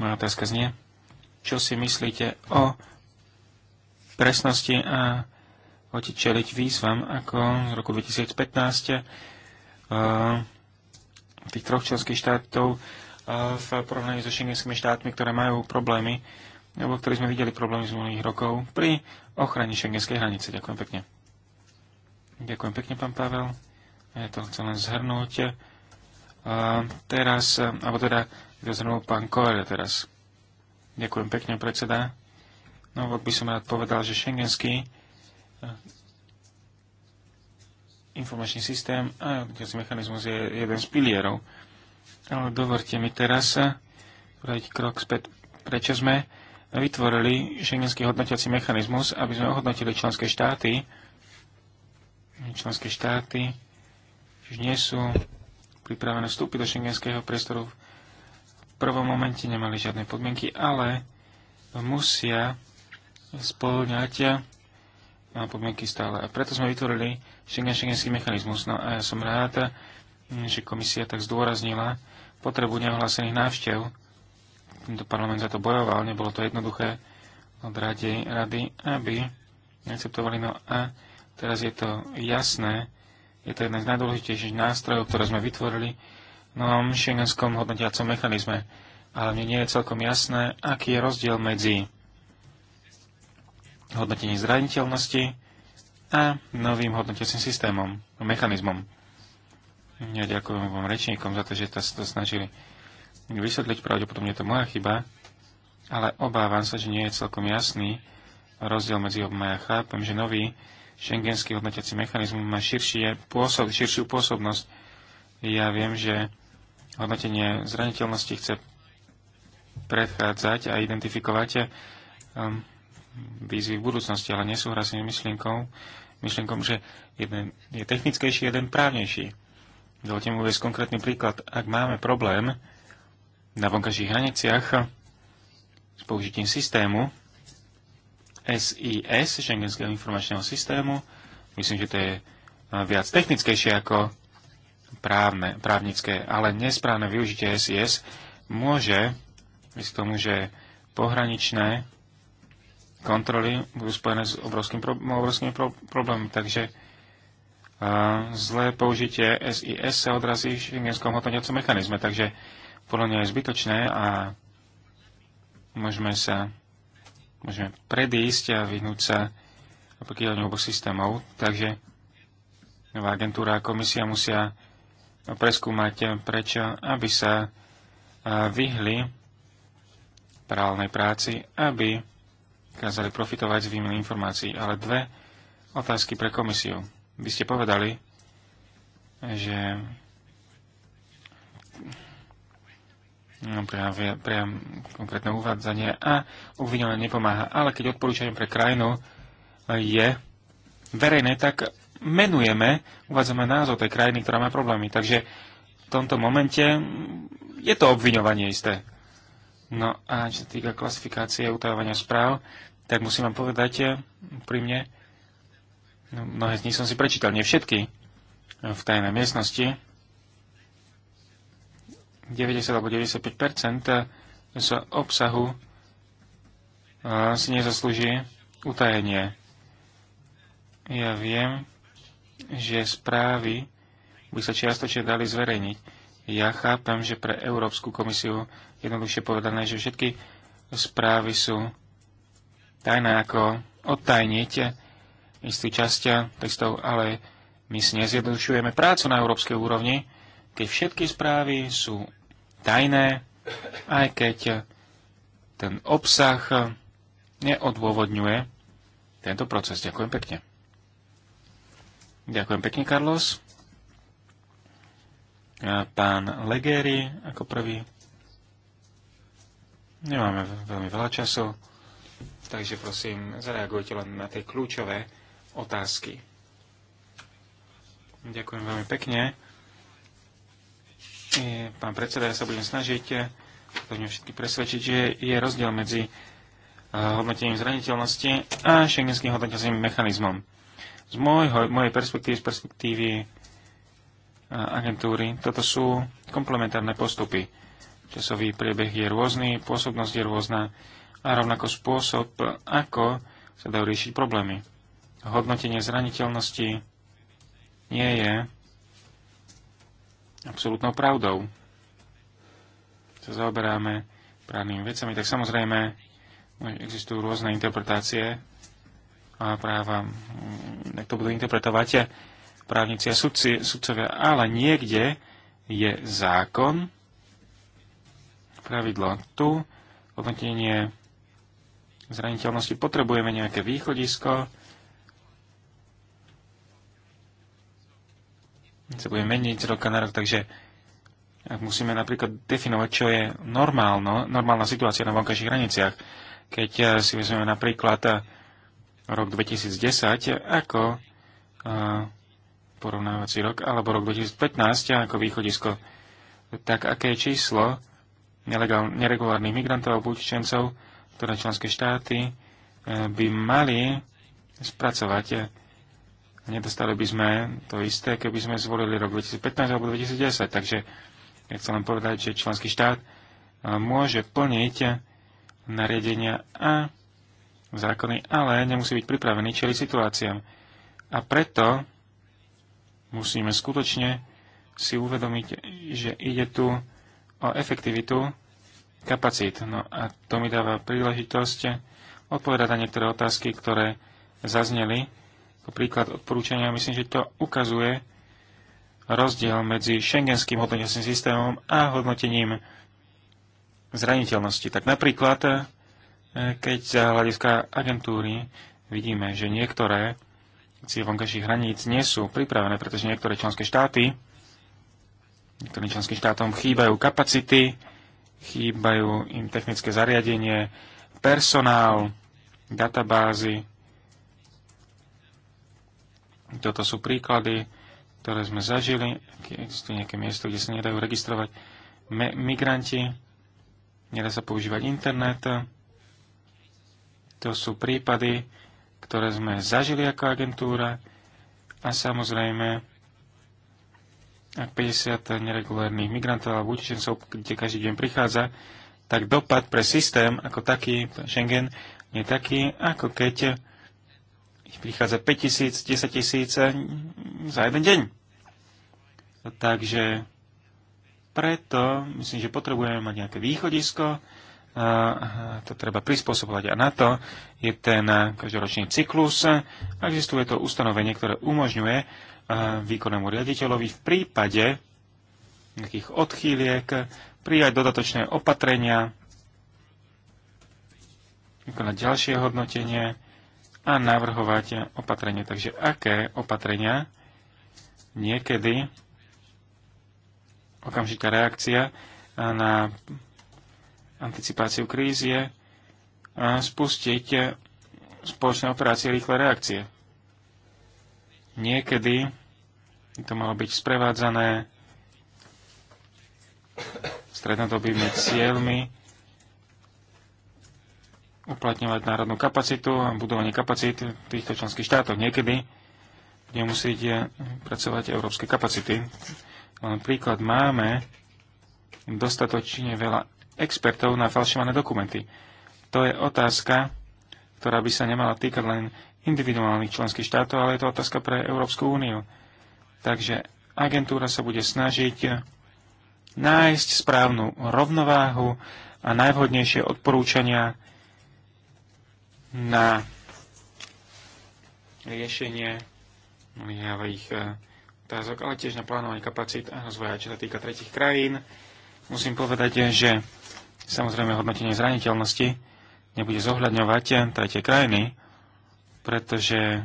moja otázka znie, čo si myslíte o presnosti a hoci čeliť výzvam, ako z roku 2015 eh, tých troch členských štátov eh, v porovnaní so šengenskými štátmi, ktoré majú problémy, alebo ktorí sme videli problémy z minulých rokov pri ochrane šengenskej hranice. Ďakujem pekne. Ďakujem pekne, pán Pavel. Ja to chcem len zhrnúť. A eh, teraz, alebo teda, to zhrnul pán Koer teraz. Ďakujem pekne, predseda. No, by som rád povedal, že šengenský eh, informačný systém a mechanizmus je jeden z pilierov. Ale dovolte mi teraz spraviť eh, krok späť, prečo sme vytvorili šengenský hodnotiaci mechanizmus, aby sme ohodnotili členské štáty. Členské štáty už nie sú pripravené vstúpiť do šengenského priestoru v prvom momente, nemali žiadne podmienky, ale musia a podmienky stále. A preto sme vytvorili Schengen, šengenský mechanizmus. No a ja som rád, že komisia tak zdôraznila potrebu neohlásených návštev. Tento parlament za to bojoval, nebolo to jednoduché od rady, rady aby akceptovali. No a teraz je to jasné, je to jeden z najdôležitejších nástrojov, ktoré sme vytvorili v novom šengenskom hodnotiacom mechanizme. Ale mne nie je celkom jasné, aký je rozdiel medzi hodnotení zraniteľnosti a novým hodnotiacím systémom, mechanizmom. Ja ďakujem vám rečníkom za to, že sa to snažili vysvetliť. Pravdepodobne je to moja chyba, ale obávam sa, že nie je celkom jasný rozdiel medzi oboma. Ja chápem, že nový šengenský hodnotiací mechanizmus má širšie pôsob, širšiu pôsobnosť. Ja viem, že hodnotenie zraniteľnosti chce predchádzať a identifikovať um, výzvy v budúcnosti, ale nesúhlasím myšlienkou, myšlienkom, že jeden je technickejší, jeden právnejší. Dovolte mi uvieť konkrétny príklad. Ak máme problém na vonkajších hraniciach s použitím systému SIS, Schengenského informačného systému, myslím, že to je e, viac technickejšie ako právne, právnické, ale nesprávne využitie SIS môže k tomu, že pohraničné kontroly budú spojené s obrovským, obrovským pro, no, problémom. Takže uh, zlé použitie SIS sa odrazí v šengenskom hodnotiacom mechanizme. Takže podľa mňa je zbytočné a môžeme sa môžeme predísť a vyhnúť sa pokiaľ oboch systémov. Takže nová agentúra a komisia musia preskúmať prečo, aby sa vyhli právnej práci, aby dokázali profitovať z výmeny informácií. Ale dve otázky pre komisiu. Vy ste povedali, že no, priam, priam konkrétne uvádzanie a obvinenie nepomáha. Ale keď odporúčanie pre krajinu je verejné, tak menujeme, uvádzame názov tej krajiny, ktorá má problémy. Takže v tomto momente je to obviňovanie isté. No a čo sa týka klasifikácie utajovania správ, tak musím vám povedať eh, pri mne, no, mnohé z nich som si prečítal, nie všetky, v tajnej miestnosti. 90 alebo 95 eh, z obsahu eh, si nezaslúži utajenie. Ja viem, že správy by sa čiastočne dali zverejniť ja chápem, že pre Európsku komisiu jednoduchšie povedané, že všetky správy sú tajné ako odtajnite istú časť textov, ale my si nezjednodušujeme prácu na európskej úrovni, keď všetky správy sú tajné, aj keď ten obsah neodôvodňuje tento proces. Ďakujem pekne. Ďakujem pekne, Carlos pán legéri ako prvý. Nemáme veľmi veľa času, takže prosím, zareagujte len na tie kľúčové otázky. Ďakujem veľmi pekne. E, pán predseda, ja sa budem snažiť to e, všetky presvedčiť, že je rozdiel medzi e, hodnotením zraniteľnosti a šengenským hodnotením mechanizmom. Z môjho, mojej perspektívy, z perspektívy agentúry. Toto sú komplementárne postupy. Časový priebeh je rôzny, pôsobnosť je rôzna a rovnako spôsob, ako sa dajú riešiť problémy. Hodnotenie zraniteľnosti nie je absolútnou pravdou. Sa zaoberáme právnymi vecami, tak samozrejme no, existujú rôzne interpretácie a práva, jak mm, to budú interpretovať právnici a sudci, sudcovia, ale niekde je zákon, pravidlo tu, hodnotenie zraniteľnosti, potrebujeme nejaké východisko, sa bude meniť z roka na rok, takže ak musíme napríklad definovať, čo je normálno, normálna situácia na vonkajších hraniciach, keď eh, si vezmeme napríklad eh, rok 2010 ako eh, porovnávací rok, alebo rok 2015 ako východisko, tak aké číslo nelegál, neregulárnych migrantov a utečencov, ktoré členské štáty eh, by mali spracovať. Nedostali by sme to isté, keby sme zvolili rok 2015 alebo 2010. Takže ja chcem len povedať, že členský štát môže plniť nariadenia a zákony, ale nemusí byť pripravený čeli situáciám. A preto musíme skutočne si uvedomiť, že ide tu o efektivitu kapacít. No a to mi dáva príležitosť odpovedať na niektoré otázky, ktoré zazneli. Ako príklad odporúčania, myslím, že to ukazuje rozdiel medzi šengenským hodnotením systémom a hodnotením zraniteľnosti. Tak napríklad, eh, keď za hľadiska agentúry vidíme, že niektoré vonkajších hraníc nie sú pripravené, pretože niektoré členské štáty, niektorým členským štátom chýbajú kapacity, chýbajú im technické zariadenie, personál, databázy. Toto sú príklady, ktoré sme zažili. Existuje nejaké miesto, kde sa nedajú registrovať migranti, nedá sa používať internet. To sú prípady, ktoré sme zažili ako agentúra a samozrejme ak 50 neregulárnych migrantov alebo utečencov, kde každý deň prichádza, tak dopad pre systém ako taký, Schengen, je taký, ako keď ich prichádza 5 tisíc, 10 tisíc za jeden deň. Takže preto myslím, že potrebujeme mať nejaké východisko, to treba prispôsobovať. A na to je ten každoročný cyklus. Existuje to ustanovenie, ktoré umožňuje výkonnému riaditeľovi v prípade nejakých odchýliek prijať dodatočné opatrenia, vykonať ďalšie hodnotenie a navrhovať opatrenie. Takže aké opatrenia niekedy okamžitá reakcia na anticipáciu krízie a spustiť e, spoločné operácie rýchle reakcie. Niekedy to malo byť sprevádzané strednodobými cieľmi uplatňovať národnú kapacitu a budovanie kapacít v týchto členských štátoch. Niekedy bude musieť e, pracovať európske kapacity. Len no, príklad máme dostatočne veľa expertov na falšované dokumenty. To je otázka, ktorá by sa nemala týkať len individuálnych členských štátov, ale je to otázka pre Európsku úniu. Takže agentúra sa bude snažiť nájsť správnu rovnováhu a najvhodnejšie odporúčania na riešenie naliehavých eh, otázok, ale tiež na plánovanie kapacít a rozvoja, čo sa týka tretich krajín. Musím povedať, eh, že Samozrejme, hodnotenie zraniteľnosti nebude zohľadňovať tretie krajiny, pretože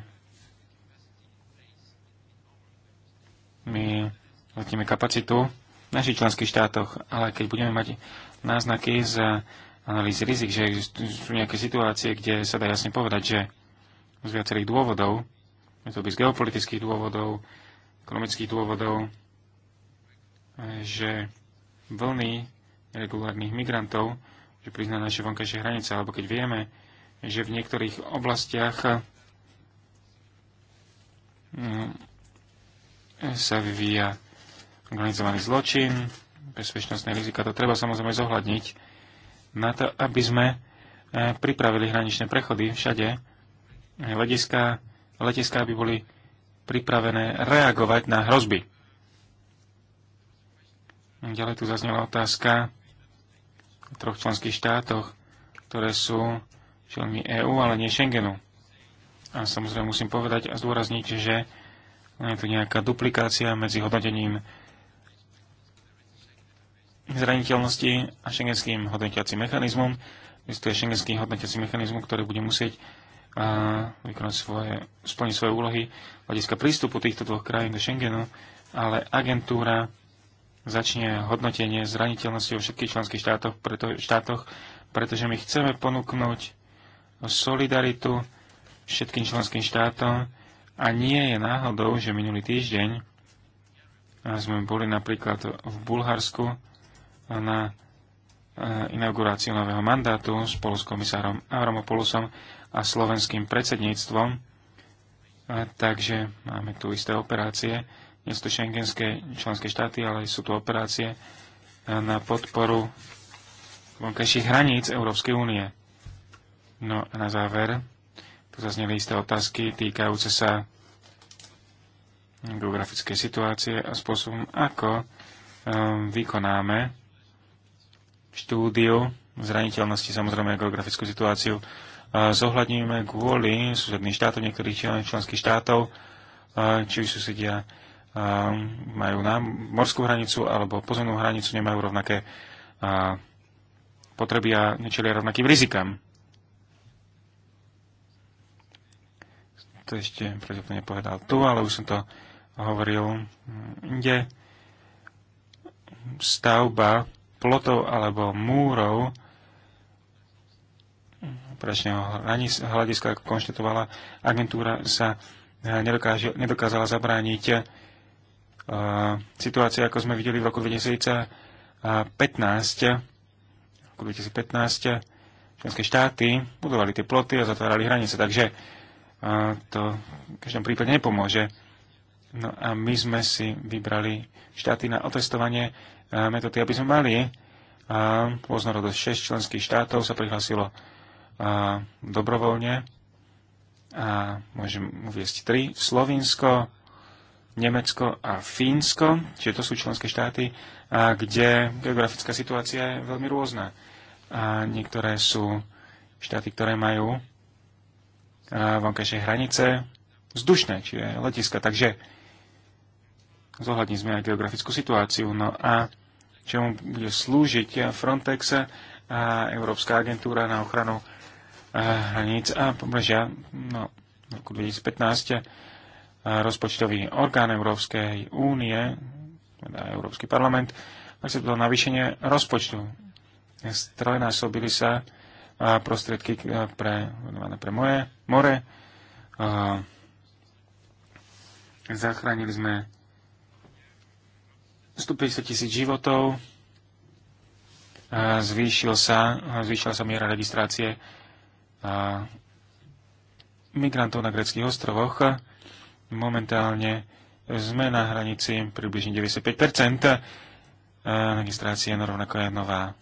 my hodnotíme kapacitu v našich členských štátoch, ale keď budeme mať náznaky z analýzy rizik, že sú nejaké situácie, kde sa dá jasne povedať, že z viacerých dôvodov, je to by z geopolitických dôvodov, ekonomických dôvodov, že vlny regulárnych migrantov, že prizná naše vonkajšie hranice, alebo keď vieme, že v niektorých oblastiach mm, sa vyvíja organizovaný zločin, bezpečnostné rizika. To treba samozrejme zohľadniť na to, aby sme e, pripravili hraničné prechody všade. E, letiska, letiska aby boli pripravené reagovať na hrozby. Ďalej tu zaznela otázka troch členských štátoch, ktoré sú členmi EÚ, ale nie Schengenu. A samozrejme musím povedať a zdôrazniť, že je tu nejaká duplikácia medzi hodnotením zraniteľnosti a šengenským hodnotiacím mechanizmom. Existuje šengenský hodnotiací mechanizmus, ktorý bude musieť a, vykonať svoje, splniť svoje úlohy hľadiska prístupu týchto dvoch krajín do Schengenu, ale agentúra začne hodnotenie zraniteľnosti vo všetkých členských štátoch, preto, štátoch, pretože my chceme ponúknuť solidaritu všetkým členským štátom a nie je náhodou, že minulý týždeň sme boli napríklad v Bulharsku na e, inauguráciu nového mandátu spolu s komisárom Avramopoulosom a slovenským predsedníctvom. Takže máme tu isté operácie nie sú to šengenské členské štáty, ale sú tu operácie na podporu vonkajších hraníc Európskej únie. No a na záver, tu zazneli isté otázky týkajúce sa geografickej situácie a spôsobom, ako ehm, vykonáme štúdiu zraniteľnosti, samozrejme geografickú situáciu zohľadňujeme kvôli susedným štátov, niektorých členských štátov, či už susedia majú na morskú hranicu alebo pozemnú hranicu, nemajú rovnaké potreby a nečelia rovnakým rizikám. To ešte pravdepodobne nepovedal tu, ale už som to hovoril, kde stavba plotov alebo múrov operačného hľadiska, ako konštatovala agentúra, sa nedokáže, nedokázala zabrániť Situácia, ako sme videli v roku 2015. V roku 2015 členské štáty budovali tie ploty a zatvárali hranice, takže to v každom prípade nepomôže. No a my sme si vybrali štáty na otestovanie metódy, aby sme mali rôznorodosť 6 členských štátov sa prihlasilo dobrovoľne a môžem uviesť 3. Slovinsko, Nemecko a Fínsko, čiže to sú členské štáty, a kde geografická situácia je veľmi rôzna. A niektoré sú štáty, ktoré majú vonkajšie hranice vzdušné, čiže letiska. Takže zohľadní sme aj geografickú situáciu. No a čomu bude slúžiť Frontex a Európska agentúra na ochranu hraníc a pobrežia no, v roku 2015 rozpočtový orgán Európskej únie, teda Európsky parlament, akceptoval navýšenie rozpočtu. Strojnásobili sa prostriedky pre, pre moje, more. Zachránili sme 150 tisíc životov. Zvýšil sa, zvýšila sa miera registrácie migrantov na greckých ostrovoch. Momentálne sme na hranici približne 95 Registrácia no rovnako je nová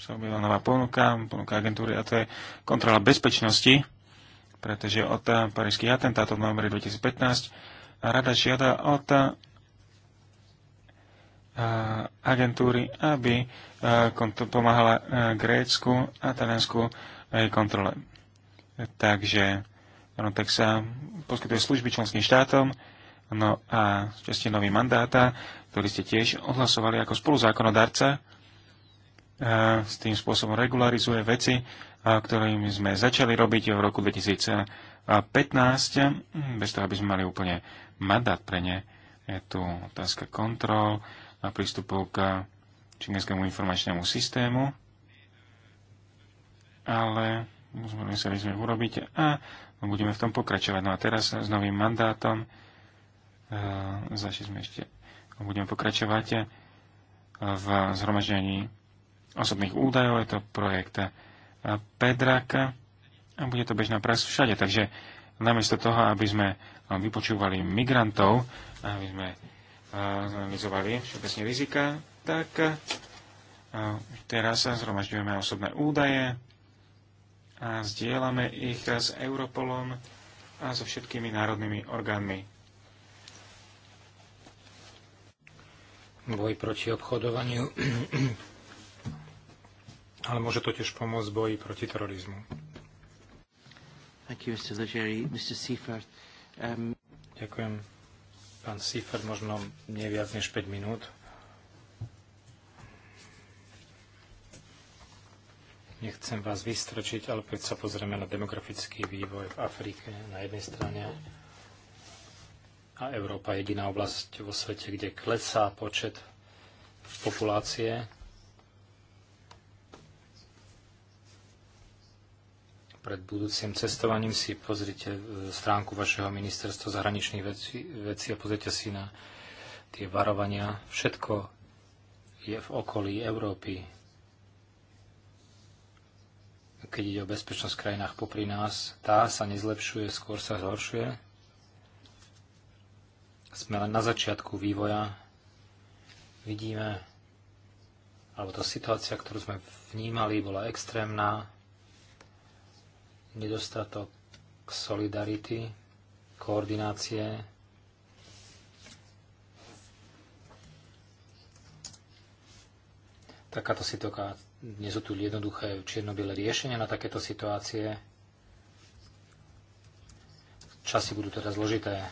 sa objavila nová ponuka, ponuka agentúry a to je kontrola bezpečnosti, pretože od parížských atentátov v novembri 2015 rada žiada od agentúry, aby pomáhala Grécku a Taliansku jej kontrole. Takže Frontex sa poskytuje služby členským štátom, no a ste nový mandáta, ktorý ste tiež odhlasovali ako spoluzákonodarca, a e, s tým spôsobom regularizuje veci, e, ktorými sme začali robiť v roku 2015, bez toho, aby sme mali úplne mandát pre ne. Je tu otázka kontrol a prístupu k čínskému informačnému systému, ale musíme sa vyzmeť urobiť a budeme v tom pokračovať. No a teraz s novým mandátom e, začali sme ešte budeme pokračovať e, v zhromaždení osobných údajov. Je to projekt e, Pedraka a bude to bežná prax všade. Takže namiesto toho, aby sme vypočúvali migrantov, aby sme zanalizovali všeobecne rizika, tak teraz zhromažďujeme osobné údaje, a zdieľame ich s Europolom a so všetkými národnými orgánmi. Boj proti obchodovaniu, ale môže to tiež pomôcť boji proti terorizmu. Thank you, Mr. Legeri. Mr. Seifert, um... Ďakujem. Pán Seifert, možno nie viac než 5 minút. Nechcem vás vystrčiť, ale keď sa pozrieme na demografický vývoj v Afrike na jednej strane a Európa je jediná oblasť vo svete, kde klesá počet populácie, pred budúcim cestovaním si pozrite e, stránku vašeho ministerstva zahraničných vecí, vecí a pozrite si na tie varovania. Všetko je v okolí Európy keď ide o bezpečnosť v krajinách popri nás, tá sa nezlepšuje, skôr sa zhoršuje. Sme len na začiatku vývoja. Vidíme, alebo tá situácia, ktorú sme vnímali, bola extrémna. Nedostatok solidarity, koordinácie, takáto situácia nie sú tu jednoduché čierno riešenia na takéto situácie. Časy budú teda zložité.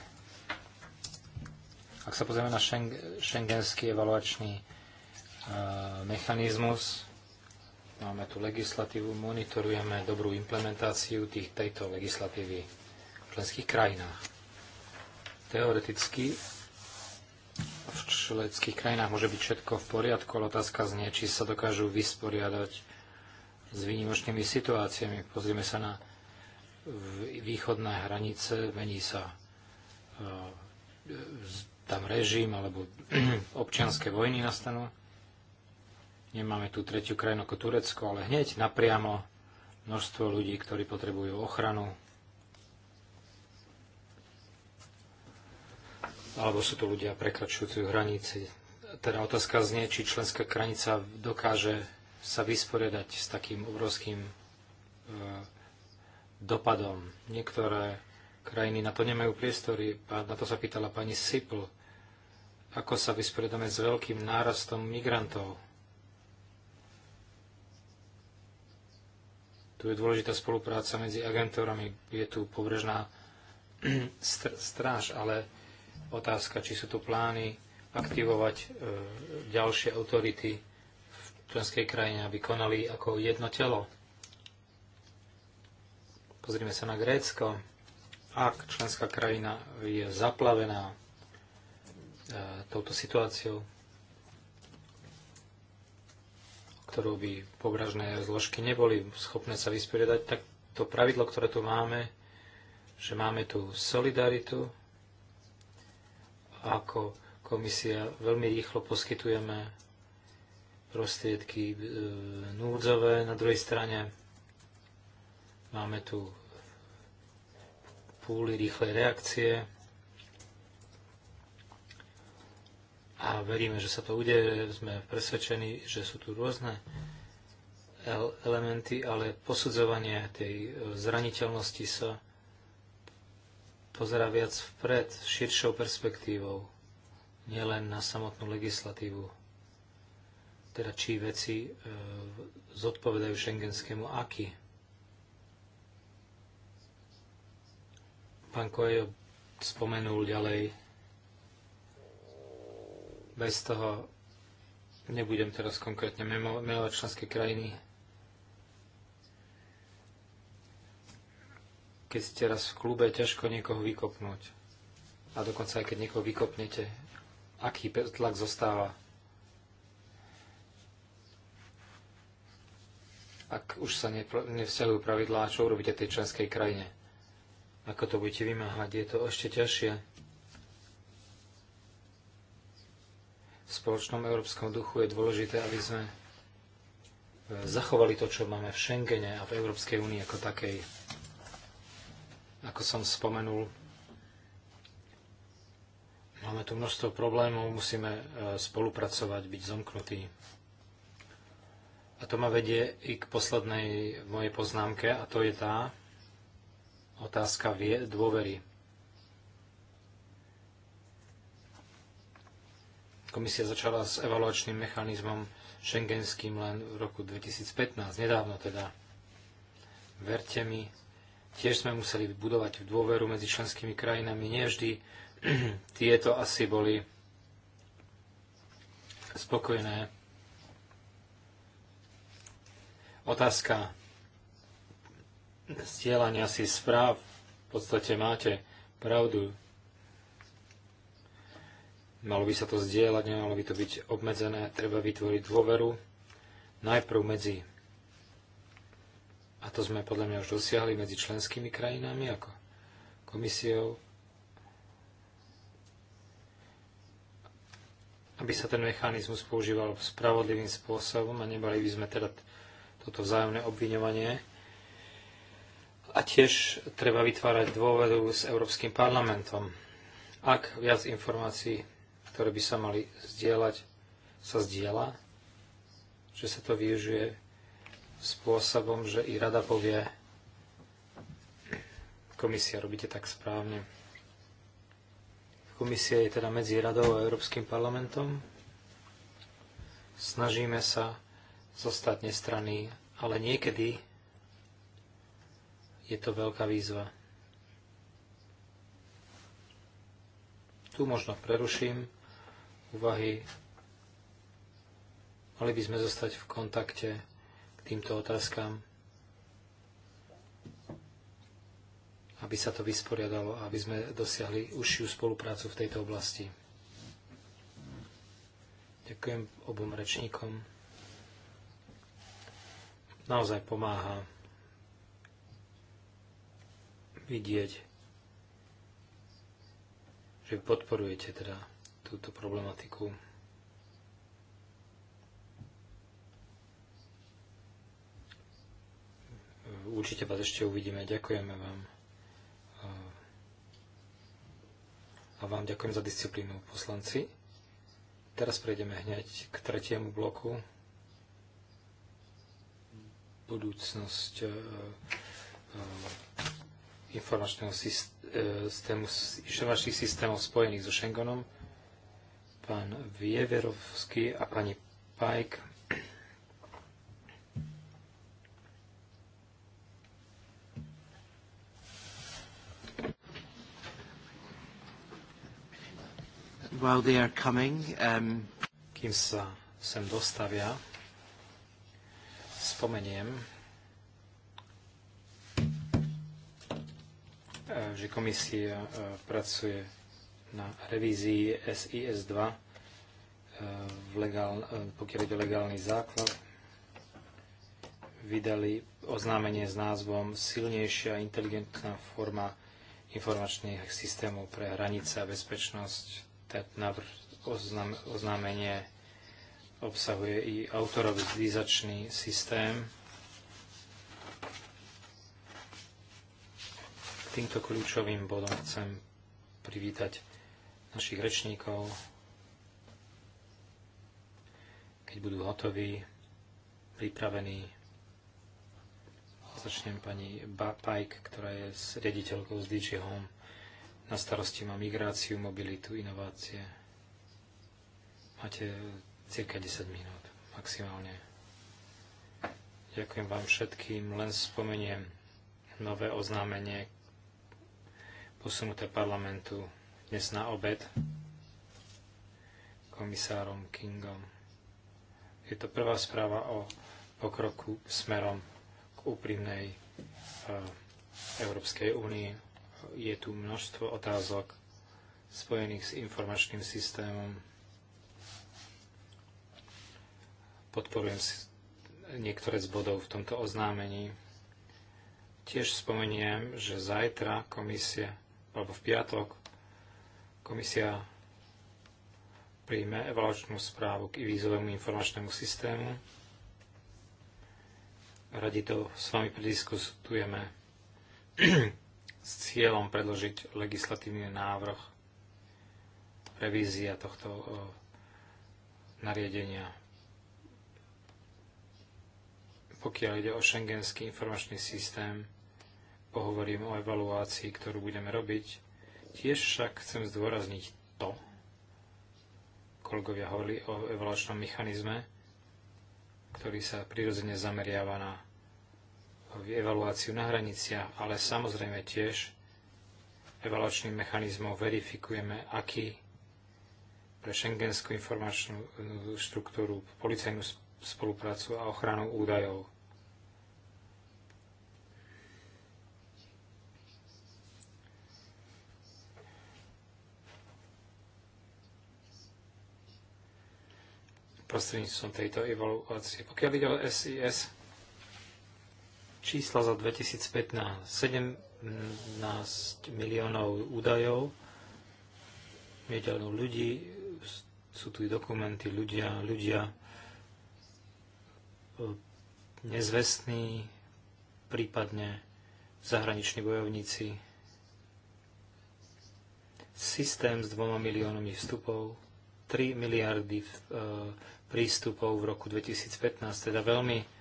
Ak sa pozrieme na šeng- šengenský evaluačný e, mechanizmus, máme tu legislatívu, monitorujeme dobrú implementáciu tých, tejto legislatívy v členských krajinách. Teoreticky v členských krajinách môže byť všetko v poriadku, ale otázka znie, či sa dokážu vysporiadať s výnimočnými situáciami. Pozrieme sa na východné hranice, mení sa e, tam režim alebo občianské vojny nastanú. Nemáme tu tretiu krajinu ako Turecko, ale hneď napriamo množstvo ľudí, ktorí potrebujú ochranu, alebo sú to ľudia prekračujúci hranici. Teda otázka znie, či členská kranica dokáže sa vysporiadať s takým obrovským e, dopadom. Niektoré krajiny na to nemajú priestory. Na to sa pýtala pani Sipl. Ako sa vysporiadame s veľkým nárastom migrantov? Tu je dôležitá spolupráca medzi agentúrami. Je tu pobrežná stráž, ale Otázka, či sú tu plány aktivovať e, ďalšie autority v členskej krajine, aby konali ako jedno telo. Pozrime sa na Grécko. Ak členská krajina je zaplavená e, touto situáciou, ktorú by pobražné zložky neboli schopné sa vysporiadať, tak to pravidlo, ktoré tu máme, že máme tu solidaritu, ako komisia veľmi rýchlo poskytujeme prostriedky e, núdzové. Na druhej strane máme tu púly rýchlej reakcie a veríme, že sa to udeje. Sme presvedčení, že sú tu rôzne elementy, ale posudzovanie tej e, zraniteľnosti sa pozera viac vpred, širšou perspektívou, nielen na samotnú legislatívu. Teda či veci e, zodpovedajú šengenskému aký. Pán Kojo spomenul ďalej, bez toho nebudem teraz konkrétne menovať členské krajiny, keď ste raz v klube, ťažko niekoho vykopnúť. A dokonca aj keď niekoho vykopnete, aký tlak zostáva. Ak už sa nevzťahujú pravidlá, čo urobíte tej členskej krajine? Ako to budete vymáhať? Je to ešte ťažšie. V spoločnom európskom duchu je dôležité, aby sme e, zachovali to, čo máme v Schengene a v Európskej únii ako takej. Ako som spomenul, máme tu množstvo problémov, musíme e, spolupracovať, byť zomknutí. A to ma vedie i k poslednej mojej poznámke, a to je tá otázka dôvery. Komisia začala s evaluačným mechanizmom šengenským len v roku 2015, nedávno teda. Verte mi, Tiež sme museli budovať dôveru medzi členskými krajinami. Nie vždy tieto asi boli spokojné. Otázka stielania si správ. V podstate máte pravdu. Malo by sa to zdieľať, nemalo by to byť obmedzené. Treba vytvoriť dôveru najprv medzi a to sme podľa mňa už dosiahli medzi členskými krajinami ako komisiou, aby sa ten mechanizmus používal spravodlivým spôsobom a nebali by sme teda toto vzájomné obviňovanie. A tiež treba vytvárať dôvedu s Európskym parlamentom. Ak viac informácií, ktoré by sa mali zdieľať, sa zdieľa, že sa to využije spôsobom, že i rada povie, komisia, robíte tak správne. Komisia je teda medzi radou a Európskym parlamentom. Snažíme sa zostať strany, ale niekedy je to veľká výzva. Tu možno preruším úvahy. Mali by sme zostať v kontakte týmto otázkam, aby sa to vysporiadalo, aby sme dosiahli užšiu spoluprácu v tejto oblasti. Ďakujem obom rečníkom. Naozaj pomáha vidieť, že podporujete teda túto problematiku. určite vás ešte uvidíme. Ďakujeme vám. A vám ďakujem za disciplínu, poslanci. Teraz prejdeme hneď k tretiemu bloku. Budúcnosť e, e, informačného e, systému, informačných systémov spojených so Schengenom. Pán Vieverovský a pani Pajk while they are coming. Um... Kým sa sem dostavia, spomeniem, eh, že komisia eh, pracuje na revízii SIS-2, eh, legál, pokiaľ ide legálny základ. Vydali oznámenie s názvom Silnejšia inteligentná forma informačných systémov pre hranice a bezpečnosť. Tak oznámenie obsahuje i autorizačný systém. K týmto kľúčovým bodom chcem privítať našich rečníkov. Keď budú hotoví, pripravení, začnem pani Bapajk, ktorá je s riaditeľkou z DJ Home. Na starosti má migráciu, mobilitu, inovácie. Máte cirka 10 minút maximálne. Ďakujem vám všetkým. Len spomeniem nové oznámenie posunuté parlamentu dnes na obed komisárom Kingom. Je to prvá správa o pokroku smerom k úprimnej eh, Európskej únii je tu množstvo otázok spojených s informačným systémom. Podporujem niektoré z bodov v tomto oznámení. Tiež spomeniem, že zajtra komisia, alebo v piatok, komisia príjme evaluačnú správu k vízovému informačnému systému. Radi to s vami prediskutujeme s cieľom predložiť legislatívny návrh revízia tohto nariadenia. Pokiaľ ide o šengenský informačný systém, pohovorím o evaluácii, ktorú budeme robiť. Tiež však chcem zdôrazniť to, kolegovia hovorili o evaluačnom mechanizme, ktorý sa prirodzene zameriava na evaluáciu na hraniciach, ale samozrejme tiež evaluačným mechanizmom verifikujeme, aký pre šengenskú informačnú e, štruktúru, policajnú spoluprácu a ochranu údajov. prostredníctvom tejto evaluácie. Pokiaľ ide o SIS, Čísla za 2015. 17 miliónov údajov, miliónov ľudí, sú tu dokumenty, ľudia, ľudia e, nezvestní, prípadne zahraniční bojovníci, systém s dvoma miliónmi vstupov, 3 miliardy e, prístupov v roku 2015, teda veľmi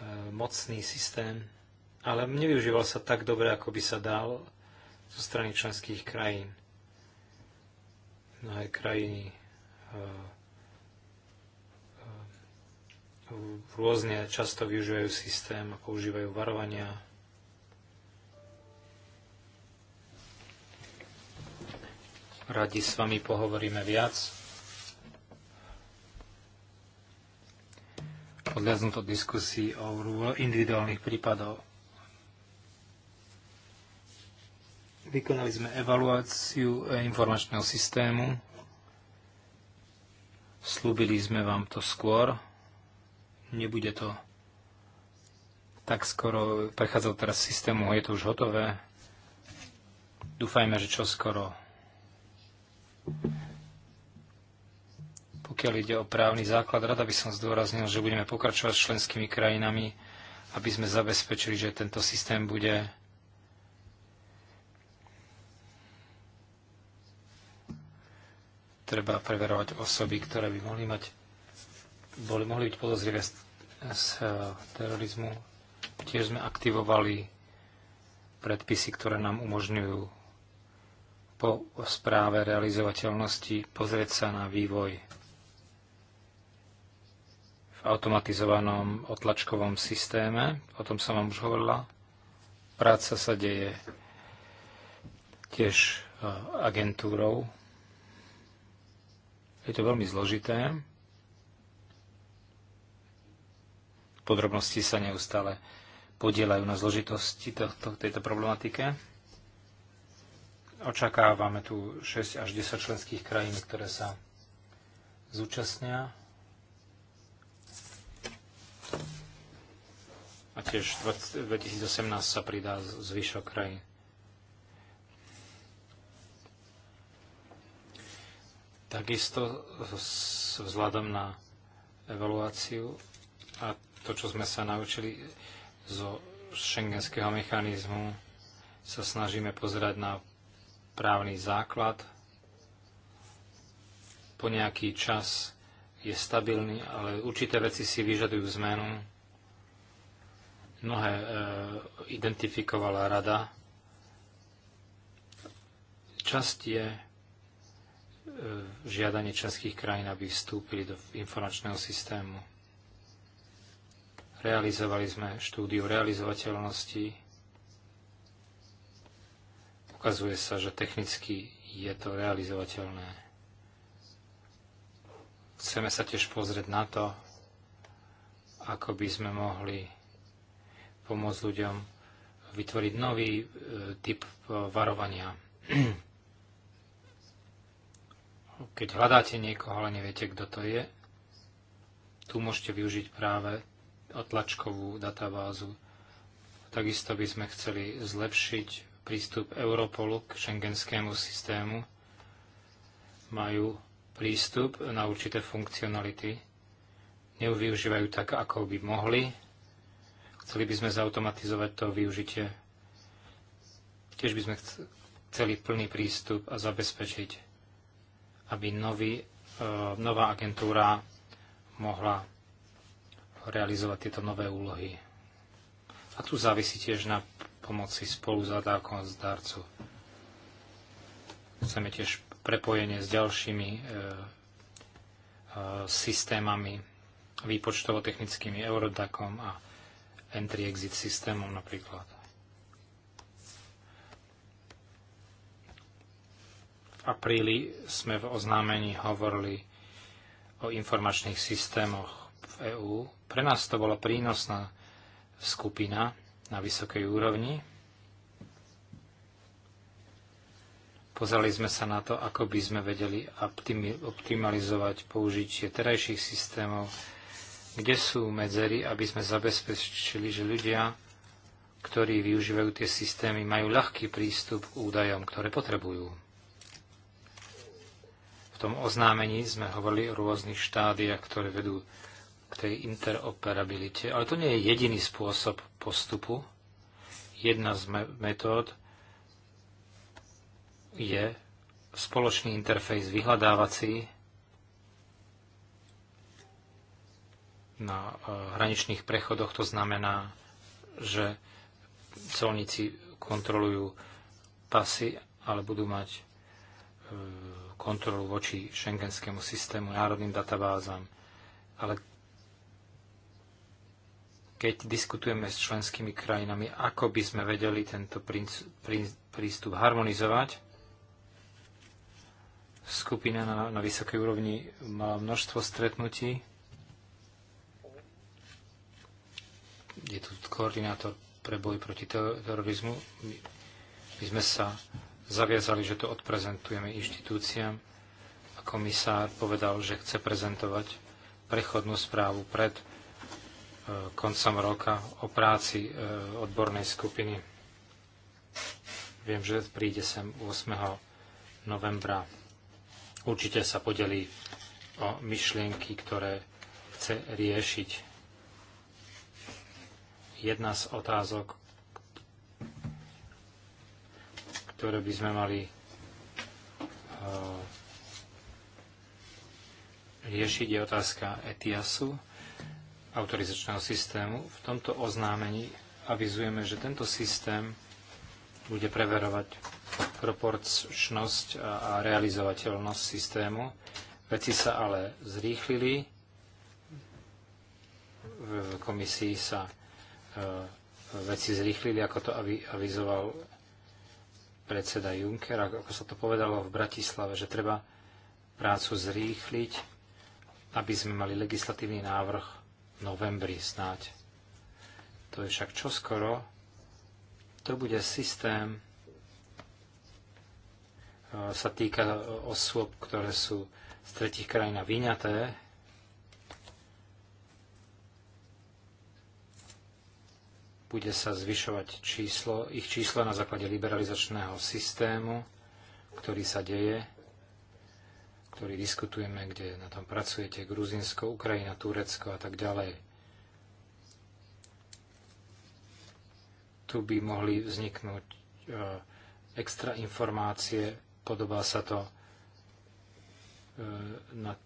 E, mocný systém, ale nevyužíval sa tak dobre, ako by sa dal zo strany členských krajín. Mnohé krajiny e, e, rôzne často využívajú systém a používajú varovania. Radi s vami pohovoríme viac. podľaznúť od diskusii o individuálnych prípadoch. Vykonali sme evaluáciu e, informačného systému. Slúbili sme vám to skôr. Nebude to tak skoro. Prechádzal teraz systému, je to už hotové. Dúfajme, že čo skoro pokiaľ ide o právny základ, rada by som zdôraznil, že budeme pokračovať s členskými krajinami, aby sme zabezpečili, že tento systém bude treba preverovať osoby, ktoré by mohli mať boli, mohli byť podozrivé z, z e, terorizmu. Tiež sme aktivovali predpisy, ktoré nám umožňujú po správe realizovateľnosti pozrieť sa na vývoj v automatizovanom otlačkovom systéme, o tom som vám už hovorila. Práca sa deje tiež e, agentúrou. Je to veľmi zložité. Podrobnosti sa neustále podielajú na zložitosti tohto, tejto problematike. Očakávame tu 6 až 10 členských krajín, ktoré sa zúčastnia a tiež 2018 sa pridá zvyšok krajín. Takisto s vzhľadom na evaluáciu a to, čo sme sa naučili zo šengenského mechanizmu, sa snažíme pozerať na právny základ. Po nejaký čas je stabilný, ale určité veci si vyžadujú zmenu Mnohé e, identifikovala rada. Časť je e, žiadanie českých krajín, aby vstúpili do informačného systému. Realizovali sme štúdiu realizovateľnosti. Ukazuje sa, že technicky je to realizovateľné chceme sa tiež pozrieť na to, ako by sme mohli pomôcť ľuďom vytvoriť nový e, typ e, varovania. Keď hľadáte niekoho, ale neviete, kto to je, tu môžete využiť práve otlačkovú databázu. Takisto by sme chceli zlepšiť prístup Europolu k šengenskému systému. Majú prístup na určité funkcionality. Neuvyužívajú tak, ako by mohli, Chceli by sme zautomatizovať to využitie. Tiež by sme chceli plný prístup a zabezpečiť, aby nový, e, nová agentúra mohla realizovať tieto nové úlohy. A tu závisí tiež na pomoci spolu s adákom z darcu. Chceme tiež prepojenie s ďalšími e, e, systémami výpočtovo-technickými Eurodakom a entry-exit systémom napríklad. V apríli sme v oznámení hovorili o informačných systémoch v EÚ. Pre nás to bola prínosná skupina na vysokej úrovni. Pozreli sme sa na to, ako by sme vedeli optimalizovať použitie terajších systémov kde sú medzery, aby sme zabezpečili, že ľudia, ktorí využívajú tie systémy, majú ľahký prístup k údajom, ktoré potrebujú. V tom oznámení sme hovorili o rôznych štádiach, ktoré vedú k tej interoperabilite. Ale to nie je jediný spôsob postupu. Jedna z metód je spoločný interfejs vyhľadávací na e, hraničných prechodoch. To znamená, že colníci kontrolujú pasy, ale budú mať e, kontrolu voči šengenskému systému, národným databázam. Ale keď diskutujeme s členskými krajinami, ako by sme vedeli tento prístup harmonizovať, skupina na, na vysokej úrovni mala množstvo stretnutí je tu koordinátor pre boj proti terorizmu. My sme sa zaviazali, že to odprezentujeme inštitúciám a komisár povedal, že chce prezentovať prechodnú správu pred e, koncom roka o práci e, odbornej skupiny. Viem, že príde sem 8. novembra. Určite sa podelí o myšlienky, ktoré chce riešiť jedna z otázok, ktoré by sme mali e, riešiť, je otázka ETIASu, autorizačného systému. V tomto oznámení avizujeme, že tento systém bude preverovať proporčnosť a realizovateľnosť systému. Veci sa ale zrýchlili, v komisii sa Eh, veci zrýchlili, ako to avizoval predseda Juncker, ako sa to povedalo v Bratislave, že treba prácu zrýchliť, aby sme mali legislatívny návrh v novembri snáď. To je však čoskoro. To bude systém, eh, sa týka eh, osôb, ktoré sú z tretich krajín vyňaté, Bude sa zvyšovať číslo, ich číslo na základe liberalizačného systému, ktorý sa deje, ktorý diskutujeme, kde na tom pracujete, Gruzinsko, Ukrajina, Turecko a tak ďalej. Tu by mohli vzniknúť eh, extra informácie, podobá sa to eh, na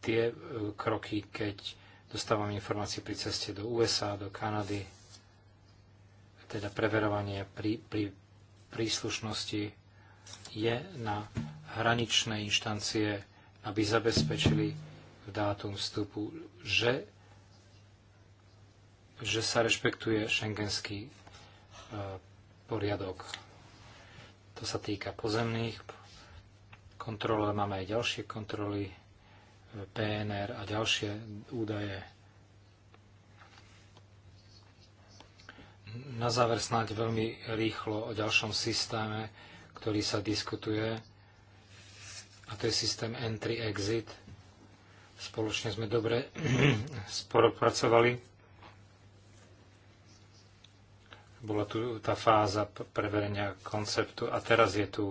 tie eh, kroky, keď dostávam informácie pri ceste do USA, do Kanady, teda preverovanie pri, pri príslušnosti je na hraničné inštancie, aby zabezpečili v dátum vstupu, že, že sa rešpektuje šengenský e, poriadok. To sa týka pozemných kontrol, máme aj ďalšie kontroly, e, PNR a ďalšie údaje Na záver snáď veľmi rýchlo o ďalšom systéme, ktorý sa diskutuje, a to je systém entry-exit. Spoločne sme dobre spolupracovali. bola tu tá fáza preverenia konceptu a teraz je tu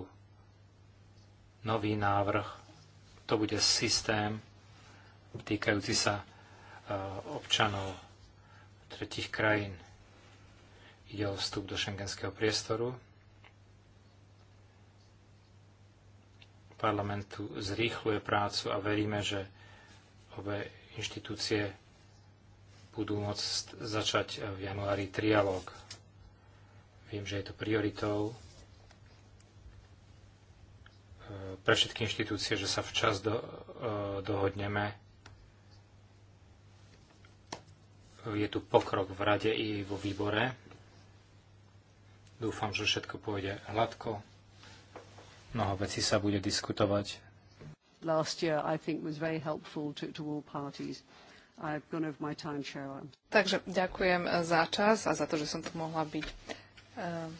nový návrh. To bude systém týkajúci sa e, občanov tretich krajín. Ide o vstup do šengenského priestoru. Parlamentu zrýchluje prácu a veríme, že obe inštitúcie budú môcť začať v januári trialóg. Viem, že je to prioritou e, pre všetky inštitúcie, že sa včas do, e, dohodneme. E, je tu pokrok v rade i vo výbore. Dúfam, že všetko pôjde hladko. Mnoho vecí sa bude diskutovať. Last year, I think, was very helpful to, to all parties. I've gone over my time, Chair. Takže ďakujem za čas a za to, že som tu mohla byť. Ehm,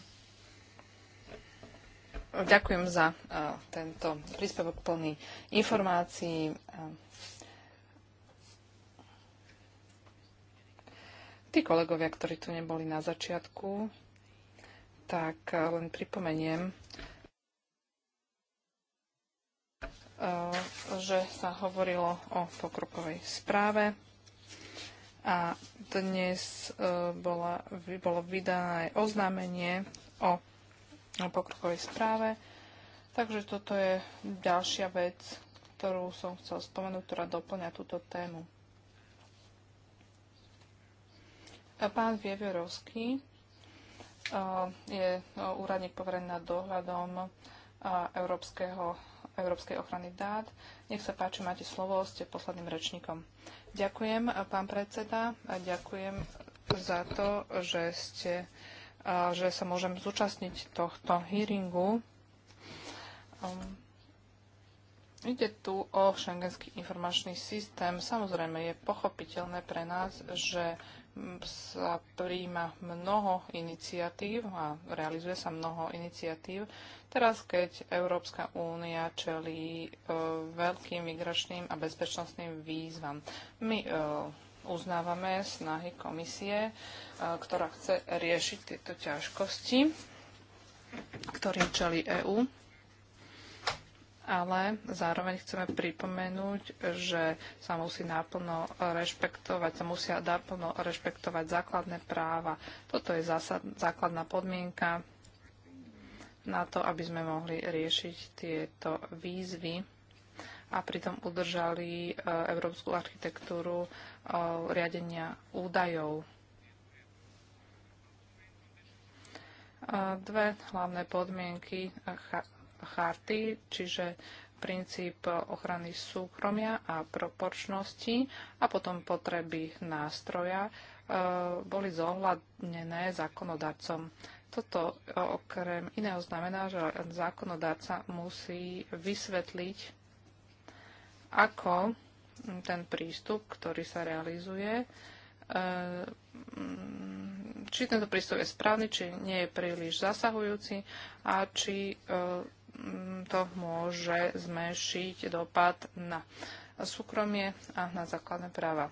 ďakujem za e, tento príspevok plný informácií. Ehm, tí kolegovia, ktorí tu neboli na začiatku, tak eh, len pripomeniem, eh, že sa hovorilo o pokrokovej správe a dnes eh, bola, bolo vydané aj oznámenie o, pokrokovej správe. Takže toto je ďalšia vec, ktorú som chcel spomenúť, ktorá doplňa túto tému. Pán Vieverovský je úradník poverený nad dohľadom Európskeho, Európskej ochrany dát. Nech sa páči, máte slovo, ste posledným rečníkom. Ďakujem, pán predseda, a ďakujem za to, že, ste, že sa môžem zúčastniť tohto hearingu. Um, ide tu o šengenský informačný systém. Samozrejme je pochopiteľné pre nás, že sa príjma mnoho iniciatív a realizuje sa mnoho iniciatív. Teraz, keď Európska únia čelí e, veľkým migračným a bezpečnostným výzvam, my e, uznávame snahy komisie, e, ktorá chce riešiť tieto ťažkosti, ktorým čelí EÚ ale zároveň chceme pripomenúť, že sa musí naplno rešpektovať, sa musia naplno rešpektovať základné práva. Toto je zásad, základná podmienka na to, aby sme mohli riešiť tieto výzvy a pritom udržali e, európsku architektúru e, riadenia údajov. E, dve hlavné podmienky charty, čiže princíp ochrany súkromia a proporčnosti a potom potreby nástroja e, boli zohľadnené zákonodarcom. Toto e, okrem iného znamená, že zákonodarca musí vysvetliť, ako ten prístup, ktorý sa realizuje, e, či tento prístup je správny, či nie je príliš zasahujúci a či to môže zmenšiť dopad na súkromie a na základné práva.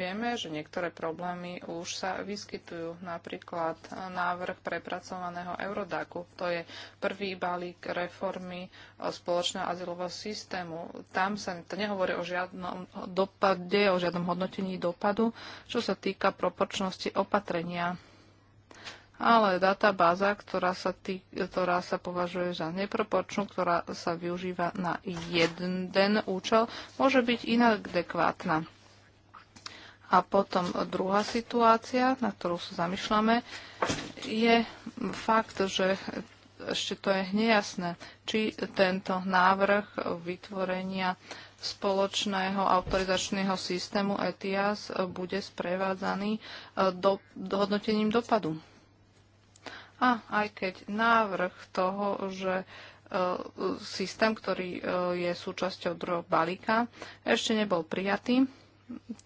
Vieme, že niektoré problémy už sa vyskytujú, napríklad návrh prepracovaného Eurodaku. To je prvý balík reformy spoločného azylového systému. Tam sa to nehovorí o žiadnom dopade, o žiadnom hodnotení dopadu, čo sa týka proporčnosti opatrenia ale databáza, ktorá sa, tý, ktorá sa považuje za neproporčnú, ktorá sa využíva na jeden účel, môže byť inadekvátna. A potom druhá situácia, na ktorú sa zamýšľame, je fakt, že ešte to je nejasné, či tento návrh vytvorenia spoločného autorizačného systému ETIAS bude sprevádzaný eh, do, do hodnotením dopadu. A aj keď návrh toho, že e, systém, ktorý e, je súčasťou druhého balíka, ešte nebol prijatý,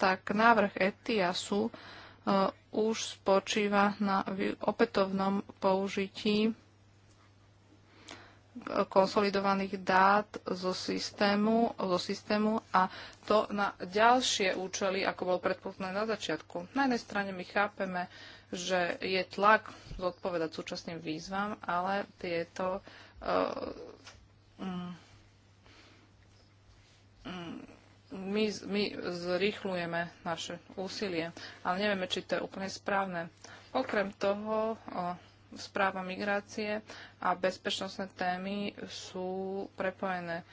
tak návrh ETIASu e, už spočíva na opätovnom použití konsolidovaných dát zo systému, zo systému a to na ďalšie účely, ako bol predpokladané na začiatku. Na jednej strane my chápeme, že je tlak zodpovedať súčasným výzvam, ale tieto uh, um, um, my, my zrýchlujeme naše úsilie, ale nevieme, či to je úplne správne. Okrem toho, uh, správa migrácie a bezpečnostné témy sú prepojené e,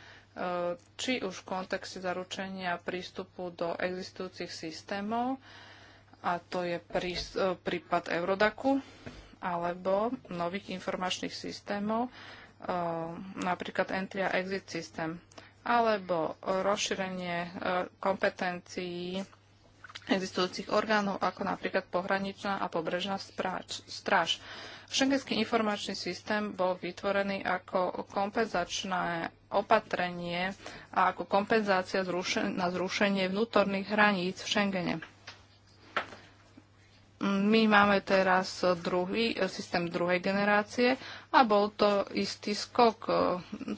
či už v kontexte zaručenia prístupu do existujúcich systémov, a to je e, prípad Eurodaku, alebo nových informačných systémov, e, napríklad entry a exit systém, alebo rozšírenie kompetencií existujúcich orgánov, ako napríklad pohraničná a pobrežná stráž. stráž. Šengenský informačný systém bol vytvorený ako kompenzačné opatrenie a ako kompenzácia na zrušenie vnútorných hraníc v Schengene. My máme teraz druhý, systém druhej generácie a bol to istý skok.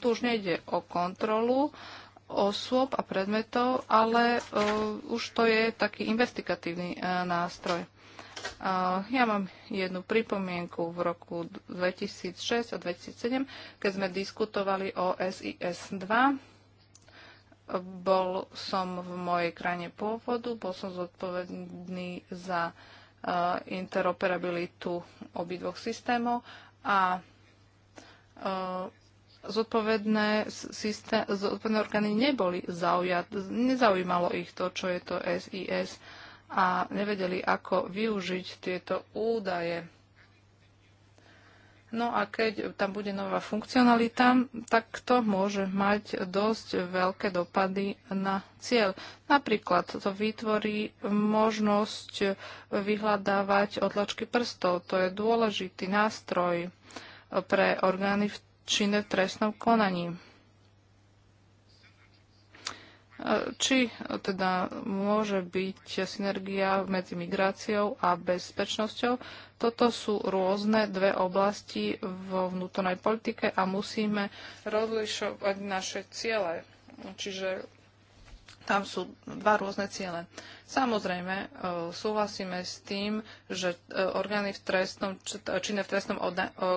Tu už nejde o kontrolu, osôb a predmetov, ale e, už to je taký investigatívny e, nástroj. E, ja mám jednu pripomienku v roku 2006 a 2007, keď sme diskutovali o SIS 2. Bol som v mojej krajine pôvodu, bol som zodpovedný za interoperabilitu obidvoch systémov a zodpovedné, systém, zodpovedné orgány neboli zaujat, nezaujímalo ich to, čo je to SIS a nevedeli, ako využiť tieto údaje. No a keď tam bude nová funkcionalita, tak to môže mať dosť veľké dopady na cieľ. Napríklad to vytvorí možnosť vyhľadávať otlačky prstov. To je dôležitý nástroj pre orgány v činné v trestnom konaní. E, či teda môže byť synergia medzi migráciou a bezpečnosťou? Toto sú rôzne dve oblasti vo vnútornej politike a musíme rozlišovať naše ciele. Čiže tam sú dva rôzne ciele. Samozrejme, e, súhlasíme s tým, že e, orgány v trestnom, e, činné v trestnom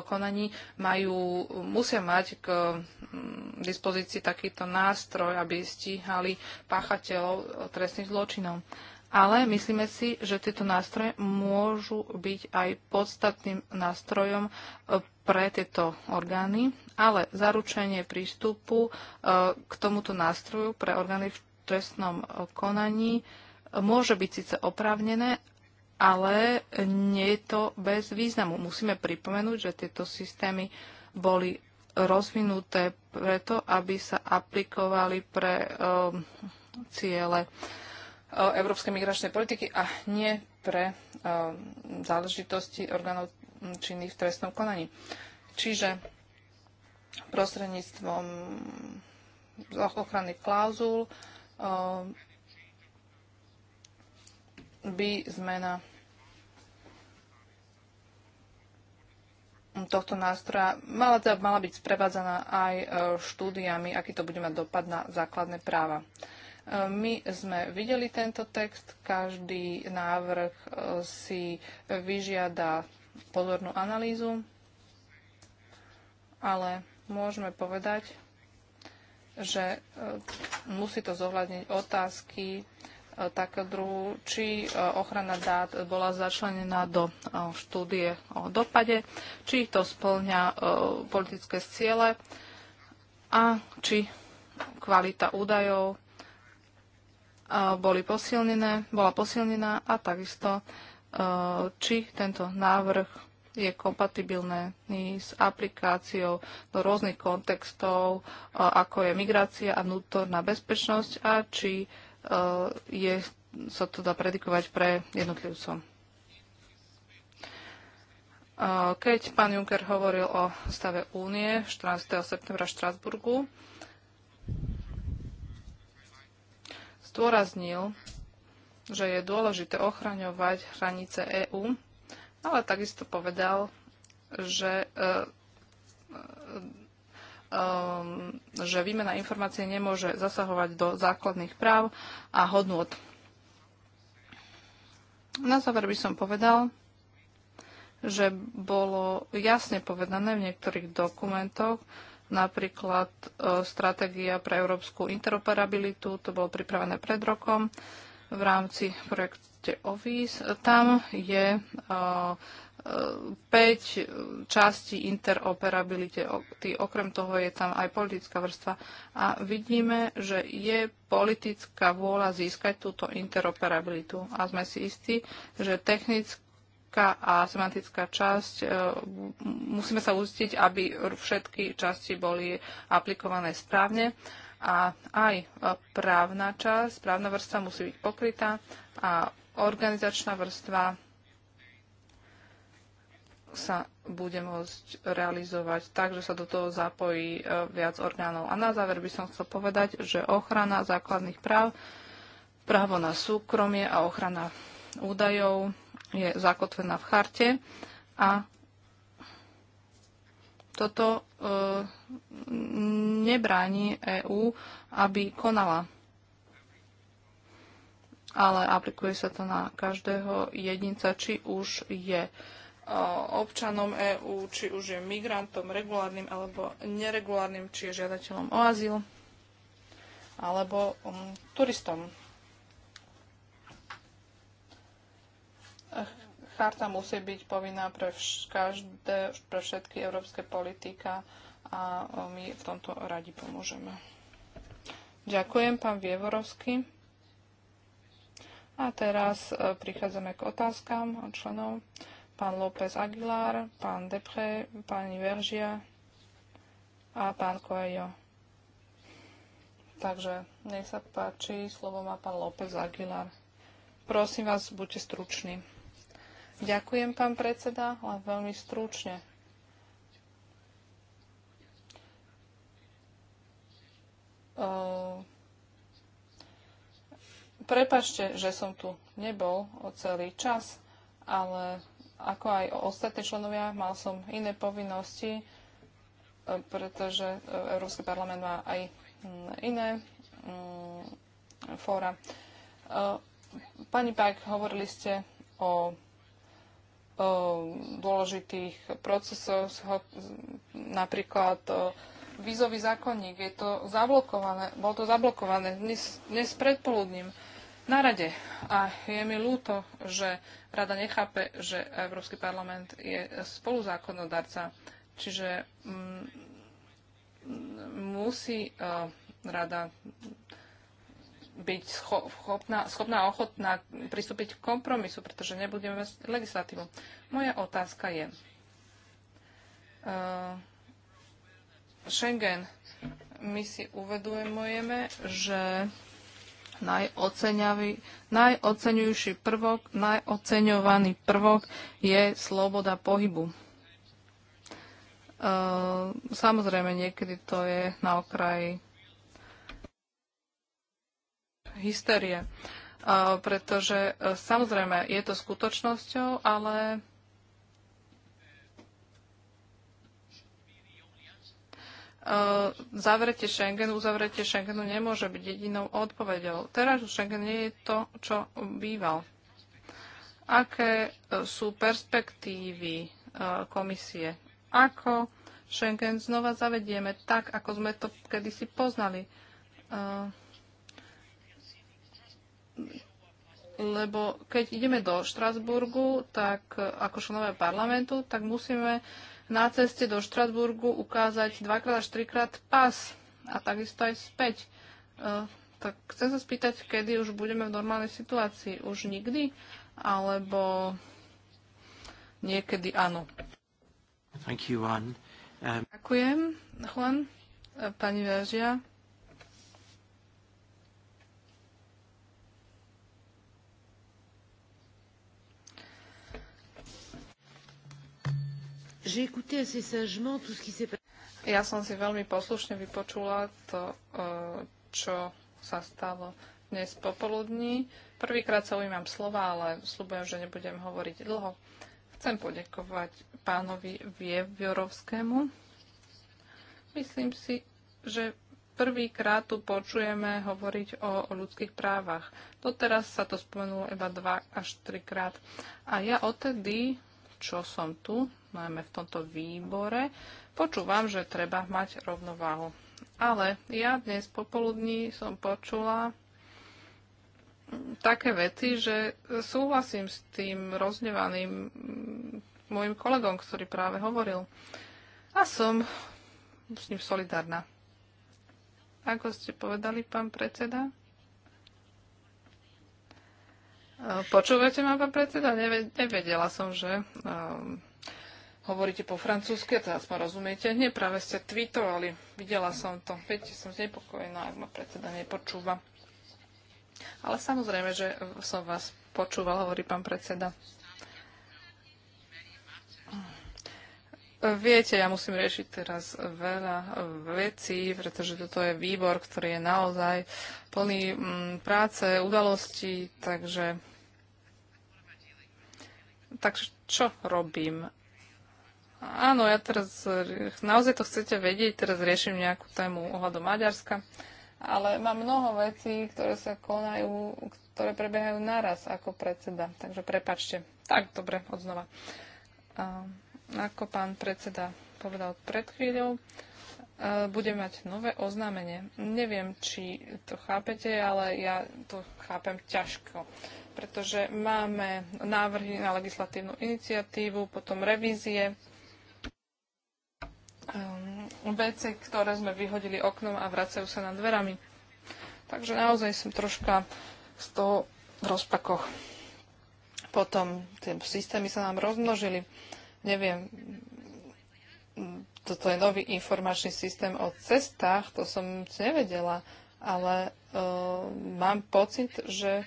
konaní majú, musia mať k mm, dispozícii takýto nástroj, aby stíhali páchateľov trestných zločinov. Ale myslíme si, že tieto nástroje môžu byť aj podstatným nástrojom pre tieto orgány, ale zaručenie prístupu k tomuto nástroju pre orgány v trestnom e, konaní e, môže byť síce oprávnené, ale nie je to bez významu. Musíme pripomenúť, že tieto systémy boli rozvinuté preto, aby sa aplikovali pre um, ciele um, európskej migračnej politiky a nie pre um, záležitosti orgánov činných v trestnom konaní. Čiže prostredníctvom ochranných klauzul Ehm, by zmena tohto nástroja mala, teda mala byť sprevádzaná aj e, štúdiami, aký to bude mať dopad na základné práva. E, my sme videli tento text, každý návrh e, si vyžiada pozornú analýzu, ale môžeme povedať, že e, musí to zohľadniť otázky e, takého druhu, či e, ochrana dát bola začlenená do štúdie o dopade, či to splňa politické ciele a či kvalita údajov boli posilnené, bola posilnená a takisto, či tento návrh je kompatibilné s aplikáciou do rôznych kontextov, e, ako je migrácia a vnútorná bezpečnosť a či e, je, sa to dá predikovať pre jednotlivcov. E, keď pán Juncker hovoril o stave únie 14. septembra v Štrasburgu, zdôraznil, že je dôležité ochraňovať hranice EÚ ale takisto povedal, že, e, e, e, že výmena informácie nemôže zasahovať do základných práv a hodnot. Na záver by som povedal, že bolo jasne povedané v niektorých dokumentoch, napríklad e, stratégia pre európsku interoperabilitu, to bolo pripravené pred rokom v rámci projektu liste o tam je 5 uh, uh, častí interoperability. Okrem toho je tam aj politická vrstva. A vidíme, že je politická vôľa získať túto interoperabilitu. A sme si istí, že technická a semantická časť, uh, musíme sa uzistiť, aby všetky časti boli aplikované správne a aj právna časť, právna vrstva musí byť pokrytá a organizačná vrstva sa bude môcť realizovať tak, že sa do toho zapojí e, viac orgánov. A na záver by som chcel povedať, že ochrana základných práv, právo na súkromie a ochrana údajov je zakotvená v charte a toto e, nebráni EÚ, aby konala ale aplikuje sa to na každého jedinca, či už je e, občanom EÚ, či už je migrantom regulárnym alebo neregulárnym, či je žiadateľom o azyl alebo um, turistom. Charta musí byť povinná pre, vš- každé, pre všetky európske politika a e, my v tomto radi pomôžeme. Ďakujem, pán Vievorovský. A teraz e, prichádzame k otázkam od členov. Pán López Aguilar, pán Depre, pani Veržia a pán Coelho. Takže nech sa páči, slovo má pán López Aguilar. Prosím vás, buďte struční. Ďakujem, pán predseda, len veľmi stručne. Uh, Prepašte, že som tu nebol o celý čas, ale ako aj ostatní členovia, mal som iné povinnosti, e, pretože e, Európsky parlament má aj mm, iné mm, fóra. E, pani Pák, hovorili ste o, dôležitých procesoch, napríklad vízový zákonník, je to zablokované, bolo to zablokované dnes, dnes predpoludním na rade. A je mi ľúto, že rada nechápe, že Európsky parlament je spoluzákonodarca. Čiže mm, musí uh, rada byť schopná, schopná ochotná pristúpiť k kompromisu, pretože nebudeme mať legislatívu. Moja otázka je, uh, Schengen, my si uvedujeme, že najoceňujúci prvok, najoceňovaný prvok je sloboda pohybu. E, samozrejme, niekedy to je na okraji hysterie, e, pretože e, samozrejme je to skutočnosťou, ale zavretie Schengenu, uzavretie Schengenu nemôže byť jedinou odpoveďou. Teraz už Schengen nie je to, čo býval. Aké e, sú perspektívy e, komisie? Ako Schengen znova zavedieme tak, ako sme to kedysi poznali? E, lebo keď ideme do Štrasburgu, tak ako členové parlamentu, tak musíme uh, na ceste do Štrasburgu ukázať dvakrát až trikrát pas a takisto aj späť. E, tak chcem sa spýtať, kedy už budeme v normálnej situácii. Už nikdy? Alebo niekedy áno? Thank you, Juan. Um... Ďakujem, Juan. E, pani Veržia. Ja som si veľmi poslušne vypočula to, eh, čo sa stalo dnes popoludní. Prvýkrát sa ujímam slova, ale slúbujem, že nebudem hovoriť dlho. Chcem podekovať pánovi Vievorovskému. Myslím si, že prvýkrát tu počujeme hovoriť o, o ľudských právach. Doteraz sa to spomenulo iba dva až trikrát. A ja odtedy, čo som tu, najmä v tomto výbore, počúvam, že treba mať rovnováhu. Ale ja dnes popoludní som počula také veci, že súhlasím s tým roznevaným môjim kolegom, ktorý práve hovoril. A som s ním solidárna. Ako ste povedali, pán predseda? Počúvate ma, pán predseda? Nevedela som, že ehm, hovoríte po francúzsky, to aspoň rozumiete. Nie, práve ste tweetovali, videla som to. Viete, som znepokojená, ak ma predseda nepočúva. Ale samozrejme, že som vás počúval, hovorí pán predseda. Viete, ja musím riešiť teraz veľa vecí, pretože toto je výbor, ktorý je naozaj plný mm, práce, udalostí, takže... Takže čo robím? Áno, ja teraz naozaj to chcete vedieť, teraz riešim nejakú tému ohľadom Maďarska, ale mám mnoho vecí, ktoré sa konajú, ktoré prebiehajú naraz ako predseda, takže prepačte. Tak, dobre, odznova. A, ako pán predseda povedal pred chvíľou, budem mať nové oznámenie. Neviem, či to chápete, ale ja to chápem ťažko, pretože máme návrhy na legislatívnu iniciatívu, potom revízie, um, veci, ktoré sme vyhodili oknom a vracajú sa na dverami. Takže naozaj som troška z toho v rozpakoch. Potom tie systémy sa nám rozmnožili. Neviem, toto je nový informačný systém o cestách, to som nevedela, ale uh, mám pocit, že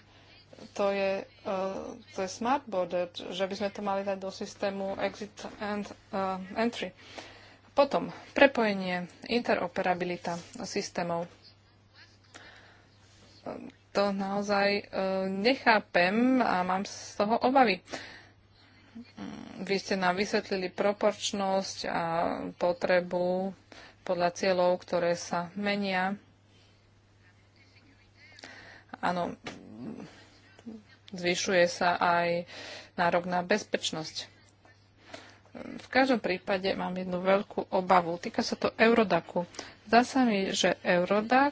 to je, uh, to je smart border, že by sme to mali dať do systému exit and uh, entry. Uh, potom prepojenie, interoperabilita systémov. To naozaj e, nechápem a mám z toho obavy. Vy ste nám vysvetlili proporčnosť a potrebu podľa cieľov, ktoré sa menia. Áno, zvyšuje sa aj nárok na bezpečnosť. V každom prípade mám jednu veľkú obavu. Týka sa to Eurodaku. Zdá sa mi, že eurodak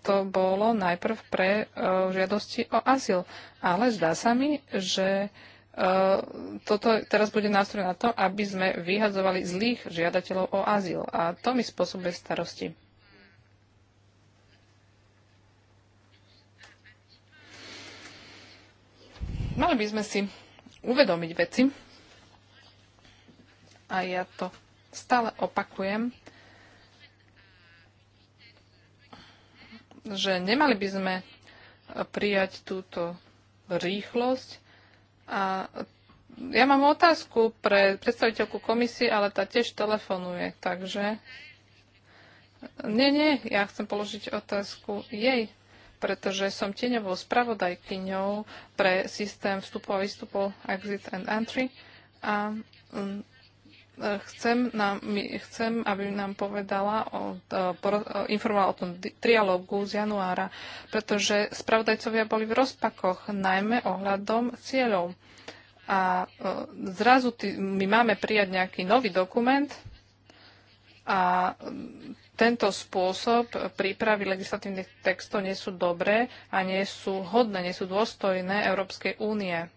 to bolo najprv pre uh, žiadosti o azyl, ale zdá sa mi, že uh, toto teraz bude nástroj na to, aby sme vyhadzovali zlých žiadateľov o azyl. A to mi spôsobuje starosti. Mali by sme si uvedomiť veci, a ja to stále opakujem, že nemali by sme prijať túto rýchlosť. A ja mám otázku pre predstaviteľku komisie, ale tá tiež telefonuje, takže... Nie, nie, ja chcem položiť otázku jej, pretože som tieňovou spravodajkyňou pre systém vstupov a výstupov Exit and Entry a mm, Chcem, nám, chcem, aby nám povedala, o, o, informovala o tom trialógu z januára, pretože spravodajcovia boli v rozpakoch, najmä ohľadom cieľov. A e, zrazu tý, my máme prijať nejaký nový dokument a e, tento spôsob prípravy legislatívnych textov nie sú dobré a nie sú hodné, nie sú dôstojné Európskej únie.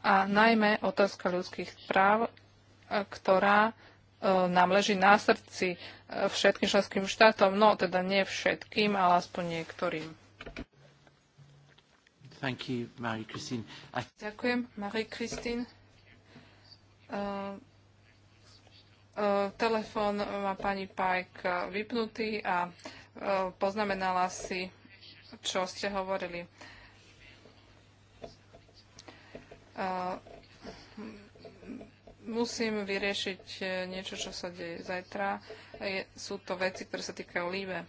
a najmä otázka ľudských práv, ktorá e, nám leží na srdci e, všetkým členským štátom, no teda nie všetkým, ale aspoň niektorým. Thank you, Marie -Christine. I... Ďakujem, Marie-Christine. Uh, uh, telefón má pani Pajk vypnutý a uh, poznamenala si, čo ste hovorili. Uh, musím vyriešiť e, niečo, čo sa deje zajtra. Je, sú to veci, ktoré sa týkajú Líbe.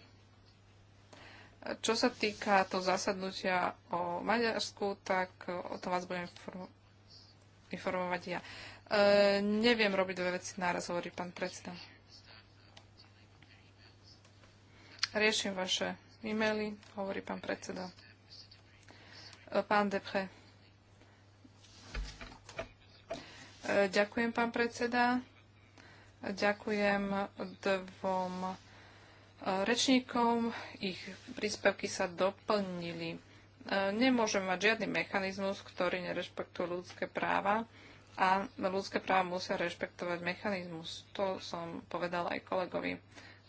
Čo sa týka to zasadnutia o Maďarsku, tak e, o to vás budem informovať ja. E, neviem robiť dve veci náraz, hovorí pán predseda. Riešim vaše e-maily, hovorí pán predseda. E, pán Depre. Ďakujem, pán predseda. Ďakujem dvom e, rečníkom. Ich príspevky sa doplnili. E, nemôžeme mať žiadny mechanizmus, ktorý nerešpektuje ľudské práva a ľudské práva musia rešpektovať mechanizmus. To som povedal aj kolegovi.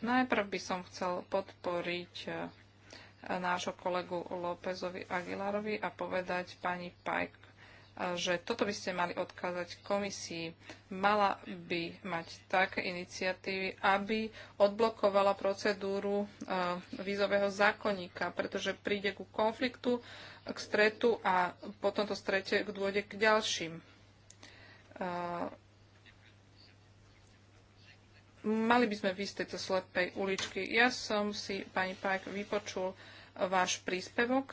Najprv by som chcel podporiť e, nášho kolegu Lópezovi Aguilarovi a povedať pani Pajk že toto by ste mali odkázať komisii. Mala by mať také iniciatívy, aby odblokovala procedúru e, vízového zákonníka, pretože príde ku konfliktu, k stretu a po tomto strete dôjde k ďalším. E, mali by sme výjsť tejto slepej uličky. Ja som si, pani Pajk, vypočul váš príspevok,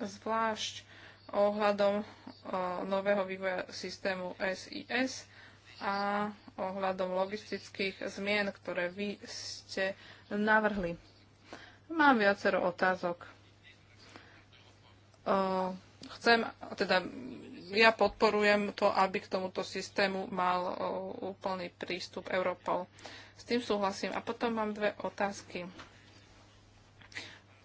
zvlášť ohľadom nového vývoja systému SIS a ohľadom logistických zmien, ktoré vy ste navrhli. Mám viacero otázok. Chcem, teda ja podporujem to, aby k tomuto systému mal úplný prístup Europol. S tým súhlasím. A potom mám dve otázky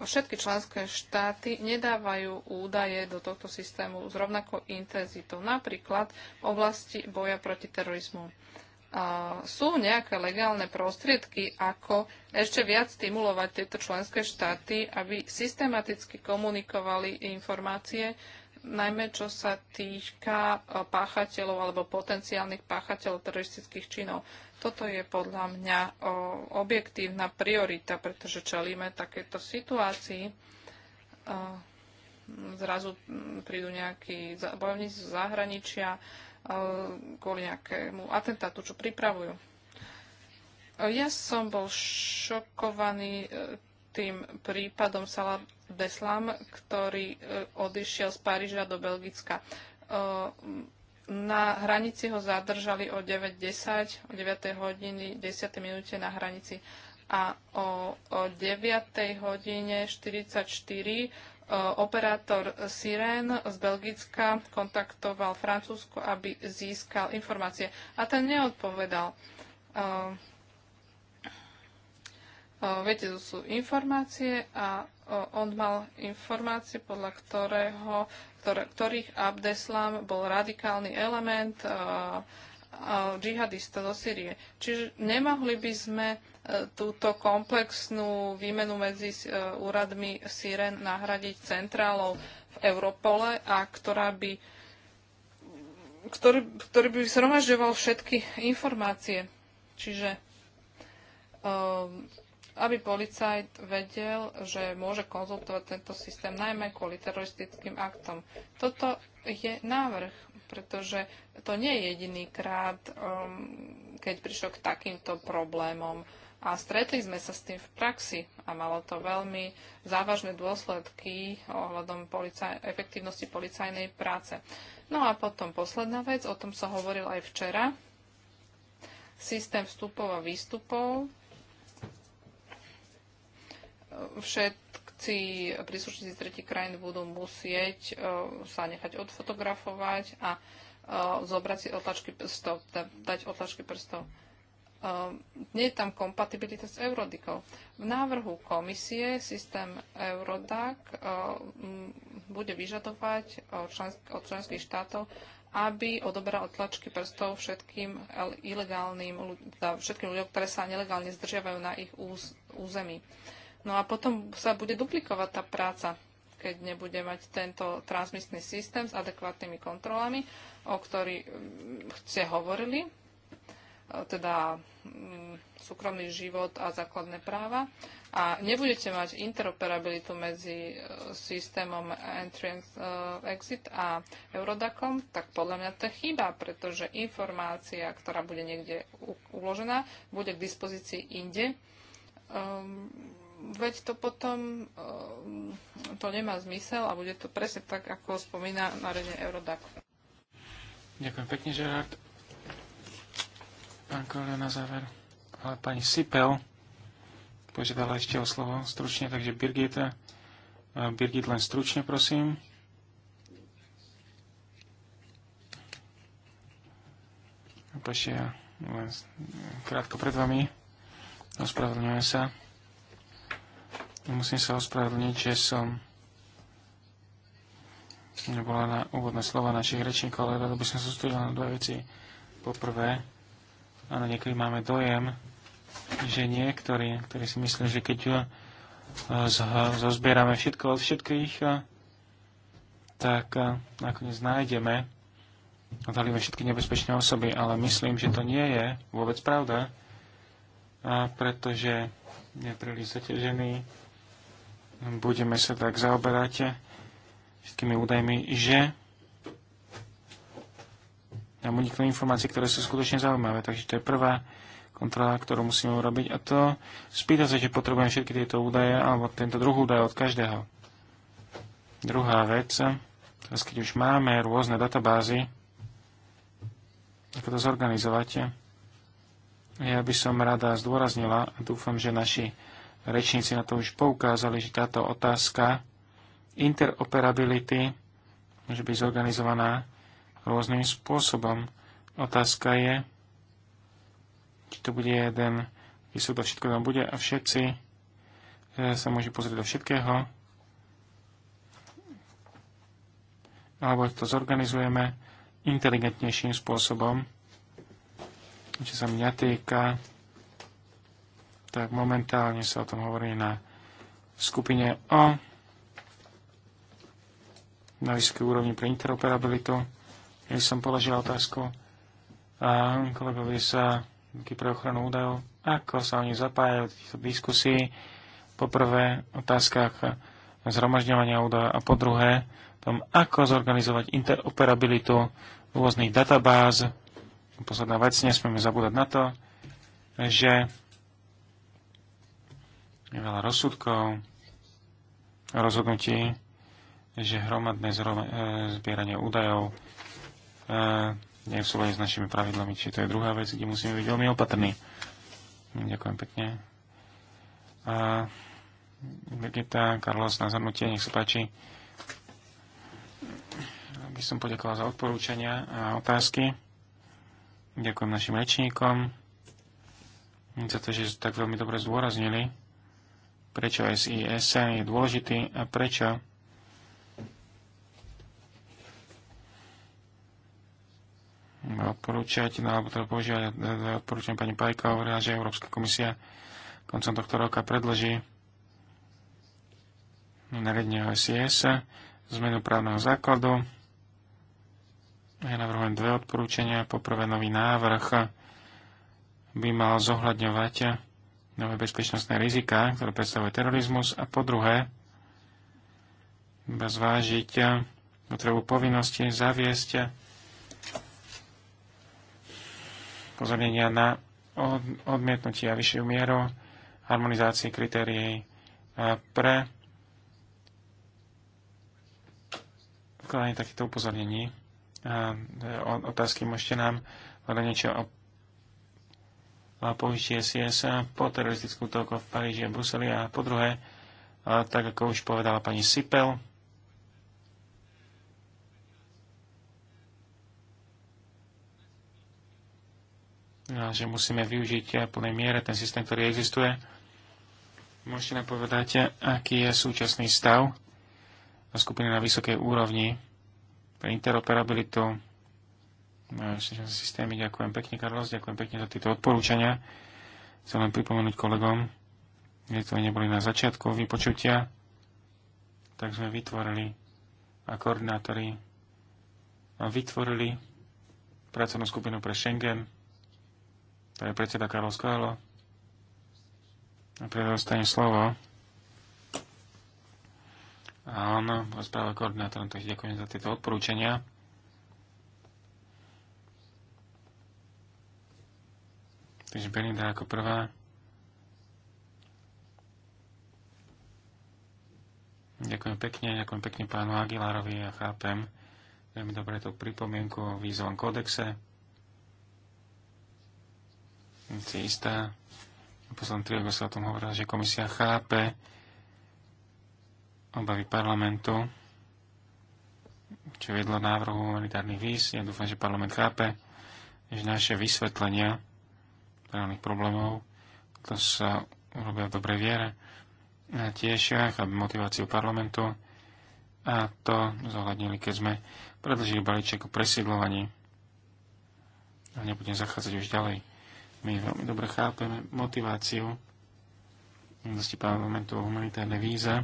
všetky členské štáty nedávajú údaje do tohto systému s rovnakou intenzitou, napríklad v oblasti boja proti terorizmu. sú nejaké legálne prostriedky, ako ešte viac stimulovať tieto členské štáty, aby systematicky komunikovali informácie, najmä čo sa týka páchateľov alebo potenciálnych páchateľov teroristických činov. Toto je podľa mňa objektívna priorita, pretože čelíme takéto situácii. Zrazu prídu nejakí bojovníci z zahraničia kvôli nejakému atentátu, čo pripravujú. Ja som bol šokovaný e, tým prípadom Salah Beslam, ktorý e, odišiel z Paríža do Belgicka na hranici ho zadržali o 9.10, o 9. hodiny, 10. minúte na hranici a o, o 9. hodine 44 e, operátor Siren z Belgicka kontaktoval Francúzsko, aby získal informácie. A ten neodpovedal. E, Viete, to sú informácie a on mal informácie, podľa ktorého, ktorých Abdeslam bol radikálny element džihadista zo Syrie. Čiže nemohli by sme e, túto komplexnú výmenu medzi e, úradmi Syren nahradiť centrálou v Europole, a ktorá by, ktorý, ktorý by zhromažďoval všetky informácie. Čiže um, aby policajt vedel, že môže konzultovať tento systém najmä kvôli teroristickým aktom. Toto je návrh, pretože to nie je jediný krát, um, keď prišlo k takýmto problémom. A stretli sme sa s tým v praxi a malo to veľmi závažné dôsledky ohľadom policaj- efektívnosti policajnej práce. No a potom posledná vec, o tom sa hovoril aj včera, systém vstupov a výstupov všetci príslušníci tretich krajín budú musieť e, sa nechať odfotografovať a e, zobrať si otlačky prstov, dať otlačky prstov. E, nie je tam kompatibilita s Eurodikou. V návrhu komisie systém Eurodac bude vyžadovať od členských štátov, aby odoberal tlačky prstov všetkým ilegálnym, teda všetkým ľuďom, ktoré sa nelegálne zdržiavajú na ich úz, území. No a potom sa bude duplikovať tá práca, keď nebude mať tento transmisný systém s adekvátnymi kontrolami, o ktorých mm, ste hovorili, e, teda mm, súkromný život a základné práva. A nebudete mať interoperabilitu medzi e, systémom and e, Exit a Eurodacom, tak podľa mňa to je chyba, pretože informácia, ktorá bude niekde uložená, bude k dispozícii inde. Um, veď to potom eh, to nemá zmysel a bude to presne tak, ako spomína nariadenie Eurodac. Ďakujem pekne, Žerard. Pán Koľa na záver. Ale pani Sipel požiadala ešte o slovo stručne, takže Birgita. Eh, Birgit, len stručne, prosím. Prepačte, len krátko pred vami. Ospravedlňujem sa. Musím sa ospravedlniť, že som nebola na úvodné slova našich rečníkov, ale rado by som sústredil na dve veci. Poprvé, áno, niekedy máme dojem, že niektorí, ktorí si myslí, že keď eh, zozbierame všetko od všetkých, eh, tak eh, nakoniec nájdeme, odhalíme všetky nebezpečné osoby, ale myslím, že to nie je vôbec pravda, pretože je príliš zaťažený budeme sa tak zaoberať všetkými údajmi, že nám uniknú informácie, ktoré sú skutočne zaujímavé. Takže to je prvá kontrola, ktorú musíme urobiť. A to spýta sa, že potrebujem všetky tieto údaje, alebo tento druh údaj od každého. Druhá vec, teraz keď už máme rôzne databázy, ako to zorganizovať, ja by som rada zdôraznila a dúfam, že naši rečníci na to už poukázali, že táto otázka interoperability môže byť zorganizovaná rôznym spôsobom. Otázka je, či to bude jeden sú to všetko tam bude a všetci e, sa môžu pozrieť do všetkého. Alebo to zorganizujeme inteligentnejším spôsobom. Čo sa mňa týka, tak momentálne sa o tom hovorí na skupine O na vysokej úrovni pre interoperabilitu. Ja som položil otázku a kolegovi sa pre ochranu údajov, ako sa oni zapájajú do týchto diskusí. Po prvé, otázkach zhromažďovania údajov a po druhé, tom, ako zorganizovať interoperabilitu rôznych databáz. Posledná vec, nesmieme zabúdať na to, že je veľa rozsudkov, rozhodnutí, že hromadné e, zbieranie údajov e, nie je v súlade s našimi pravidlami, či to je druhá vec, kde musíme byť veľmi opatrní. Ďakujem pekne. A Birgita, Carlos, na zhrnutie, nech sa páči. By som poďakoval za odporúčania a otázky. Ďakujem našim rečníkom za to, že tak veľmi dobre zdôraznili prečo SIS je dôležitý a prečo odporúčať, no, alebo teda požiadať, odporúčam pani Pajka, hovorila, že Európska komisia koncom tohto roka predloží nariadenie OSIS, zmenu právneho základu. Ja navrhujem dve odporúčania. Poprvé, nový návrh by mal zohľadňovať nové bezpečnostné rizika, ktoré predstavuje terorizmus a po druhé iba zvážiť eh, potrebu povinnosti zaviesť eh, pozornenia na odmietnutie a vyššiu mieru harmonizácie kritérií eh, pre vkladanie takýchto upozornení. A otázky môžete nám hľadať niečo o použitie CSA po teroristickú toľko v Paríži a Bruseli a po druhé, tak ako už povedala pani Sipel, že musíme využiť v plnej miere ten systém, ktorý existuje. Môžete nám povedať, aký je súčasný stav skupiny na vysokej úrovni pre interoperabilitu, systémy. Ďakujem pekne, Karlos, ďakujem pekne za tieto odporúčania. Chcem len pripomenúť kolegom, že to neboli na začiatku vypočutia, tak sme vytvorili a koordinátori a vytvorili pracovnú skupinu pre Schengen, to je predseda Karol Skoelo. A predostane slovo. A on rozpráva koordinátorom, takže ďakujem za tieto odporúčania. Takže Belinda ako prvá. Ďakujem pekne, ďakujem pekne pánu Aguilarovi a ja chápem veľmi dobre tú pripomienku o vízovom kódexe. Si istá, poslednom triegu sa o tom hovoril, že komisia chápe obavy parlamentu, čo vedlo návrhu humanitárnych víz. Ja dúfam, že parlament chápe, že naše vysvetlenia reálnych problémov. To sa urobia v dobrej viere. A tiež chápem motiváciu parlamentu a to zohľadnili, keď sme predlžili balíček o presiedlovaní. A nebudem zachádzať už ďalej. My veľmi dobre chápeme motiváciu vlastne parlamentu o humanitárne víza.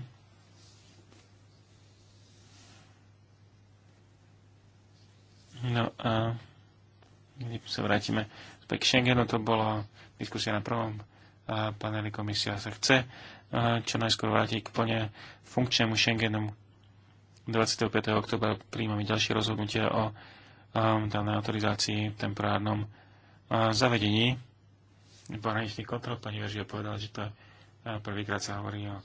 No a kde sa vrátime tak Schengenu to bola diskusia na prvom paneli komisia sa chce čo najskôr vrátiť k plne funkčnému Schengenu. 25. oktobra príjmame ďalšie rozhodnutie o danej autorizácii v temporárnom zavedení pohraničných kontrol. Pani Veržia povedala, že to prvýkrát sa hovorí o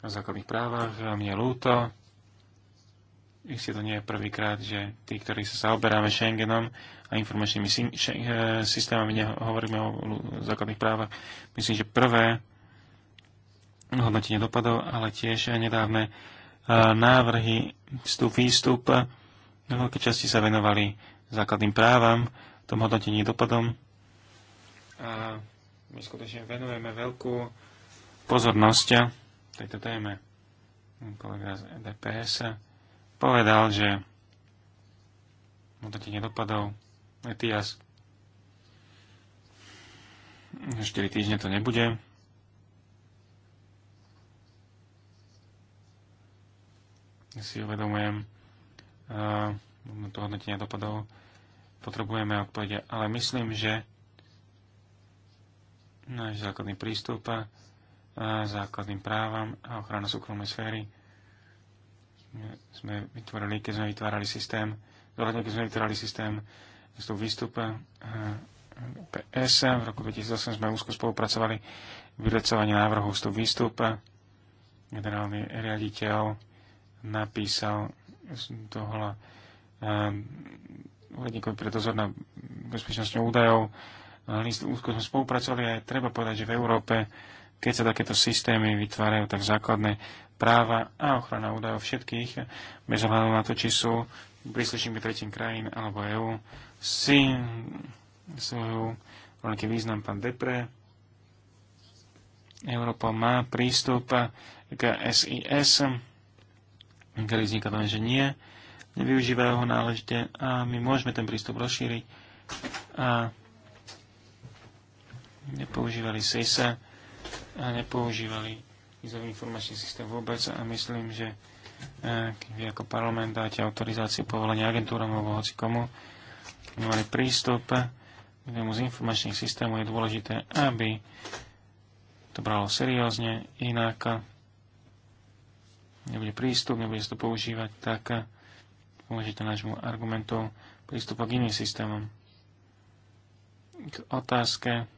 základných právach. Mne ľúto, ešte to nie je prvýkrát, že tí, ktorí sa zaoberáme Schengenom a informačnými e, systémami, hovoríme o základných právach. Myslím, že prvé hodnotenie dopadov, ale tiež nedávne e, návrhy vstup, výstup na veľké časti sa venovali základným právam, tom hodnotení dopadom. A my skutočne venujeme veľkú pozornosť tejto téme. Kolega z EDPS povedal, že hodnotenie dopadov ETIAS 4 týždne to nebude. Ja si uvedomujem, uh, eh, to hodnotenie dopadov potrebujeme odpovede, ale myslím, že náš základný prístup a eh, základným právam a ochrana súkromnej sféry sme vytvorili, keď sme vytvárali systém, dohľadne, keď sme vytvárali systém z toho výstup eh, PS. V roku 2008 sme úzko spolupracovali v vylecovaní návrhu z tú výstup. Generálny riaditeľ napísal z toho eh, úradníkovi pre dozor na bezpečnosťou údajov. Eh, list úzko sme spolupracovali a treba povedať, že v Európe keď sa takéto systémy vytvárajú, tak základné práva a ochrana údajov všetkých, bez ohľadu na to, či sú príslušníkmi tretím krajín alebo EÚ, si svoju veľký význam pán Depre. Európa má prístup k SIS, ktorý vzniká len, že nie. Nevyužívajú ho náležite a my môžeme ten prístup rozšíriť. A nepoužívali SIS a nepoužívali vízový informačný systém vôbec a myslím, že eh, keď vy ako parlament dáte autorizáciu povolenia agentúram alebo hoci komu, mali prístup k jednému z informačných systémov, je dôležité, aby to bralo seriózne, inak nebude prístup, nebude sa to používať, tak použite nášmu argumentu prístupu k iným systémom. K otázke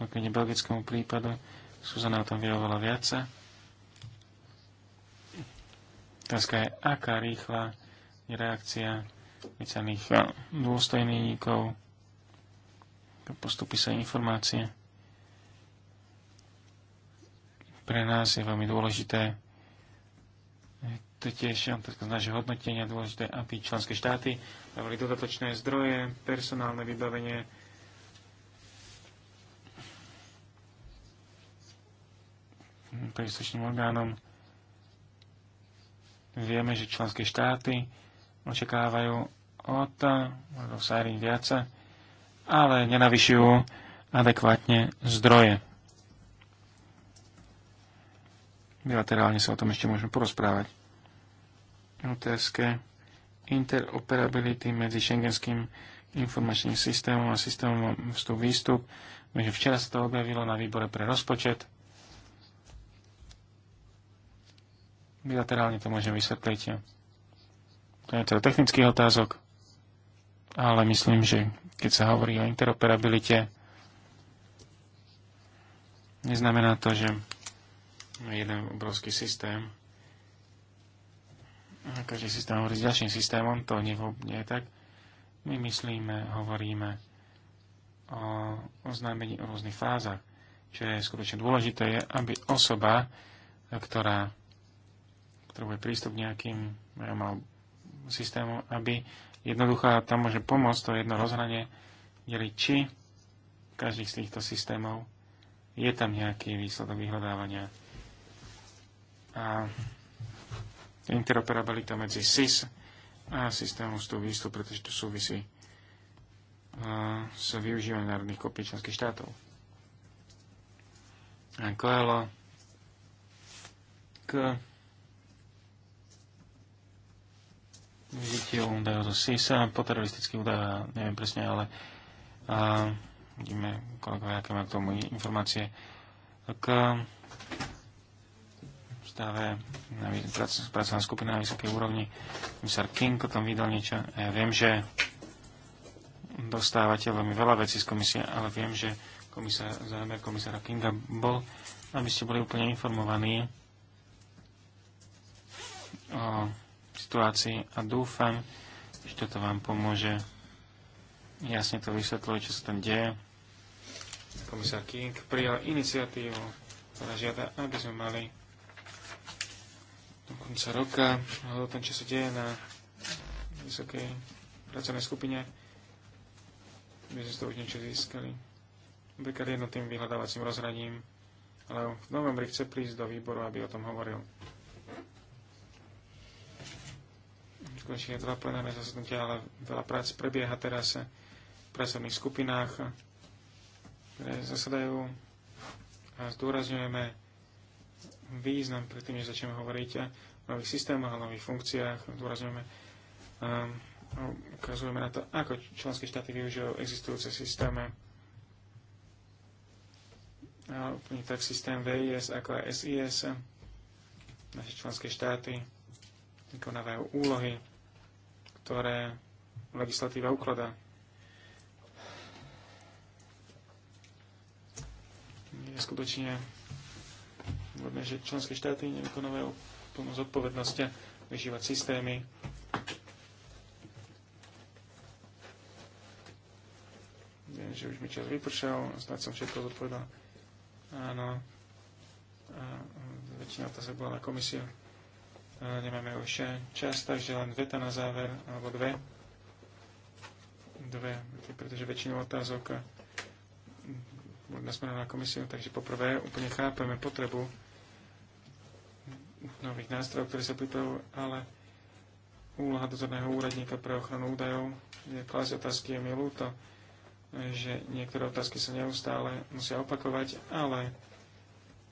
konkrétne belgickému prípadu. sú za nám tam oveľa viac. Otázka je, aká rýchla je reakcia vycených eh, dôstojníkov, postupy sa informácie. Pre nás je veľmi dôležité, to tiež z nášho hodnotenia dôležité, aby členské štáty dávali dodatočné zdroje, personálne vybavenie, príslušným orgánom. Vieme, že členské štáty očakávajú od Rosárin viace, ale nenavyšujú adekvátne zdroje. Bilaterálne sa o tom ešte môžeme porozprávať. Otázke interoperability medzi šengenským informačným systémom a systémom vstup-výstup. že včera sa to objavilo na výbore pre rozpočet. Bilaterálne to môžem vysvetliť. To je teda technických otázok, ale myslím, že keď sa hovorí o interoperabilite, neznamená to, že jeden obrovský systém, každý systém hovorí s ďalším systémom, to nie, nie je tak. My myslíme, hovoríme o oznámení o rôznych fázach. Čo je skutočne dôležité, je, aby osoba, ktorá potrebuje prístup k nejakým mal systémom, aby jednoduchá tam môže pomôcť to jedno rozhranie deliť, či každý z týchto systémov je tam nejaký výsledok vyhľadávania. A interoperabilita medzi SIS a systémom vstup výstup, pretože to súvisí e, s využívaním národných kopí členských štátov. A Coelho k využitiu údajov zo SISA, po teroristický údajov, neviem presne, ale a, vidíme, koľko aké má k tomu informácie. K stave na pracovná skupina na vysokej úrovni, komisár King o tom vydal niečo. Ja viem, že dostávate veľmi veľa vecí z komisie, ale viem, že komisár, zámer komisára Kinga bol, aby ste boli úplne informovaní o situácii a dúfam, že toto vám pomôže jasne to vysvetľuje, čo sa tam deje. Komisár King prijal iniciatívu, ktorá žiada, aby sme mali do konca roka o tom, čo sa deje na vysokej pracovnej skupine, by sme z toho už niečo získali. Napríklad jednotým vyhľadávacím rozhraním, ale v novembri chce prísť do výboru, aby o tom hovoril. konečne veľa plenárne zasadnutia, ale veľa prác prebieha teraz v pracovných skupinách, ktoré zasadajú a zdôrazňujeme význam, predtým že začneme hovoriť o nových systémoch a nových funkciách, zdôrazňujeme a ehm, ukazujeme na to, ako členské štáty využívajú existujúce systémy. A úplne tak systém VIS ako aj SIS. Naše členské štáty vykonávajú úlohy, ktoré legislatíva ukladá. Je skutočne vhodné, že členské štáty nevykonávajú plnú zodpovednosť vyžívať systémy, Viem, že už mi čas vypršal, snáď som všetko zodpovedal. Áno. A väčšina otázok bola na komisiu. Nemáme už čas, takže len veta na záver, alebo dve. Dve, pretože väčšinu otázok budeme nasmerované na komisiu, takže poprvé úplne chápeme potrebu nových nástrojov, ktoré sa pripravujú, ale úloha dozorného úradníka pre ochranu údajov je klásť otázky, je mi ľúto, že niektoré otázky sa neustále musia opakovať, ale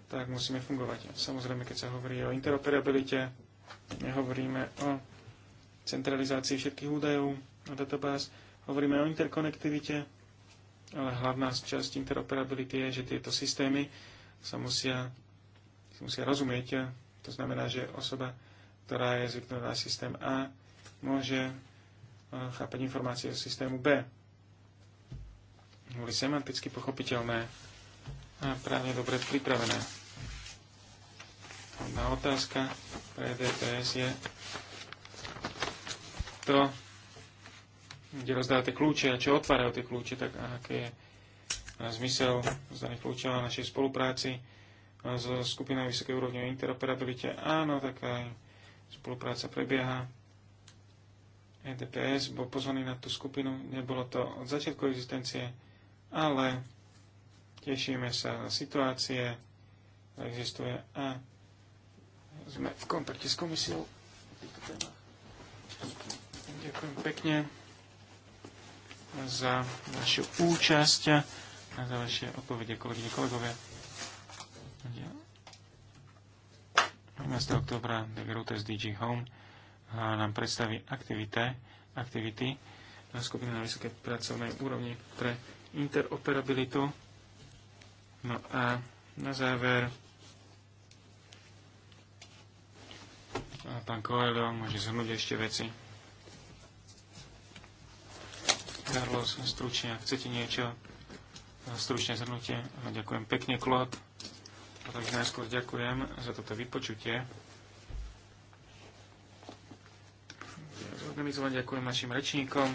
tak musíme fungovať. Samozrejme, keď sa hovorí o interoperabilite, Nehovoríme o centralizácii všetkých údajov na databáz, hovoríme o interkonektivite, ale hlavná časť interoperability je, že tieto systémy sa musia, sa musia rozumieť. To znamená, že osoba, ktorá je zvyknutá na systém A, môže e, chápať informácie z systému B. Boli semanticky pochopiteľné a právne dobre pripravené. Jedna otázka pre DTS je to, kde tie kľúče a čo otvárajú tie kľúče, tak aké je zmysel zdaných kľúčov na našej spolupráci so skupinou vysokej úrovne interoperabilite. Áno, tak aj spolupráca prebieha. EDPS bol pozvaný na tú skupinu, nebolo to od začiatku existencie, ale tešíme sa na situácie, existuje a sme v kontakte s komisiou týchto Ďakujem pekne za vašu účasť a za vaše odpovede, kolegyne, kolegovia. Mesta oktobra Degerutas DG Home nám predstaví aktivite, aktivity na skupiny na vysokej pracovnej úrovni pre interoperabilitu. No a na záver pán Coelho môže zhrnúť ešte veci. Carlos, stručne, ak chcete niečo, e, stručne zhrnutie. ďakujem pekne, Klod. A takže najskôr ďakujem za toto vypočutie. Zorganizovať ďakujem našim rečníkom.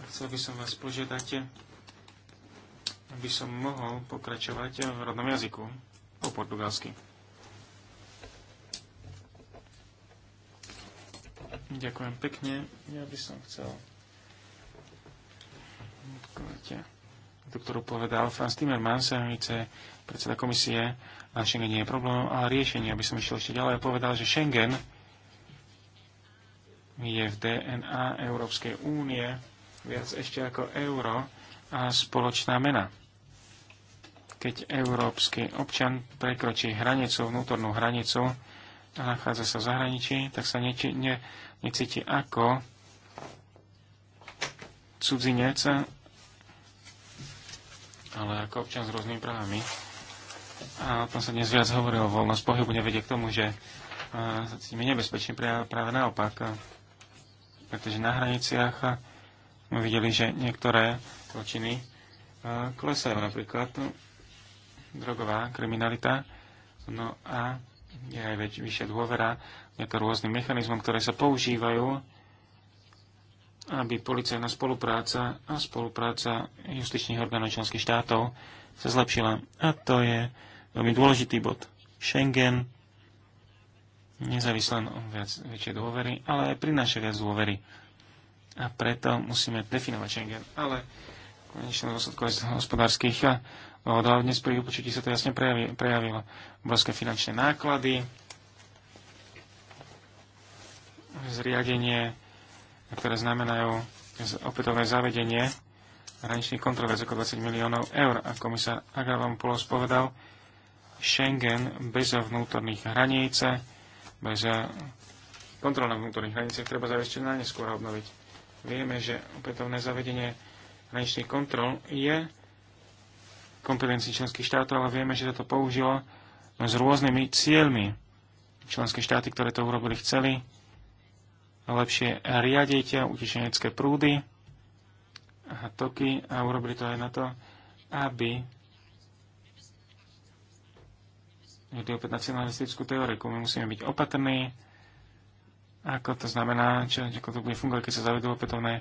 A chcel by som vás požiadať, aby som mohol pokračovať v rodnom jazyku, o portugalsky. Ďakujem pekne. Ja by som chcel doktoru ktorú povedal Franz Timmer Mansenice, predseda komisie, a Schengen nie je problém, ale riešenie, aby som išiel ešte ďalej a povedal, že Schengen je v DNA Európskej únie viac ešte ako euro a spoločná mena. Keď európsky občan prekročí hranicu, vnútornú hranicu, a nachádza sa v zahraničí, tak sa ne, ne, necíti ako cudzinec, ale ako občan s rôznymi právami. A o tom sa dnes viac hovorilo, voľnosť pohybu nevedie k tomu, že sa cítime nebezpečne, práve naopak. Pretože na hraniciach sme videli, že niektoré zločiny klesajú, napríklad drogová kriminalita. No a je aj väč- vyššia dôvera, je to rôznym mechanizmom, ktoré sa používajú, aby policajná spolupráca a spolupráca justičných orgánov členských štátov sa zlepšila. A to je veľmi dôležitý bod. Schengen nezávisle o viac, väčšej dôvery, ale aj prináša viac dôvery. A preto musíme definovať Schengen. Ale konečne konečnom dôsledku aj z hospodárskych hlavne dnes pri vypočutí sa to jasne prejavilo. Obrovské finančné náklady, zriadenie, ktoré znamenajú opätovné zavedenie hraničných kontrol viac ako 20 miliónov eur. A komisár Agravamopoulos povedal, Schengen bez vnútorných hraníc, bez eh, kontrol na vnútorných hraniciach treba zaviesť na neskôr obnoviť. Vieme, že opätovné zavedenie hraničných kontrol je kompetencií členských štátov, ale vieme, že sa to použilo s rôznymi cieľmi. Členské štáty, ktoré to urobili, chceli lepšie riadiť utečenecké prúdy a toky a urobili to aj na to, aby je opäť nacionalistickú teoriku. My musíme byť opatrní, ako to znamená, čo, ako to bude fungovať, keď sa zavedú opätovné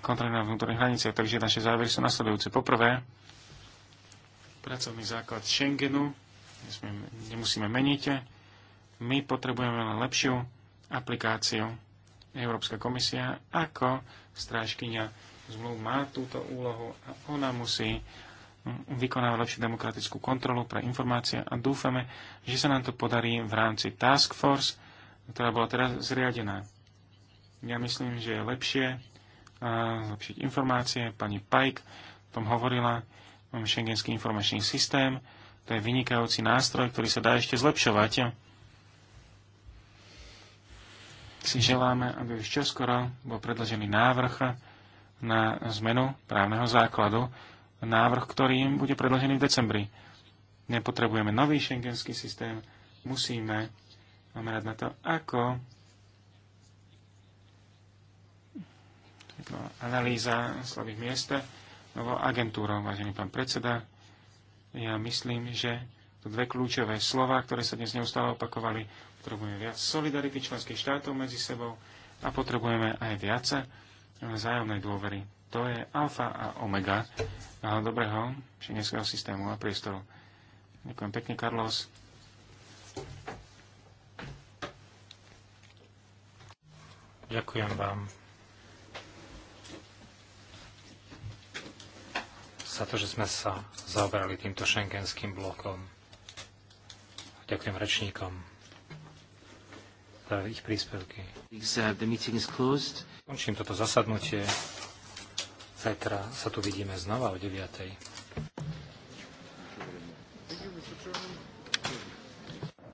kontroly na vnútorných hraniciach. Takže naše závery sú nasledujúce. Poprvé, pracovný základ Schengenu, nemusíme meniť. My potrebujeme len lepšiu aplikáciu. Európska komisia ako strážkynia zmluv má túto úlohu a ona musí vykonávať lepšiu demokratickú kontrolu pre informácie a dúfame, že sa nám to podarí v rámci Task Force, ktorá bola teraz zriadená. Ja myslím, že je lepšie zlepšiť informácie. Pani Pike o tom hovorila šengenský informačný systém. To je vynikajúci nástroj, ktorý sa dá ešte zlepšovať. Si želáme, aby už čoskoro bol predložený návrh na zmenu právneho základu, návrh, ktorým bude predložený v decembri. Nepotrebujeme nový šengenský systém, musíme rád na to, ako analýza slabých miest novou agentúrou, vážený pán predseda. Ja myslím, že to dve kľúčové slova, ktoré sa dnes neustále opakovali, potrebujeme viac solidarity členských štátov medzi sebou a potrebujeme aj viac vzájomnej dôvery. To je alfa a omega dobrého šeneského systému a priestoru. Ďakujem pekne, Carlos. Ďakujem vám za to, že sme sa zaoberali týmto šengenským blokom. Ďakujem rečníkom za ich príspevky. Končím toto zasadnutie. Zajtra sa tu vidíme znova o 9.